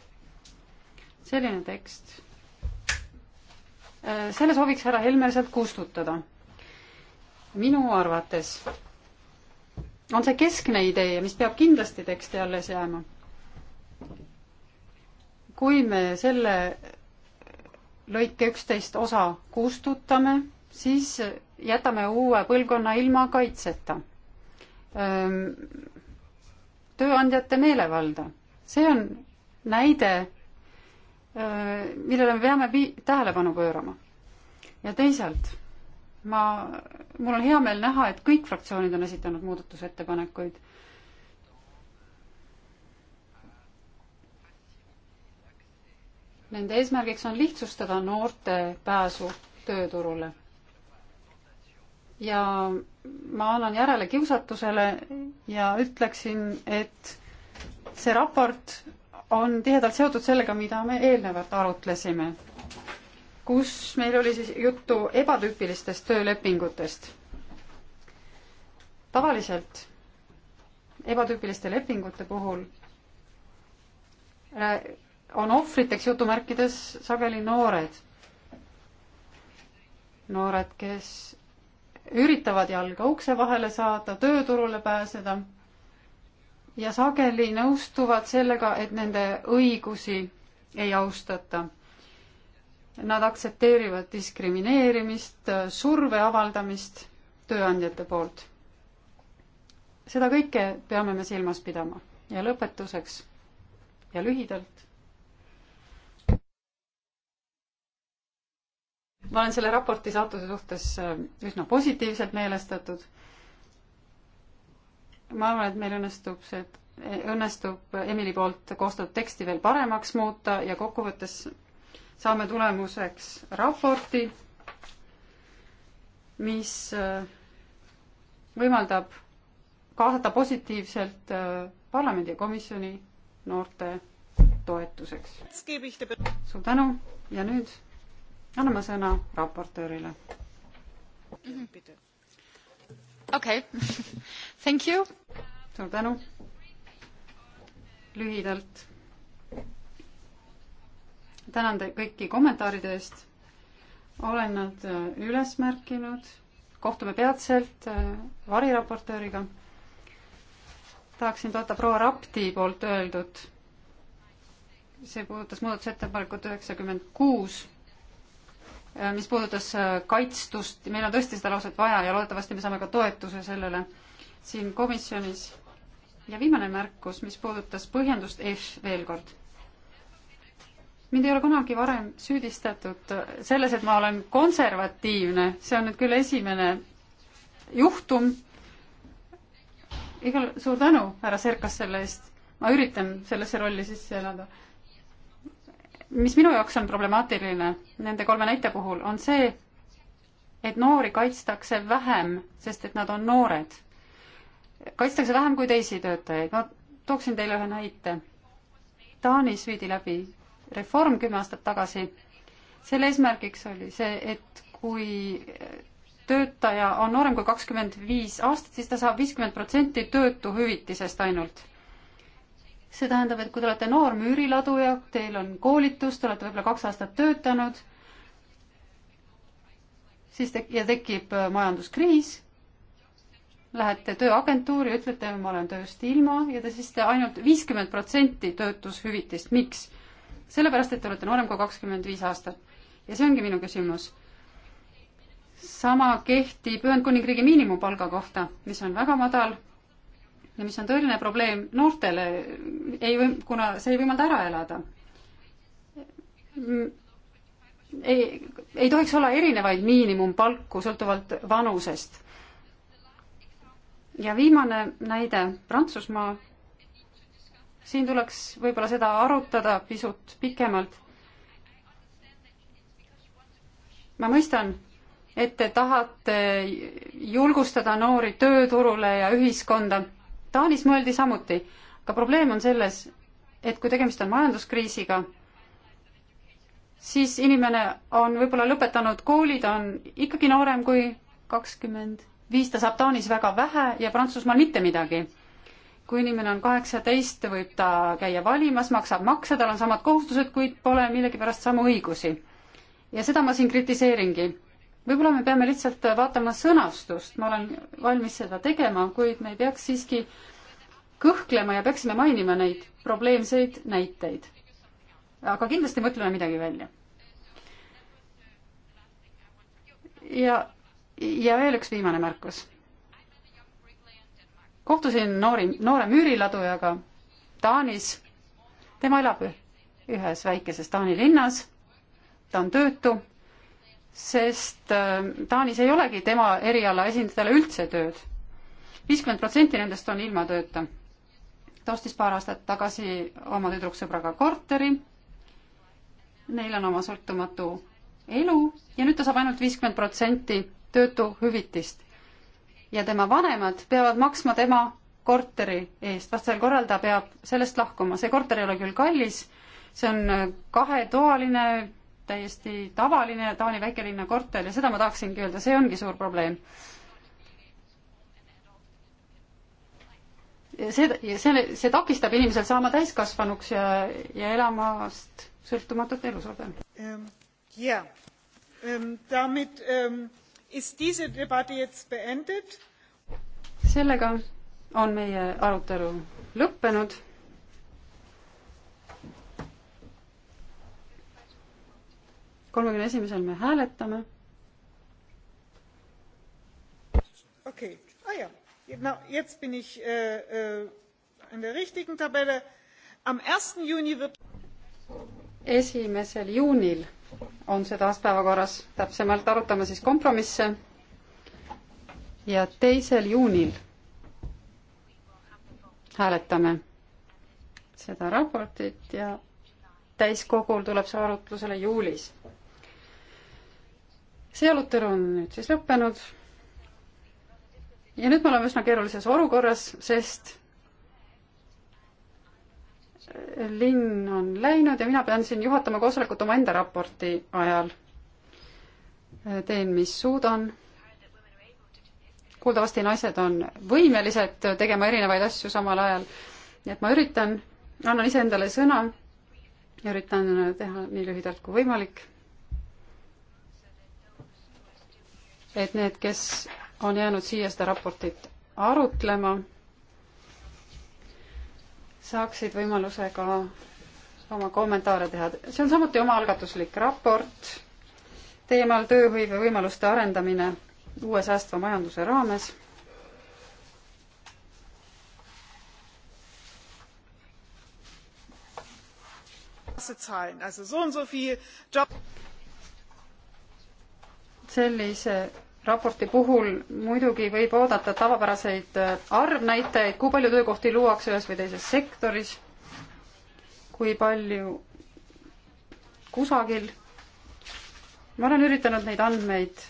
selline tekst. Äh, selle sooviks härra Helmer sealt kustutada. minu arvates on see keskne idee, mis peab kindlasti teksti alles jääma. kui me selle lõike üksteist osa kustutame, siis jätame uue põlvkonna ilma kaitseta tööandjate meelevalda. see on näide, millele me peame pi-, tähelepanu pöörama. ja teisalt, ma, mul on hea meel näha, et kõik fraktsioonid on esitanud muudatusettepanekuid. Nende eesmärgiks on lihtsustada noorte pääsu tööturule ja ma annan järele kiusatusele ja ütleksin, et see raport on tihedalt seotud sellega, mida me eelnevalt arutlesime, kus meil oli siis juttu ebatüüpilistest töölepingutest. tavaliselt ebatüüpiliste lepingute puhul äh, on ohvriteks jutumärkides sageli noored, noored, kes üritavad jalga ukse vahele saada, tööturule pääseda ja sageli nõustuvad sellega, et nende õigusi ei austata. Nad aktsepteerivad diskrimineerimist, surve avaldamist tööandjate poolt. seda kõike peame me silmas pidama ja lõpetuseks ja lühidalt ma olen selle raporti saatuse suhtes äh, üsna positiivselt meelestatud. ma arvan, et meil õnnestub see, äh, õnnestub Emily poolt koostatud teksti veel paremaks muuta ja kokkuvõttes saame tulemuseks raporti, mis äh, võimaldab kaasata positiivselt parlamendi ja komisjoni noorte toetuseks. suur tänu ja nüüd anname sõna raportöörile. Mhm, okei, (laughs) thank you. suur tänu. lühidalt. tänan teid kõiki kommentaaride eest. olen nad äh, üles märkinud. kohtume peatselt äh, variraportööriga. tahaksin toota proua Rapti poolt öeldut. see puudutas muudatusettepanekut üheksakümmend kuus Äh, mis puudutas äh, kaitstust, meil on tõesti seda lauset vaja ja loodetavasti me saame ka toetuse sellele siin komisjonis. ja viimane märkus, mis puudutas põhjendust F veel kord. mind ei ole kunagi varem süüdistatud selles, et ma olen konservatiivne, see on nüüd küll esimene juhtum. igal, suur tänu, härra Serkas, selle eest. ma üritan sellesse rolli sisse elada mis minu jaoks on problemaatiline nende kolme näite puhul, on see, et noori kaitstakse vähem, sest et nad on noored. kaitstakse vähem kui teisi töötajaid. ma tooksin teile ühe näite. Taanis viidi läbi reform kümme aastat tagasi. selle eesmärgiks oli see, et kui töötaja on noorem kui kakskümmend viis aastat, siis ta saab viiskümmend protsenti töötuhüvitisest ainult see tähendab, et kui te olete noor müüriladuja, teil on koolitus, te olete võib-olla kaks aastat töötanud, siis tek-, ja tekib äh, majanduskriis, lähete tööagentuuri, ütlete, ma olen tööst ilma ja te siis te ainult viiskümmend protsenti töötushüvitist, miks? sellepärast, et te olete noorem kui kakskümmend viis aastat. ja see ongi minu küsimus. sama kehtib Ühendkuningriigi miinimumpalga kohta, mis on väga madal ja mis on tõeline probleem noortele, ei või, kuna see ei võimalda ära elada. ei, ei tohiks olla erinevaid miinimumpalku sõltuvalt vanusest. ja viimane näide, Prantsusmaa. siin tuleks võib-olla seda arutada pisut pikemalt. ma mõistan, et te tahate julgustada noori tööturule ja ühiskonda Taanis mõeldi samuti, aga probleem on selles, et kui tegemist on majanduskriisiga, siis inimene on võib-olla lõpetanud kooli, ta on ikkagi noorem kui kakskümmend viis, ta saab Taanis väga vähe ja Prantsusmaal mitte midagi. kui inimene on kaheksateist, võib ta käia valimas, maksab makse, tal on samad kohustused, kuid pole millegipärast samu õigusi. ja seda ma siin kritiseeringi võib-olla me peame lihtsalt vaatama sõnastust, ma olen valmis seda tegema, kuid me ei peaks siiski kõhklema ja peaksime mainima neid probleemseid näiteid. aga kindlasti mõtleme midagi välja. ja, ja veel üks viimane märkus. kohtusin noori, noore müüriladujaga Taanis. tema elab ühes väikeses Taani linnas. ta on töötu sest äh, Taanis ei olegi tema eriala esindajale üldse tööd. viiskümmend protsenti nendest on ilma tööta. ta ostis paar aastat tagasi oma tüdruksõbraga korteri, neil on oma sõltumatu elu ja nüüd ta saab ainult viiskümmend protsenti töötuhüvitist. ja tema vanemad peavad maksma tema korteri eest, vastasel korral ta peab sellest lahkuma, see korter ei ole küll kallis, see on äh, kahetoaline täiesti tavaline Taani väikelinna korter ja seda ma tahaksingi öelda, see ongi suur probleem. see, see, see takistab inimesel saama täiskasvanuks ja, ja elamast sõltumatut elusorda.
Ähm, jah, ähm, damit ähm, ist diese debatte jetzt beendet.
sellega on meie arutelu lõppenud kolmekümne esimesel me hääletame.
okei okay. ah,, ja, no jetzt bin ich äh, äh, in der richtigen tabelle. Am ersten juuni wird
esimesel juunil on see taas päevakorras, täpsemalt arutame siis kompromisse. ja teisel juunil hääletame seda raportit ja täiskogul tuleb see arutlusele juulis see arutelu on nüüd siis lõppenud. ja nüüd me oleme üsna keerulises olukorras, sest linn on läinud ja mina pean siin juhatama koosolekut omaenda raporti ajal. teen, mis suudan. kuuldavasti naised on võimelised tegema erinevaid asju samal ajal. nii et ma üritan, annan iseendale sõna ja üritan teha nii lühidalt kui võimalik et need, kes on jäänud siia seda raportit arutlema, saaksid võimaluse ka oma kommentaare teha. see on samuti omaalgatuslik raport teemal tööhõive võimaluste arendamine uue säästva majanduse raames. sellise raporti puhul muidugi võib oodata tavapäraseid äh, arvnäitajaid, kui palju töökohti luuakse ühes või teises sektoris, kui palju kusagil. ma olen üritanud neid andmeid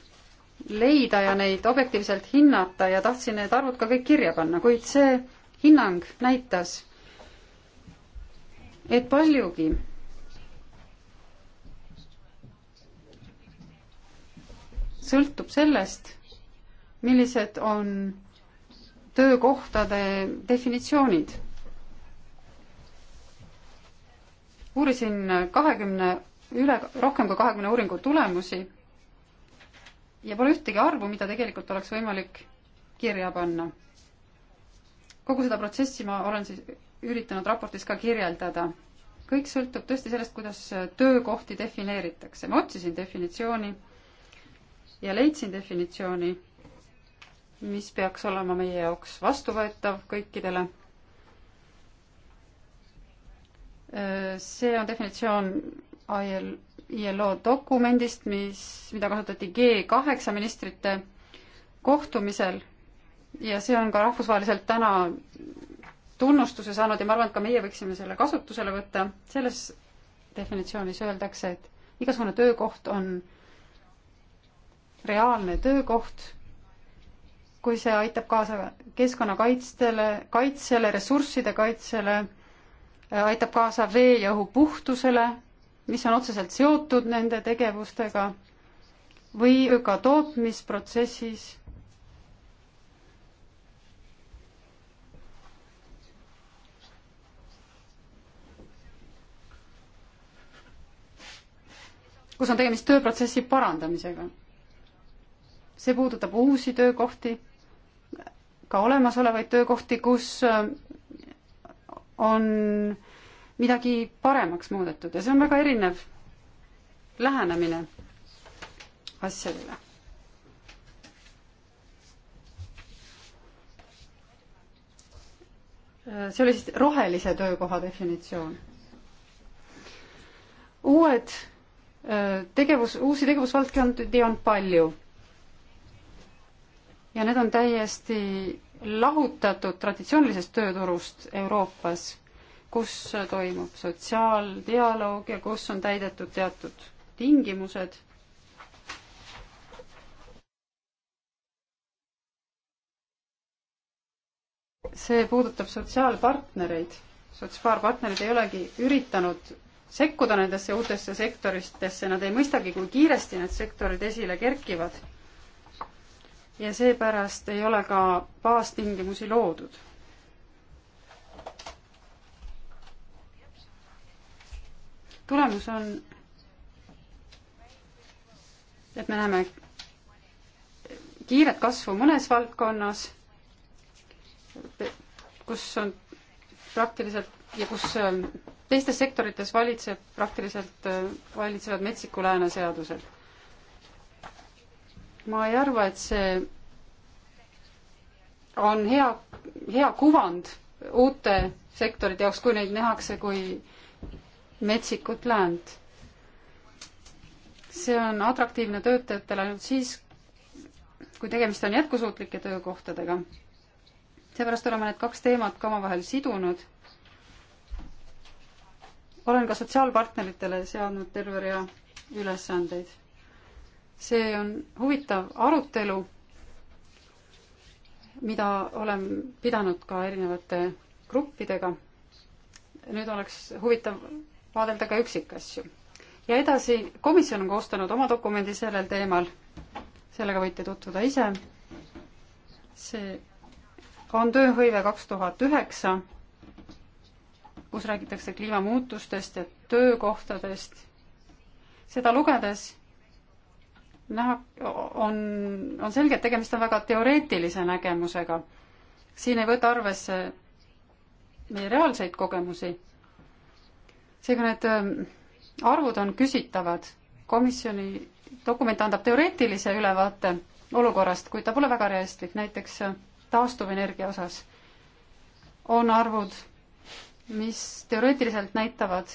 leida ja neid objektiivselt hinnata ja tahtsin need arvud ka kõik kirja panna, kuid see hinnang näitas, et paljugi sõltub sellest, millised on töökohtade definitsioonid. uurisin kahekümne, üle, rohkem kui kahekümne uuringu tulemusi ja pole ühtegi arvu, mida tegelikult oleks võimalik kirja panna. kogu seda protsessi ma olen siis üritanud raportis ka kirjeldada. kõik sõltub tõesti sellest, kuidas töökohti defineeritakse. ma otsisin definitsiooni ja leidsin definitsiooni, mis peaks olema meie jaoks vastuvõetav kõikidele. see on definitsioon IL, ILO dokumendist, mis, mida kasutati G kaheksa ministrite kohtumisel ja see on ka rahvusvaheliselt täna tunnustuse saanud ja ma arvan, et ka meie võiksime selle kasutusele võtta. selles definitsioonis öeldakse, et igasugune töökoht on reaalne töökoht, kui see aitab kaasa keskkonnakaitstele, kaitsele, ressursside kaitsele, aitab kaasa vee ja õhu puhtusele, mis on otseselt seotud nende tegevustega, või ka tootmisprotsessis kus on tegemist tööprotsessi parandamisega see puudutab uusi töökohti, ka olemasolevaid töökohti, kus on midagi paremaks muudetud ja see on väga erinev lähenemine asjadele. see oli siis rohelise töökoha definitsioon. uued äh, tegevus, uusi tegevusvaldkondi on palju ja need on täiesti lahutatud traditsioonilisest tööturust Euroopas, kus toimub sotsiaaldialoog ja kus on täidetud teatud tingimused. see puudutab sotsiaalpartnereid, sotsiaalpartnerid ei olegi üritanud sekkuda nendesse uutesse sektoritesse, nad ei mõistagi, kui kiiresti need sektorid esile kerkivad ja seepärast ei ole ka baastingimusi loodud. tulemus on, et me näeme kiiret kasvu mõnes valdkonnas, kus on praktiliselt ja kus ähm, teistes sektorites valitseb praktiliselt, äh, valitsevad metsiku lääne seadused ma ei arva, et see on hea, hea kuvand uute sektorite jaoks, kui neid nähakse kui metsikut läänd. see on atraktiivne töötajatele ainult siis, kui tegemist on jätkusuutlike töökohtadega. seepärast oleme need kaks teemat ka omavahel sidunud. olen ka sotsiaalpartneritele seadnud terve rea ülesandeid see on huvitav arutelu, mida olen pidanud ka erinevate gruppidega. nüüd oleks huvitav vaadelda ka üksikasju. ja edasi, komisjon on koostanud oma dokumendi sellel teemal, sellega võite tutvuda ise. see on tööhõive kaks tuhat üheksa, kus räägitakse kliimamuutustest ja töökohtadest. seda lugedes näha, on, on selge, et tegemist on väga teoreetilise nägemusega. siin ei võta arvesse meie reaalseid kogemusi. seega need ähm, arvud on küsitavad. komisjoni dokument annab teoreetilise ülevaate olukorrast, kuid ta pole väga realistlik, näiteks äh, taastuvenergia osas on arvud, mis teoreetiliselt näitavad,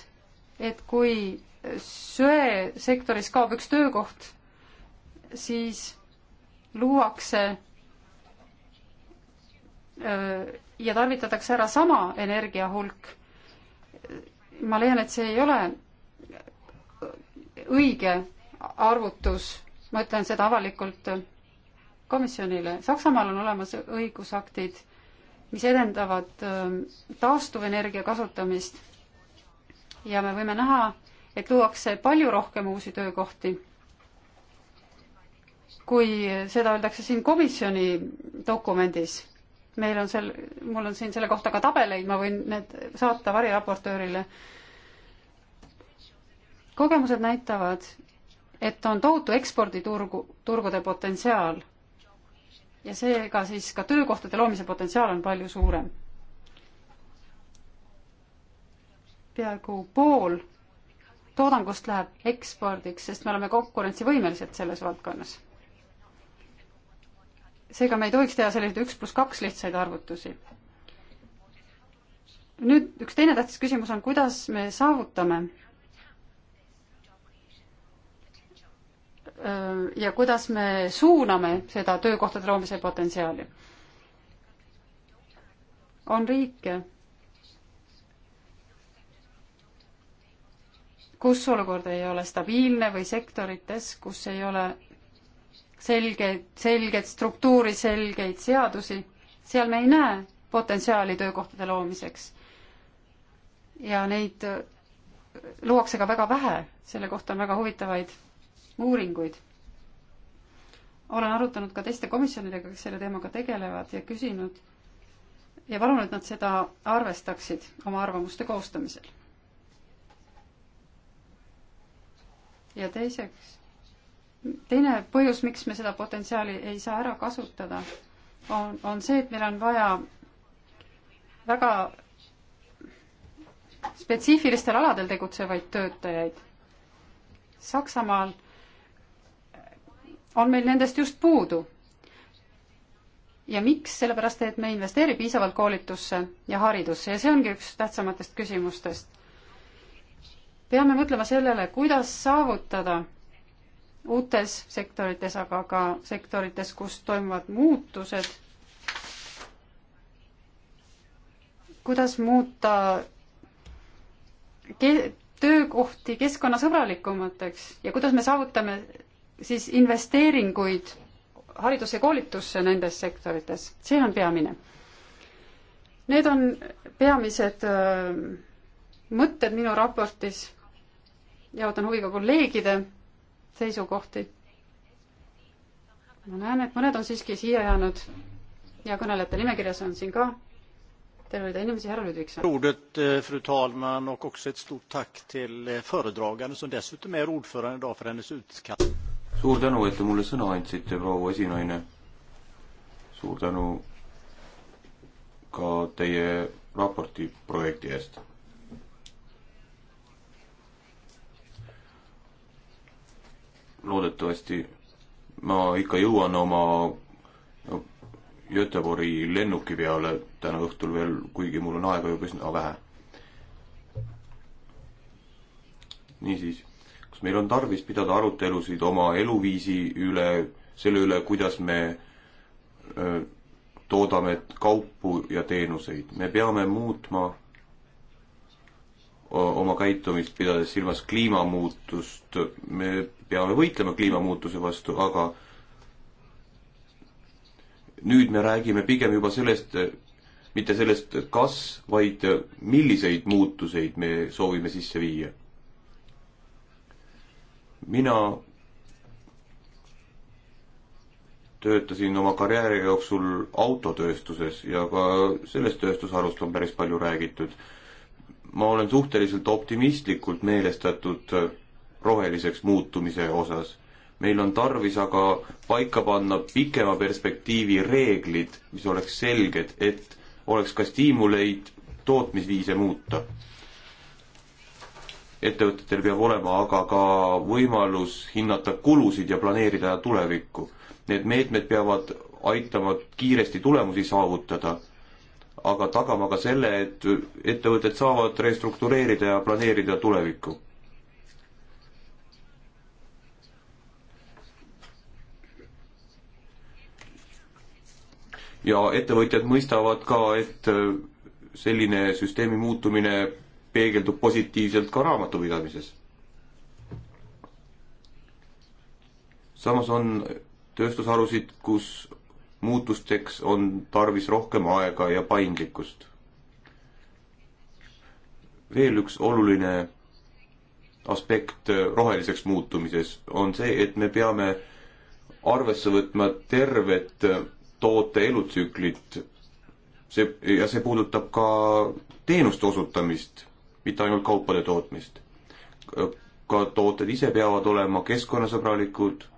et kui söesektoris kaob üks töökoht, siis luuakse ja tarvitatakse ära sama energiahulk. ma leian, et see ei ole õige arvutus, ma ütlen seda avalikult komisjonile. Saksamaal on olemas õigusaktid, mis edendavad taastuvenergia kasutamist ja me võime näha, et luuakse palju rohkem uusi töökohti kui seda öeldakse siin komisjoni dokumendis. meil on seal, mul on siin selle kohta ka tabeleid, ma võin need saata variraportöörile. kogemused näitavad, et on tohutu eksporditurgu, turgude potentsiaal ja seega siis ka töökohtade loomise potentsiaal on palju suurem. peaaegu pool toodangust läheb ekspordiks, sest me oleme konkurentsivõimelised selles valdkonnas seega me ei tohiks teha selliseid üks pluss kaks lihtsaid arvutusi. nüüd üks teine tähtis küsimus on, kuidas me saavutame ja kuidas me suuname seda töökohtade loomise potentsiaali. on riike, kus olukord ei ole stabiilne või sektorites, kus ei ole selgeid, selget struktuuri, selgeid seadusi, seal me ei näe potentsiaali töökohtade loomiseks. ja neid äh, luuakse ka väga vähe, selle kohta on väga huvitavaid uuringuid. olen arutanud ka teiste komisjonidega, kes selle teemaga tegelevad ja küsinud ja palun, et nad seda arvestaksid oma arvamuste koostamisel. ja teiseks teine põhjus, miks me seda potentsiaali ei saa ära kasutada, on, on see, et meil on vaja väga spetsiifilistel aladel tegutsevaid töötajaid. Saksamaal on meil nendest just puudu. ja miks? sellepärast, et me ei investeeri piisavalt koolitusse ja haridusse ja see ongi üks tähtsamatest küsimustest. peame mõtlema sellele, kuidas saavutada uutes sektorites, aga ka sektorites, kus toimuvad muutused. kuidas muuta ke-, töökohti keskkonnasõbralikumateks ja kuidas me saavutame siis investeeringuid haridus- ja koolitusse nendes sektorites, see on peamine. Need on peamised öö, äh, mõtted minu raportis ja ootan huviga kolleegide seisukohti. ma näen, et mõned on siiski siia jäänud ja kõnelejate nimekirjas on siin ka terve rida inimesi, härra Ludvigson.
ordet, eh, fru
talman, och också ett stort tack till eh, föredragande som dessutom är ordförande idag för hennes
utkast.
suur tänu, et te mulle sõna andsite, proua esinaine. suur tänu ka teie raporti projekti eest loodetavasti ma ikka jõuan oma Göteborgi lennuki peale täna õhtul veel, kuigi mul on aega juba üsna vähe. niisiis, kas meil on tarvis pidada arutelusid oma eluviisi üle, selle üle, kuidas me öö, toodame kaupu ja teenuseid, me peame muutma oma käitumist, pidades silmas kliimamuutust, me peame võitlema kliimamuutuse vastu, aga nüüd me räägime pigem juba sellest, mitte sellest, kas, vaid milliseid muutuseid me soovime sisse viia. mina töötasin oma karjääri jooksul autotööstuses ja ka sellest tööstusharust on päris palju räägitud ma olen suhteliselt optimistlikult meelestatud äh, roheliseks muutumise osas. meil on tarvis aga paika panna pikema perspektiivi reeglid, mis oleks selged, et oleks ka stiimuleid tootmisviise muuta. ettevõtetel peab olema aga ka võimalus hinnata kulusid ja planeerida tulevikku. Need meetmed peavad aitama kiiresti tulemusi saavutada aga tagama ka selle, et ettevõtted saavad restruktureerida ja planeerida tulevikku. ja ettevõtjad mõistavad ka, et selline süsteemi muutumine peegeldub positiivselt ka raamatupidamises. samas on tööstusharusid, kus muutusteks on tarvis rohkem aega ja paindlikkust. veel üks oluline aspekt roheliseks muutumises on see, et me peame arvesse võtma tervet toote elutsüklit. see, ja see puudutab ka teenuste osutamist, mitte ainult kaupade tootmist. ka tooted ise peavad olema keskkonnasõbralikud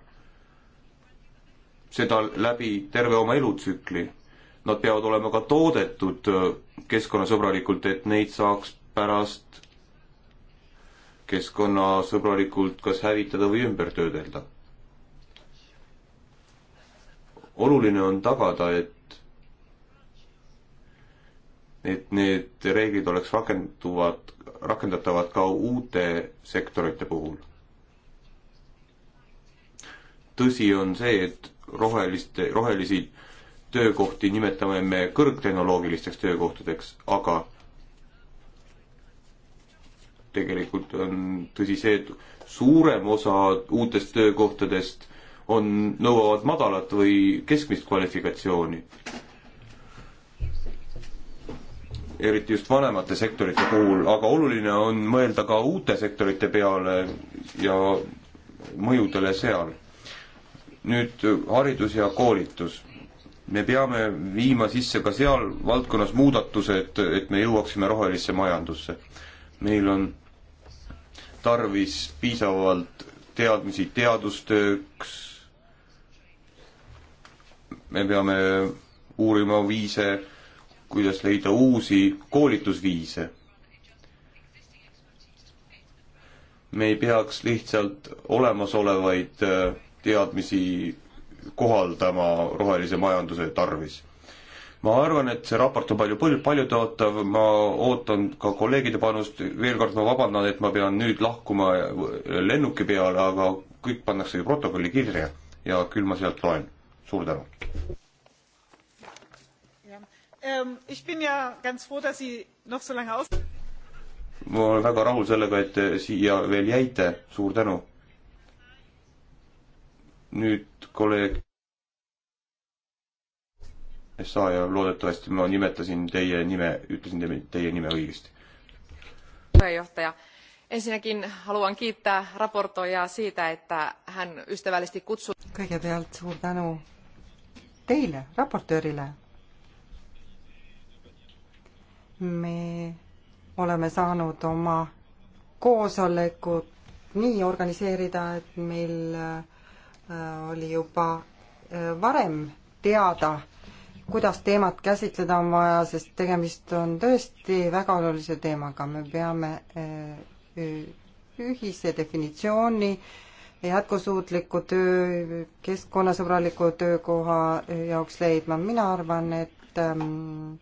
seda läbi terve oma elutsükli. Nad peavad olema ka toodetud äh, keskkonnasõbralikult, et neid saaks pärast keskkonnasõbralikult kas hävitada või ümber töödelda. oluline on tagada, et, et need reeglid oleks rakenduvad, rakendatavad ka uute sektorite puhul. tõsi on see, et roheliste, rohelisi töökohti nimetame me kõrgtehnoloogilisteks töökohtadeks, aga tegelikult on tõsi see, et suurem osa uutest töökohtadest on, nõuavad madalat või keskmist kvalifikatsiooni. eriti just vanemate sektorite puhul, aga oluline on mõelda ka uute sektorite peale ja mõjudele seal nüüd äh, haridus ja koolitus. me peame viima sisse ka seal valdkonnas muudatused, et me jõuaksime rohelisse majandusse. meil on tarvis piisavalt teadmisi teadustööks, me peame uurima viise, kuidas leida uusi koolitusviise. me ei peaks lihtsalt olemasolevaid äh, teadmisi kohaldama rohelise majanduse tarvis. ma arvan, et see raport on palju põl-, paljutõotav, ma ootan ka kolleegide panust, veel kord ma vabandan, et ma pean nüüd lahkuma lennuki peale, aga kõik pannakse ju protokolli kirja ja küll ma sealt loen. suur tänu! Ähm, ma olen väga rahul sellega, et te siia veel jäite, suur tänu! nüüd kolleeg Saaja, loodetavasti ma nimetasin teie nime, ütlesin teie nime õigesti.
puheenjohtaja, ensinnäkin haluan kiittää raportoijaa siitä, että
hän ystävällisesti kutsui. kõigepealt suur tänu teile, raportöörile. me oleme saanud oma koosolekut nii organiseerida, et meil äh, Äh, oli juba äh, varem teada, kuidas teemat käsitleda on vaja, sest tegemist on tõesti väga olulise teemaga, me peame äh, ühise definitsiooni jätkusuutliku töö, keskkonnasõbraliku töökoha jaoks leidma, mina arvan, et ähm,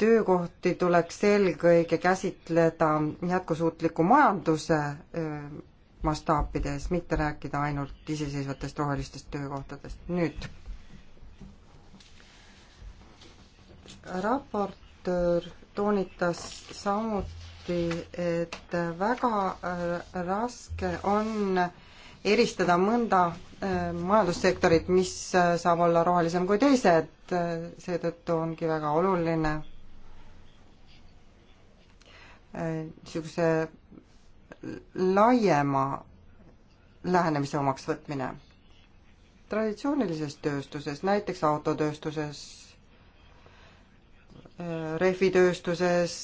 töökohti tuleks eelkõige käsitleda jätkusuutliku majanduse mastaapides, mitte rääkida ainult iseseisvatest rohelistest töökohtadest. nüüd. raportöör toonitas samuti, et väga äh, raske on eristada mõnda äh, majandussektorit, mis äh, saab olla rohelisem kui teised, seetõttu ongi väga oluline niisuguse laiema lähenemise omaks võtmine. traditsioonilises tööstuses, näiteks autotööstuses, rehvitööstuses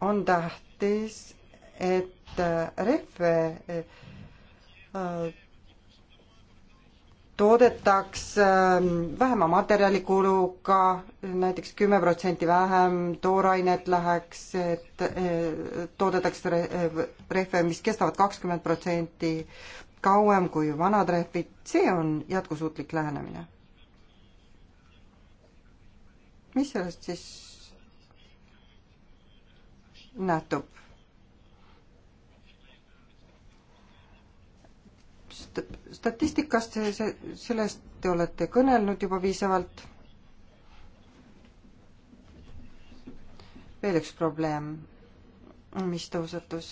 on tähtis, et rehve äh, toodetaks ähm, vähema materjalikuluga, näiteks kümme protsenti vähem toorainet läheks, et äh, toodetaks äh, rehve, mis kestavad kakskümmend protsenti kauem kui vanad rehvid, see on jätkusuutlik lähenemine. mis sellest siis nähtub? statistikast, see, sellest te olete kõnelnud juba piisavalt. veel üks probleem, mis tõusetus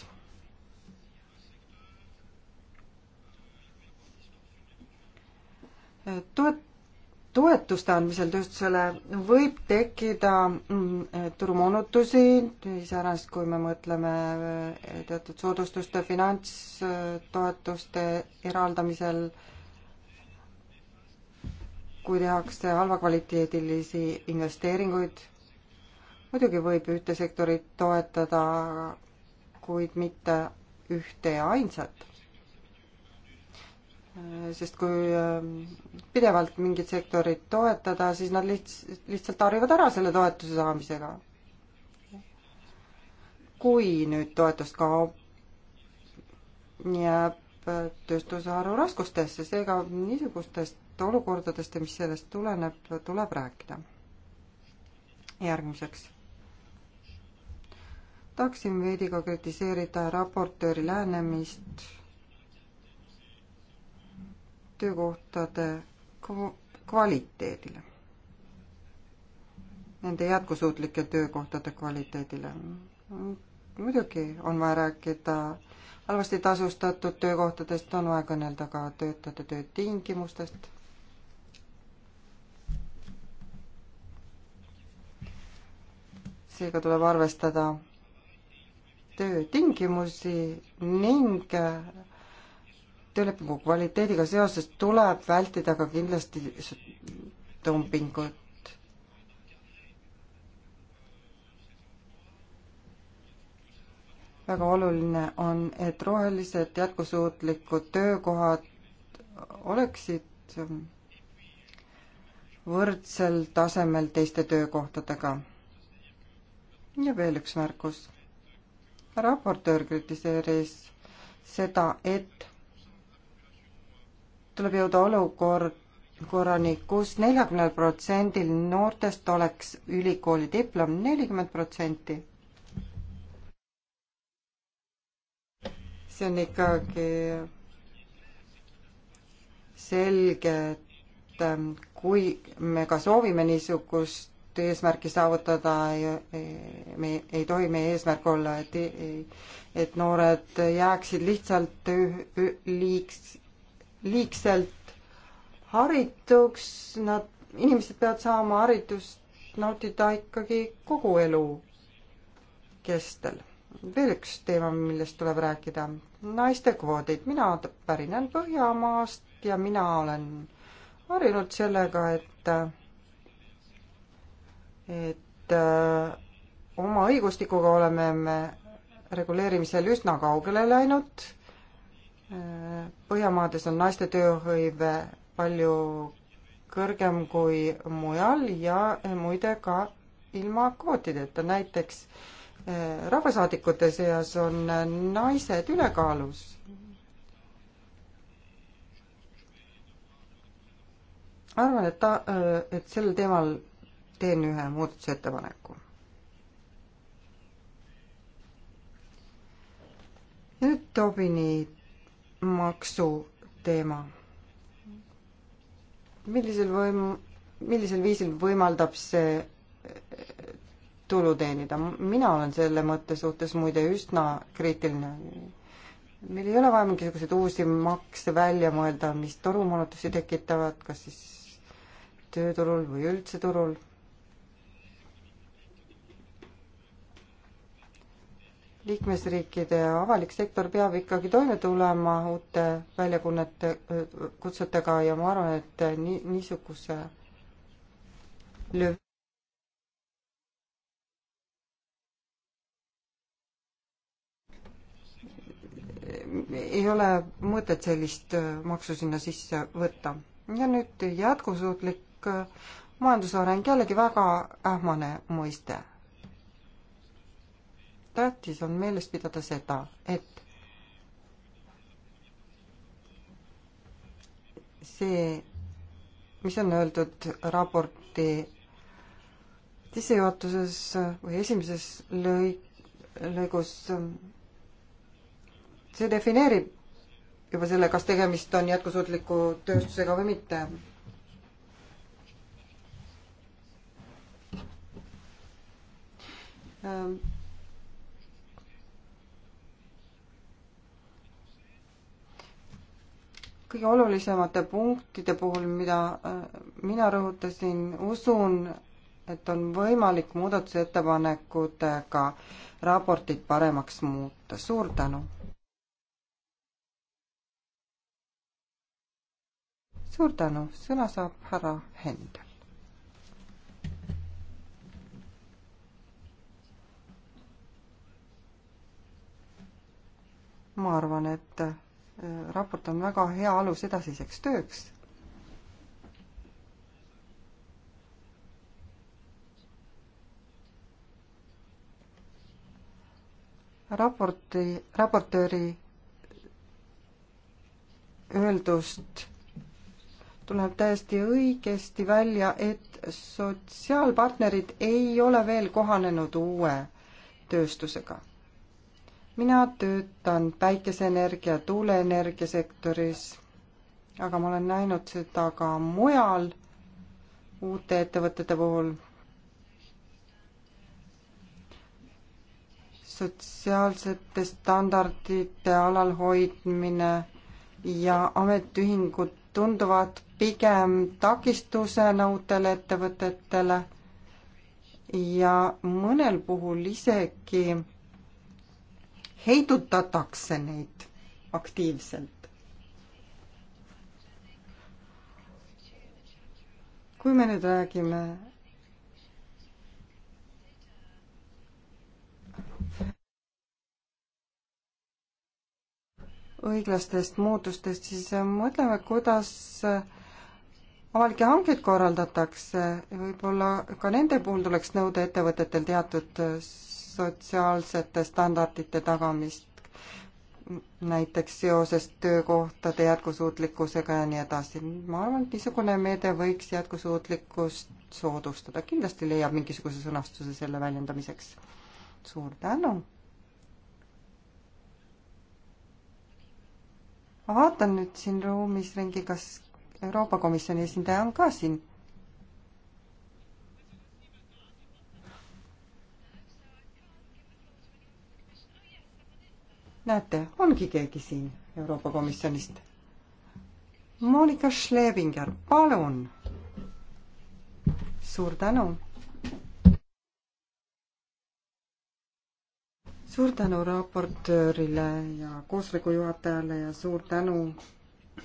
toet-, toetuste andmisel tööstusele võib tekkida mm, turumoonutusi, iseäranis kui me mõtleme äh, teatud soodustuste, finantstoetuste eraldamisel, kui tehakse halvakvaliteedilisi investeeringuid. muidugi võib ühte sektorit toetada, kuid mitte ühte ja ainsat sest kui äh, pidevalt mingit sektorit toetada, siis nad lihts-, lihtsalt harjuvad ära selle toetuse saamisega. kui nüüd toetus kaob, jääb äh, tööstusharu raskustesse, seega niisugustest olukordadest ja mis sellest tuleneb, tuleb rääkida. järgmiseks. tahaksin veidi ka kritiseerida raportööri lähenemist töökohtade kvaliteedile, nende jätkusuutlike töökohtade kvaliteedile. muidugi on vaja rääkida halvasti tasustatud töökohtadest, on vaja kõnelda ka töötajate töötingimustest. seega tuleb arvestada töötingimusi ning töölepingu kvaliteediga seoses tuleb vältida ka kindlasti dumpingut. väga oluline on, et rohelised jätkusuutlikud töökohad oleksid võrdsel tasemel teiste töökohtadega. ja veel üks märkus. raportöör kritiseeris seda, et tuleb jõuda olukord, korrani kus, kus neljakümnel protsendil noortest oleks ülikooli diplom, nelikümmend protsenti. see on ikkagi selge, et ähm, kui me ka soovime niisugust eesmärki saavutada, me ei tohi meie eesmärk olla, et et noored jääksid lihtsalt liiks liigselt harituks, nad, inimesed peavad saama haridust nautida ikkagi kogu elu kestel. veel üks teema, millest tuleb rääkida, naiste kvoodid. mina pärinen Põhjamaast ja mina olen harjunud sellega, et et äh, oma õigustikuga oleme me reguleerimisel üsna kaugele läinud Põhjamaades on naiste tööhõive palju kõrgem kui mujal ja eh, muide ka ilma kvootideta, näiteks eh, rahvasaadikute seas on eh, naised ülekaalus. arvan, et ta, et sel teemal teen ühe muudatusettepaneku. nüüd Tobini maksuteema. millisel võim-, millisel viisil võimaldab see eh, tulu teenida, mina olen selle mõtte suhtes muide üsna kriitiline. meil ei ole vaja mingisuguseid uusi makse välja mõelda, mis turumoonutusi tekitavad, kas siis tööturul või üldse turul liikmesriikide avalik sektor peab ikkagi toime tulema uute väljakunnete, kutsetega ja ma arvan, et nii, niisuguse lööb ei ole mõtet sellist maksu sinna sisse võtta. ja nüüd jätkusuutlik äh, majandusareng, jällegi väga ähmane mõiste tähtis on meeles pidada seda, et see, mis on öeldud raporti sissejuhatuses või esimeses lõik, lõigus, see defineerib juba selle, kas tegemist on jätkusuutliku tööstusega või mitte. Um kõige olulisemate punktide puhul, mida äh, mina rõhutasin, usun, et on võimalik muudatusettepanekutega raportit paremaks muuta. suur tänu! suur tänu, sõna saab härra Hendel. ma arvan, et raport on väga hea alus edasiseks tööks. raporti, raportööri öeldust tuleb täiesti õigesti välja, et sotsiaalpartnerid ei ole veel kohanenud uue tööstusega mina töötan päikeseenergia, tuuleenergia sektoris, aga ma olen näinud seda ka mujal uute ettevõtete puhul. sotsiaalsete standardite alalhoidmine ja ametiühingud tunduvad pigem takistusena uutele ettevõtetele ja mõnel puhul isegi heidutatakse neid aktiivselt. kui me nüüd räägime õiglastest muutustest, siis mõtleme, kuidas avalikke hankeid korraldatakse, võib-olla ka nende puhul tuleks nõuda ettevõtetel teatud sotsiaalsete standardite tagamist, näiteks seoses töökohtade jätkusuutlikkusega ja nii edasi. ma arvan, et niisugune meede võiks jätkusuutlikkust soodustada, kindlasti leiab mingisuguse sõnastuse selle väljendamiseks. suur tänu! ma vaatan nüüd siin ruumis ringi, kas Euroopa Komisjoni esindaja on ka siin näete, ongi keegi siin Euroopa Komisjonist. Monika Schlebinger, palun. suur tänu. suur tänu raportöörile ja koosoleku juhatajale ja suur tänu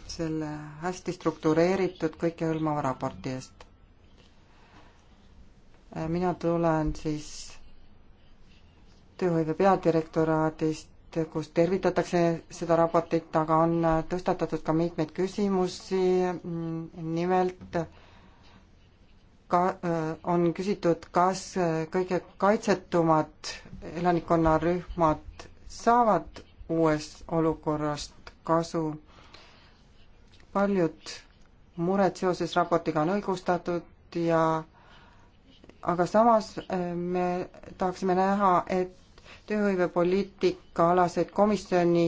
selle hästi struktureeritud kõikehõlmava raporti eest. mina tulen siis tööhõive peadirektoraadist kus tervitatakse seda raportit, aga on tõstatatud ka mitmeid küsimusi, nimelt ka, äh, on küsitud, kas kõige kaitsetumad elanikkonnarühmad saavad uuest olukorrast kasu. paljud mured seoses raportiga on õigustatud ja aga samas äh, me tahaksime näha, et tööhõivepoliitika alaseid komisjoni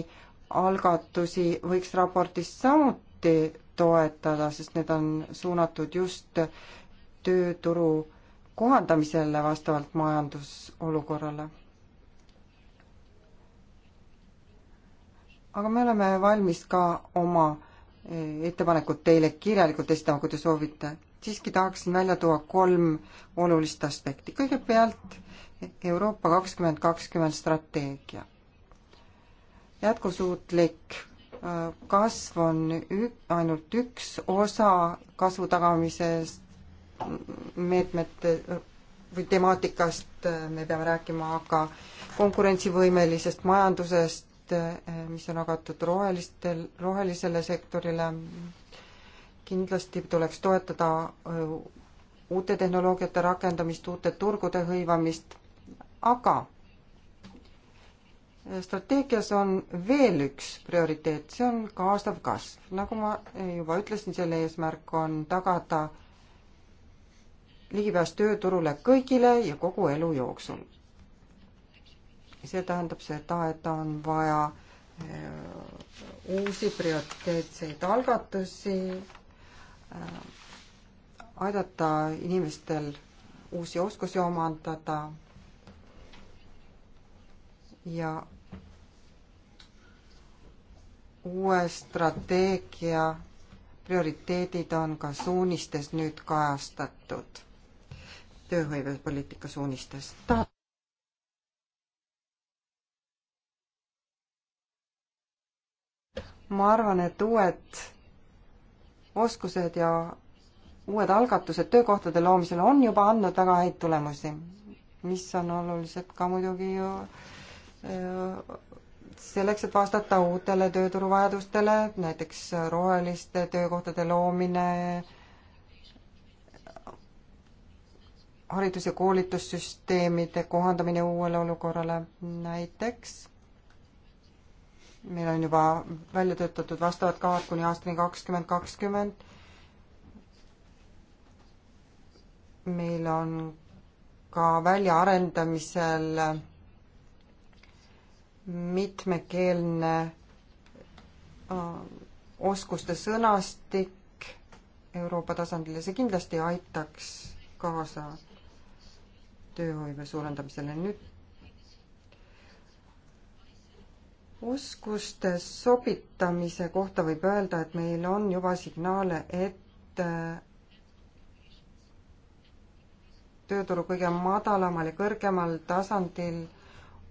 algatusi võiks raportis samuti toetada, sest need on suunatud just tööturu kohandamisele vastavalt majandusolukorrale. aga me oleme valmis ka oma ettepanekut teile kirjalikult esitama, kui te soovite. siiski tahaksin välja tuua kolm olulist aspekti. kõigepealt Euroopa kakskümmend kakskümmend strateegia. jätkusuutlik äh, kasv on ük, ainult üks osa kasvu tagamisest meetmete või temaatikast äh, me peame rääkima, aga konkurentsivõimelisest majandusest, Eh, mis on jagatud rohelistel, rohelisele sektorile. kindlasti tuleks toetada eh, uute tehnoloogiate rakendamist, uute turgude hõivamist, aga eh, strateegias on veel üks prioriteet, see on kaasav kasv. nagu ma juba ütlesin, selle eesmärk on tagada ligipääs tööturule kõigile ja kogu elu jooksul see tähendab seda, et on vaja eh, uusi prioriteetseid algatusi, eh, aidata inimestel uusi oskusi omandada ja uue strateegia prioriteedid on ka suunistes nüüd kajastatud, tööhõivepoliitika suunistes. ma arvan, et uued oskused ja uued algatused töökohtade loomisel on juba andnud väga häid tulemusi, mis on olulised ka muidugi ju selleks, et vastata uutele tööturu vajadustele, näiteks roheliste töökohtade loomine, haridus- ja koolitussüsteemide kohandamine uuele olukorrale näiteks meil on juba välja töötatud vastavad kavad kuni aastani kakskümmend kakskümmend. meil on ka väljaarendamisel mitmekeelne äh, oskuste sõnastik Euroopa tasandil ja see kindlasti aitaks kaasa tööhõive suurendamisele. nüüd oskuste sobitamise kohta võib öelda, et meil on juba signaale, et äh, tööturu kõige madalamal ja kõrgemal tasandil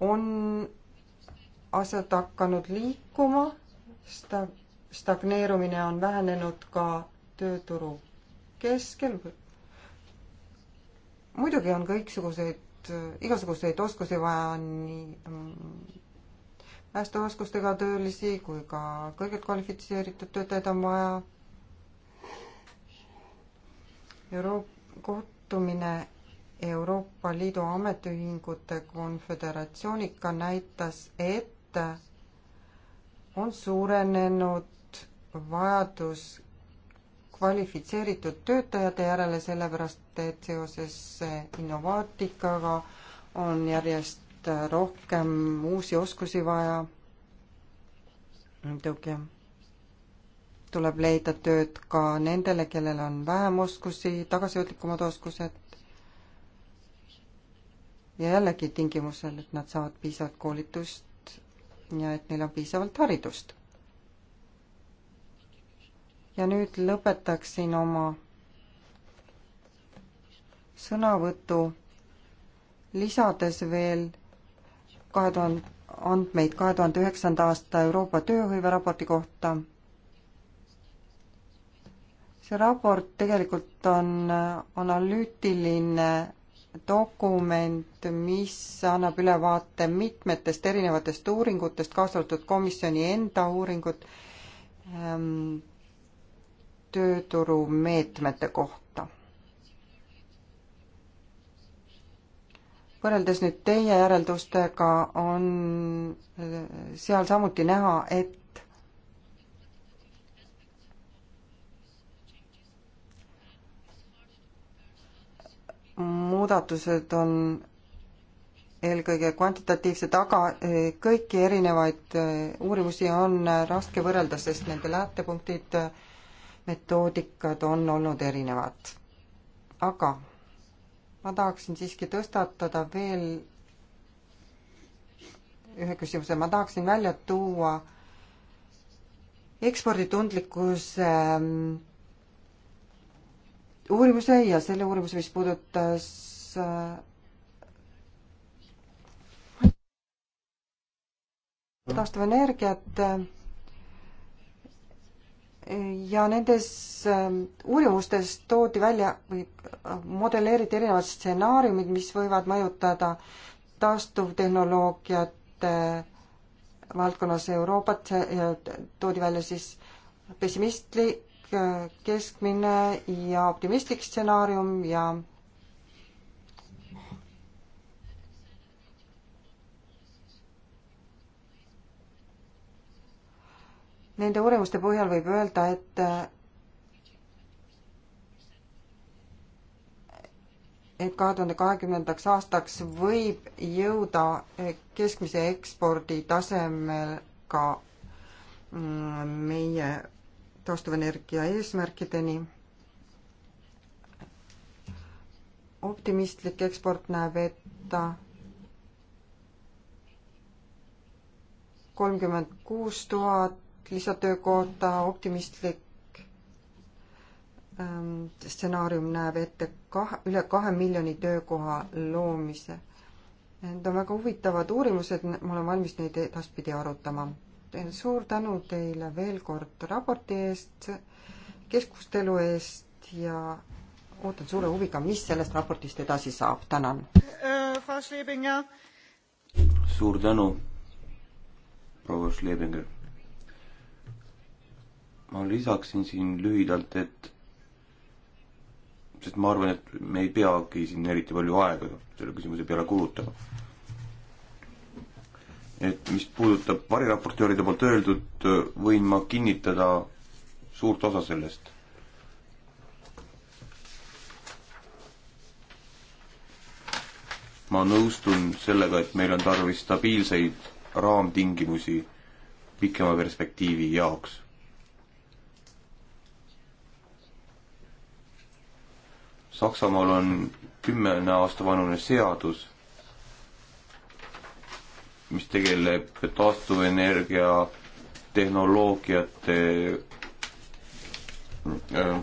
on asjad hakanud liikuma, sta-, stagneerumine on vähenenud ka tööturu keskel. muidugi on kõiksuguseid, igasuguseid oskusi vaja nii mm, häste oskustega töölisi kui ka kõrgelt kvalifitseeritud töötajaid on vaja. Euroopa kohtumine Euroopa Liidu Ametiühingute Konföderatsiooniga näitas, et on suurenenud vajadus kvalifitseeritud töötajate järele, sellepärast et seoses innovaatikaga on järjest Äh, rohkem uusi oskusi vaja. muidugi tuleb leida tööd ka nendele, kellel on vähem oskusi, tagasihoidlikumad oskused. ja jällegi tingimusel, et nad saavad piisavalt koolitust ja et neil on piisavalt haridust. ja nüüd lõpetaksin oma sõnavõtu lisades veel kahe tuhande, andmeid kahe tuhande üheksanda aasta Euroopa tööhõiveraporti kohta. see raport tegelikult on äh, analüütiline dokument, mis annab ülevaate mitmetest erinevatest uuringutest, kaasa arvatud komisjoni enda uuringut ähm, tööturumeetmete kohta. võrreldes nüüd teie järeldustega on seal samuti näha, et muudatused on eelkõige kvantitatiivsed, aga eh, kõiki erinevaid eh, uurimusi on eh, raske võrrelda, sest nende lähtepunktid, metoodikad on olnud erinevad. aga ma tahaksin siiski tõstatada veel ühe küsimuse, ma tahaksin välja tuua eksporditundlikkuse ähm, uurimuse ja selle uurimuse, mis puudutas äh, taastuvenergiat ja nendes ähm, uurimustes toodi välja või äh, modelleeriti erinevad stsenaariumid, mis võivad mõjutada taastuvtehnoloogiate valdkonnas Euroopat, toodi välja siis pessimistlik, äh, keskmine ja optimistlik stsenaarium ja nende uurimuste põhjal võib öelda, et et kahe tuhande kahekümnendaks aastaks võib jõuda keskmise ekspordi tasemel ka mm, meie taastuvenergia eesmärkideni. optimistlik eksport näeb ette kolmkümmend kuus tuhat tuhat lisatöökohta, optimistlik ähm, stsenaarium näeb ette kahe, üle kahe miljoni töökoha loomise. Need on väga huvitavad uurimused, ma olen valmis neid edaspidi arutama. suur tänu teile veel kord raporti eest, keskustelu eest ja ootan suure huviga, mis sellest raportist edasi saab, tänan. Äh,
suur tänu, proua Schlebinger ma lisaksin siin lühidalt, et sest ma arvan, et me ei peagi siin eriti palju aega selle küsimuse peale kulutama. et mis puudutab variraportööride poolt öeldut, võin ma kinnitada suurt osa sellest. ma nõustun sellega, et meil on tarvis stabiilseid raamtingimusi pikema perspektiivi jaoks Saksamaal on kümne aasta vanune seadus, mis tegeleb taastuvenergia tehnoloogiate äh,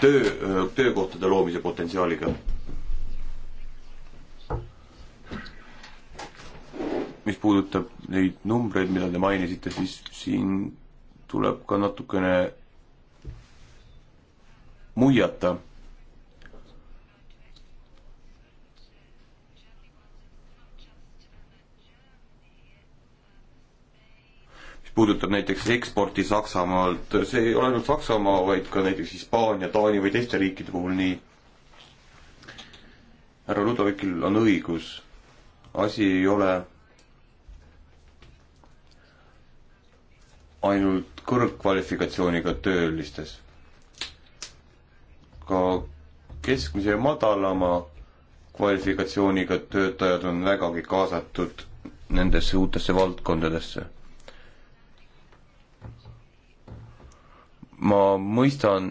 töö, äh, töökohtade loomise potentsiaaliga. mis puudutab neid numbreid, mida te mainisite, siis siin tuleb ka natukene muiata. mis puudutab näiteks eksporti Saksamaalt, see ei ole ainult Saksamaa, vaid ka näiteks Hispaania, Taani või teiste riikide puhul nii. härra Ludovikil on õigus, asi ei ole ainult kõrgkvalifikatsiooniga töölistes ka keskmise ja madalama kvalifikatsiooniga töötajad on vägagi kaasatud nendesse uutesse valdkondadesse. ma mõistan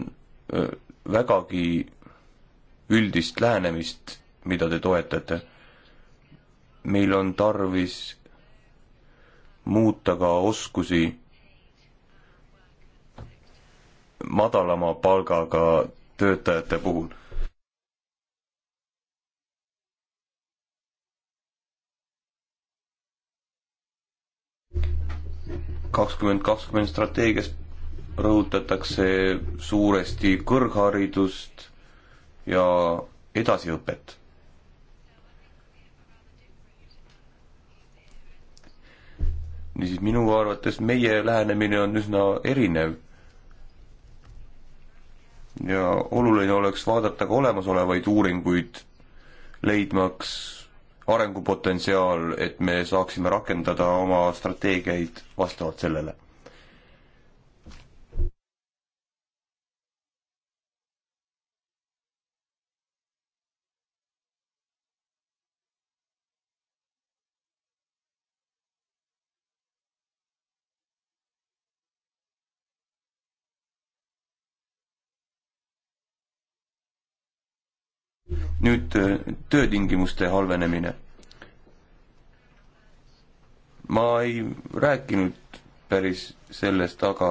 vägagi üldist lähenemist, mida te toetate. meil on tarvis muuta ka oskusi madalama palgaga töötajate puhul. kakskümmend kakskümmend strateegias rõhutatakse suuresti kõrgharidust ja edasiõpet niisiis minu arvates meie lähenemine on üsna erinev ja oluline oleks vaadata ka olemasolevaid uuringuid, leidmaks arengupotentsiaal, et me saaksime rakendada oma strateegiaid vastavalt sellele nüüd äh, töötingimuste halvenemine. ma ei rääkinud päris sellest, aga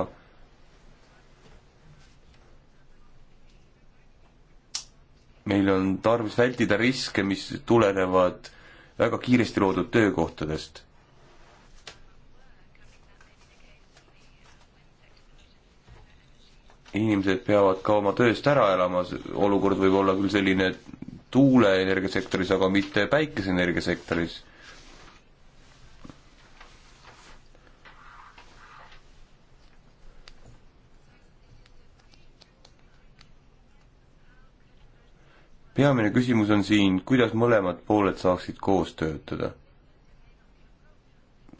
meil on tarvis vältida riske, mis tulenevad väga kiiresti loodud töökohtadest. inimesed peavad ka oma tööst ära elama, olukord võib olla küll selline, et tuuleenergiasektoris, aga mitte päikeseenergiasektoris. peamine küsimus on siin, kuidas mõlemad pooled saaksid koos töötada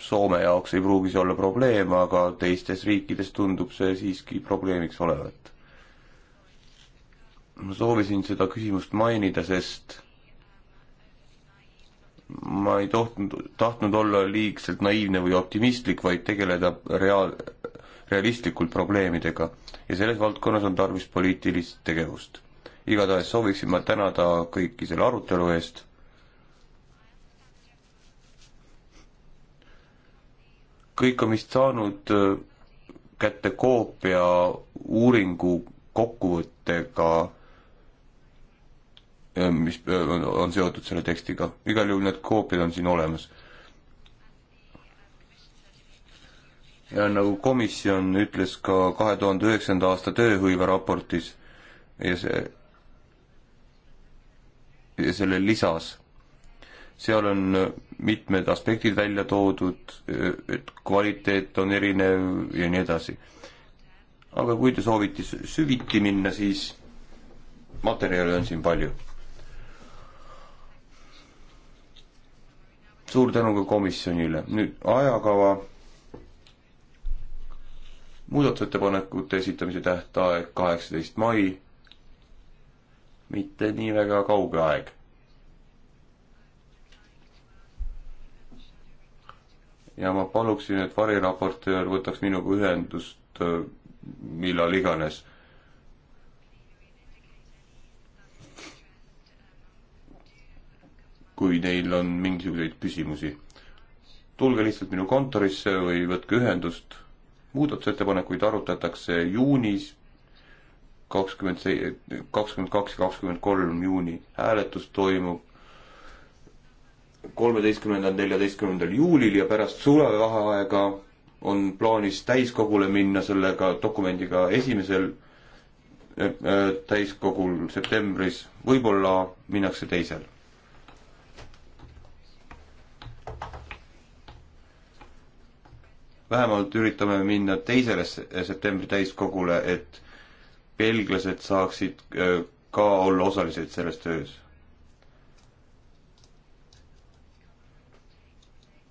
Soome jaoks ei pruugi see olla probleem, aga teistes riikides tundub see siiski probleemiks olevat ma soovisin seda küsimust mainida, sest ma ei tohtnud, tahtnud olla liigselt naiivne või optimistlik, vaid tegeleda reaal-, realistlikult probleemidega ja selles valdkonnas on tarvis poliitilist tegevust. igatahes sooviksin ma tänada kõiki selle arutelu eest. kõik on vist saanud äh, kätte koopia uuringu kokkuvõttega mis äh, on seotud selle tekstiga. igal juhul need koopiad on siin olemas. ja nagu komisjon ütles ka kahe tuhande üheksanda aasta tööhõiveraportis ja see, ja selle lisas, seal on mitmed aspektid välja toodud, et kvaliteet on erinev ja nii edasi. aga kui te soovite süviti minna, siis materjali on siin palju suur tänu ka komisjonile. nüüd ajakava. muudatusettepanekute esitamise tähtaeg kaheksateist mai. mitte nii väga kauge aeg. ja ma paluksin, et variraportöör võtaks minuga ühendust äh, millal iganes kui teil on mingisuguseid küsimusi. tulge lihtsalt minu kontorisse või võtke ühendust. muudatusettepanekuid arutatakse juunis, kakskümmend seitse, kakskümmend kaks ja kakskümmend kolm juuni. hääletus toimub kolmeteistkümnendal, neljateistkümnendal juulil ja pärast suvevaheaega on plaanis täiskogule minna sellega dokumendiga esimesel äh, äh, täiskogul septembris, võib-olla minnakse teisel. vähemalt üritame minna teisele septembri täiskogule, et belglased saaksid äh, ka olla osalised selles töös.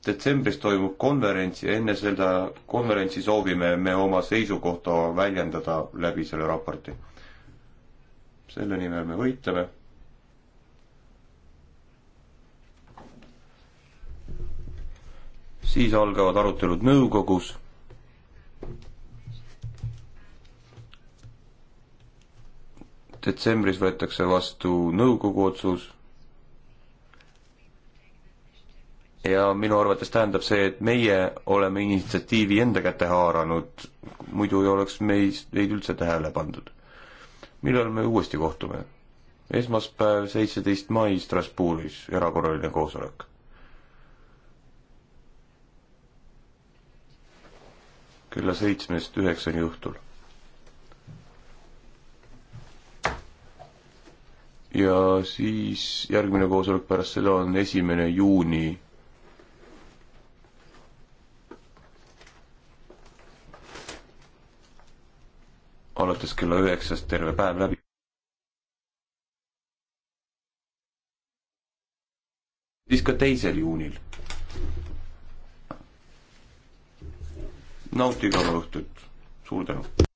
detsembris toimub konverents ja enne seda konverentsi soovime me oma seisukohta väljendada läbi selle raporti. selle nimel me võitleme siis algavad arutelud nõukogus. detsembris võetakse vastu nõukogu otsus. ja minu arvates tähendab see, et meie oleme initsiatiivi enda kätte haaranud, muidu ei oleks meis, meid üldse tähele pandud. millal me uuesti kohtume? esmaspäev, seitseteist mai Strasbourgis erakorraline koosolek kella seitsmest üheksani õhtul. ja siis järgmine koosolek pärast seda on esimene juuni. alates kella üheksast terve päev läbi. siis ka teisel juunil nautige oma õhtut, suur tänu!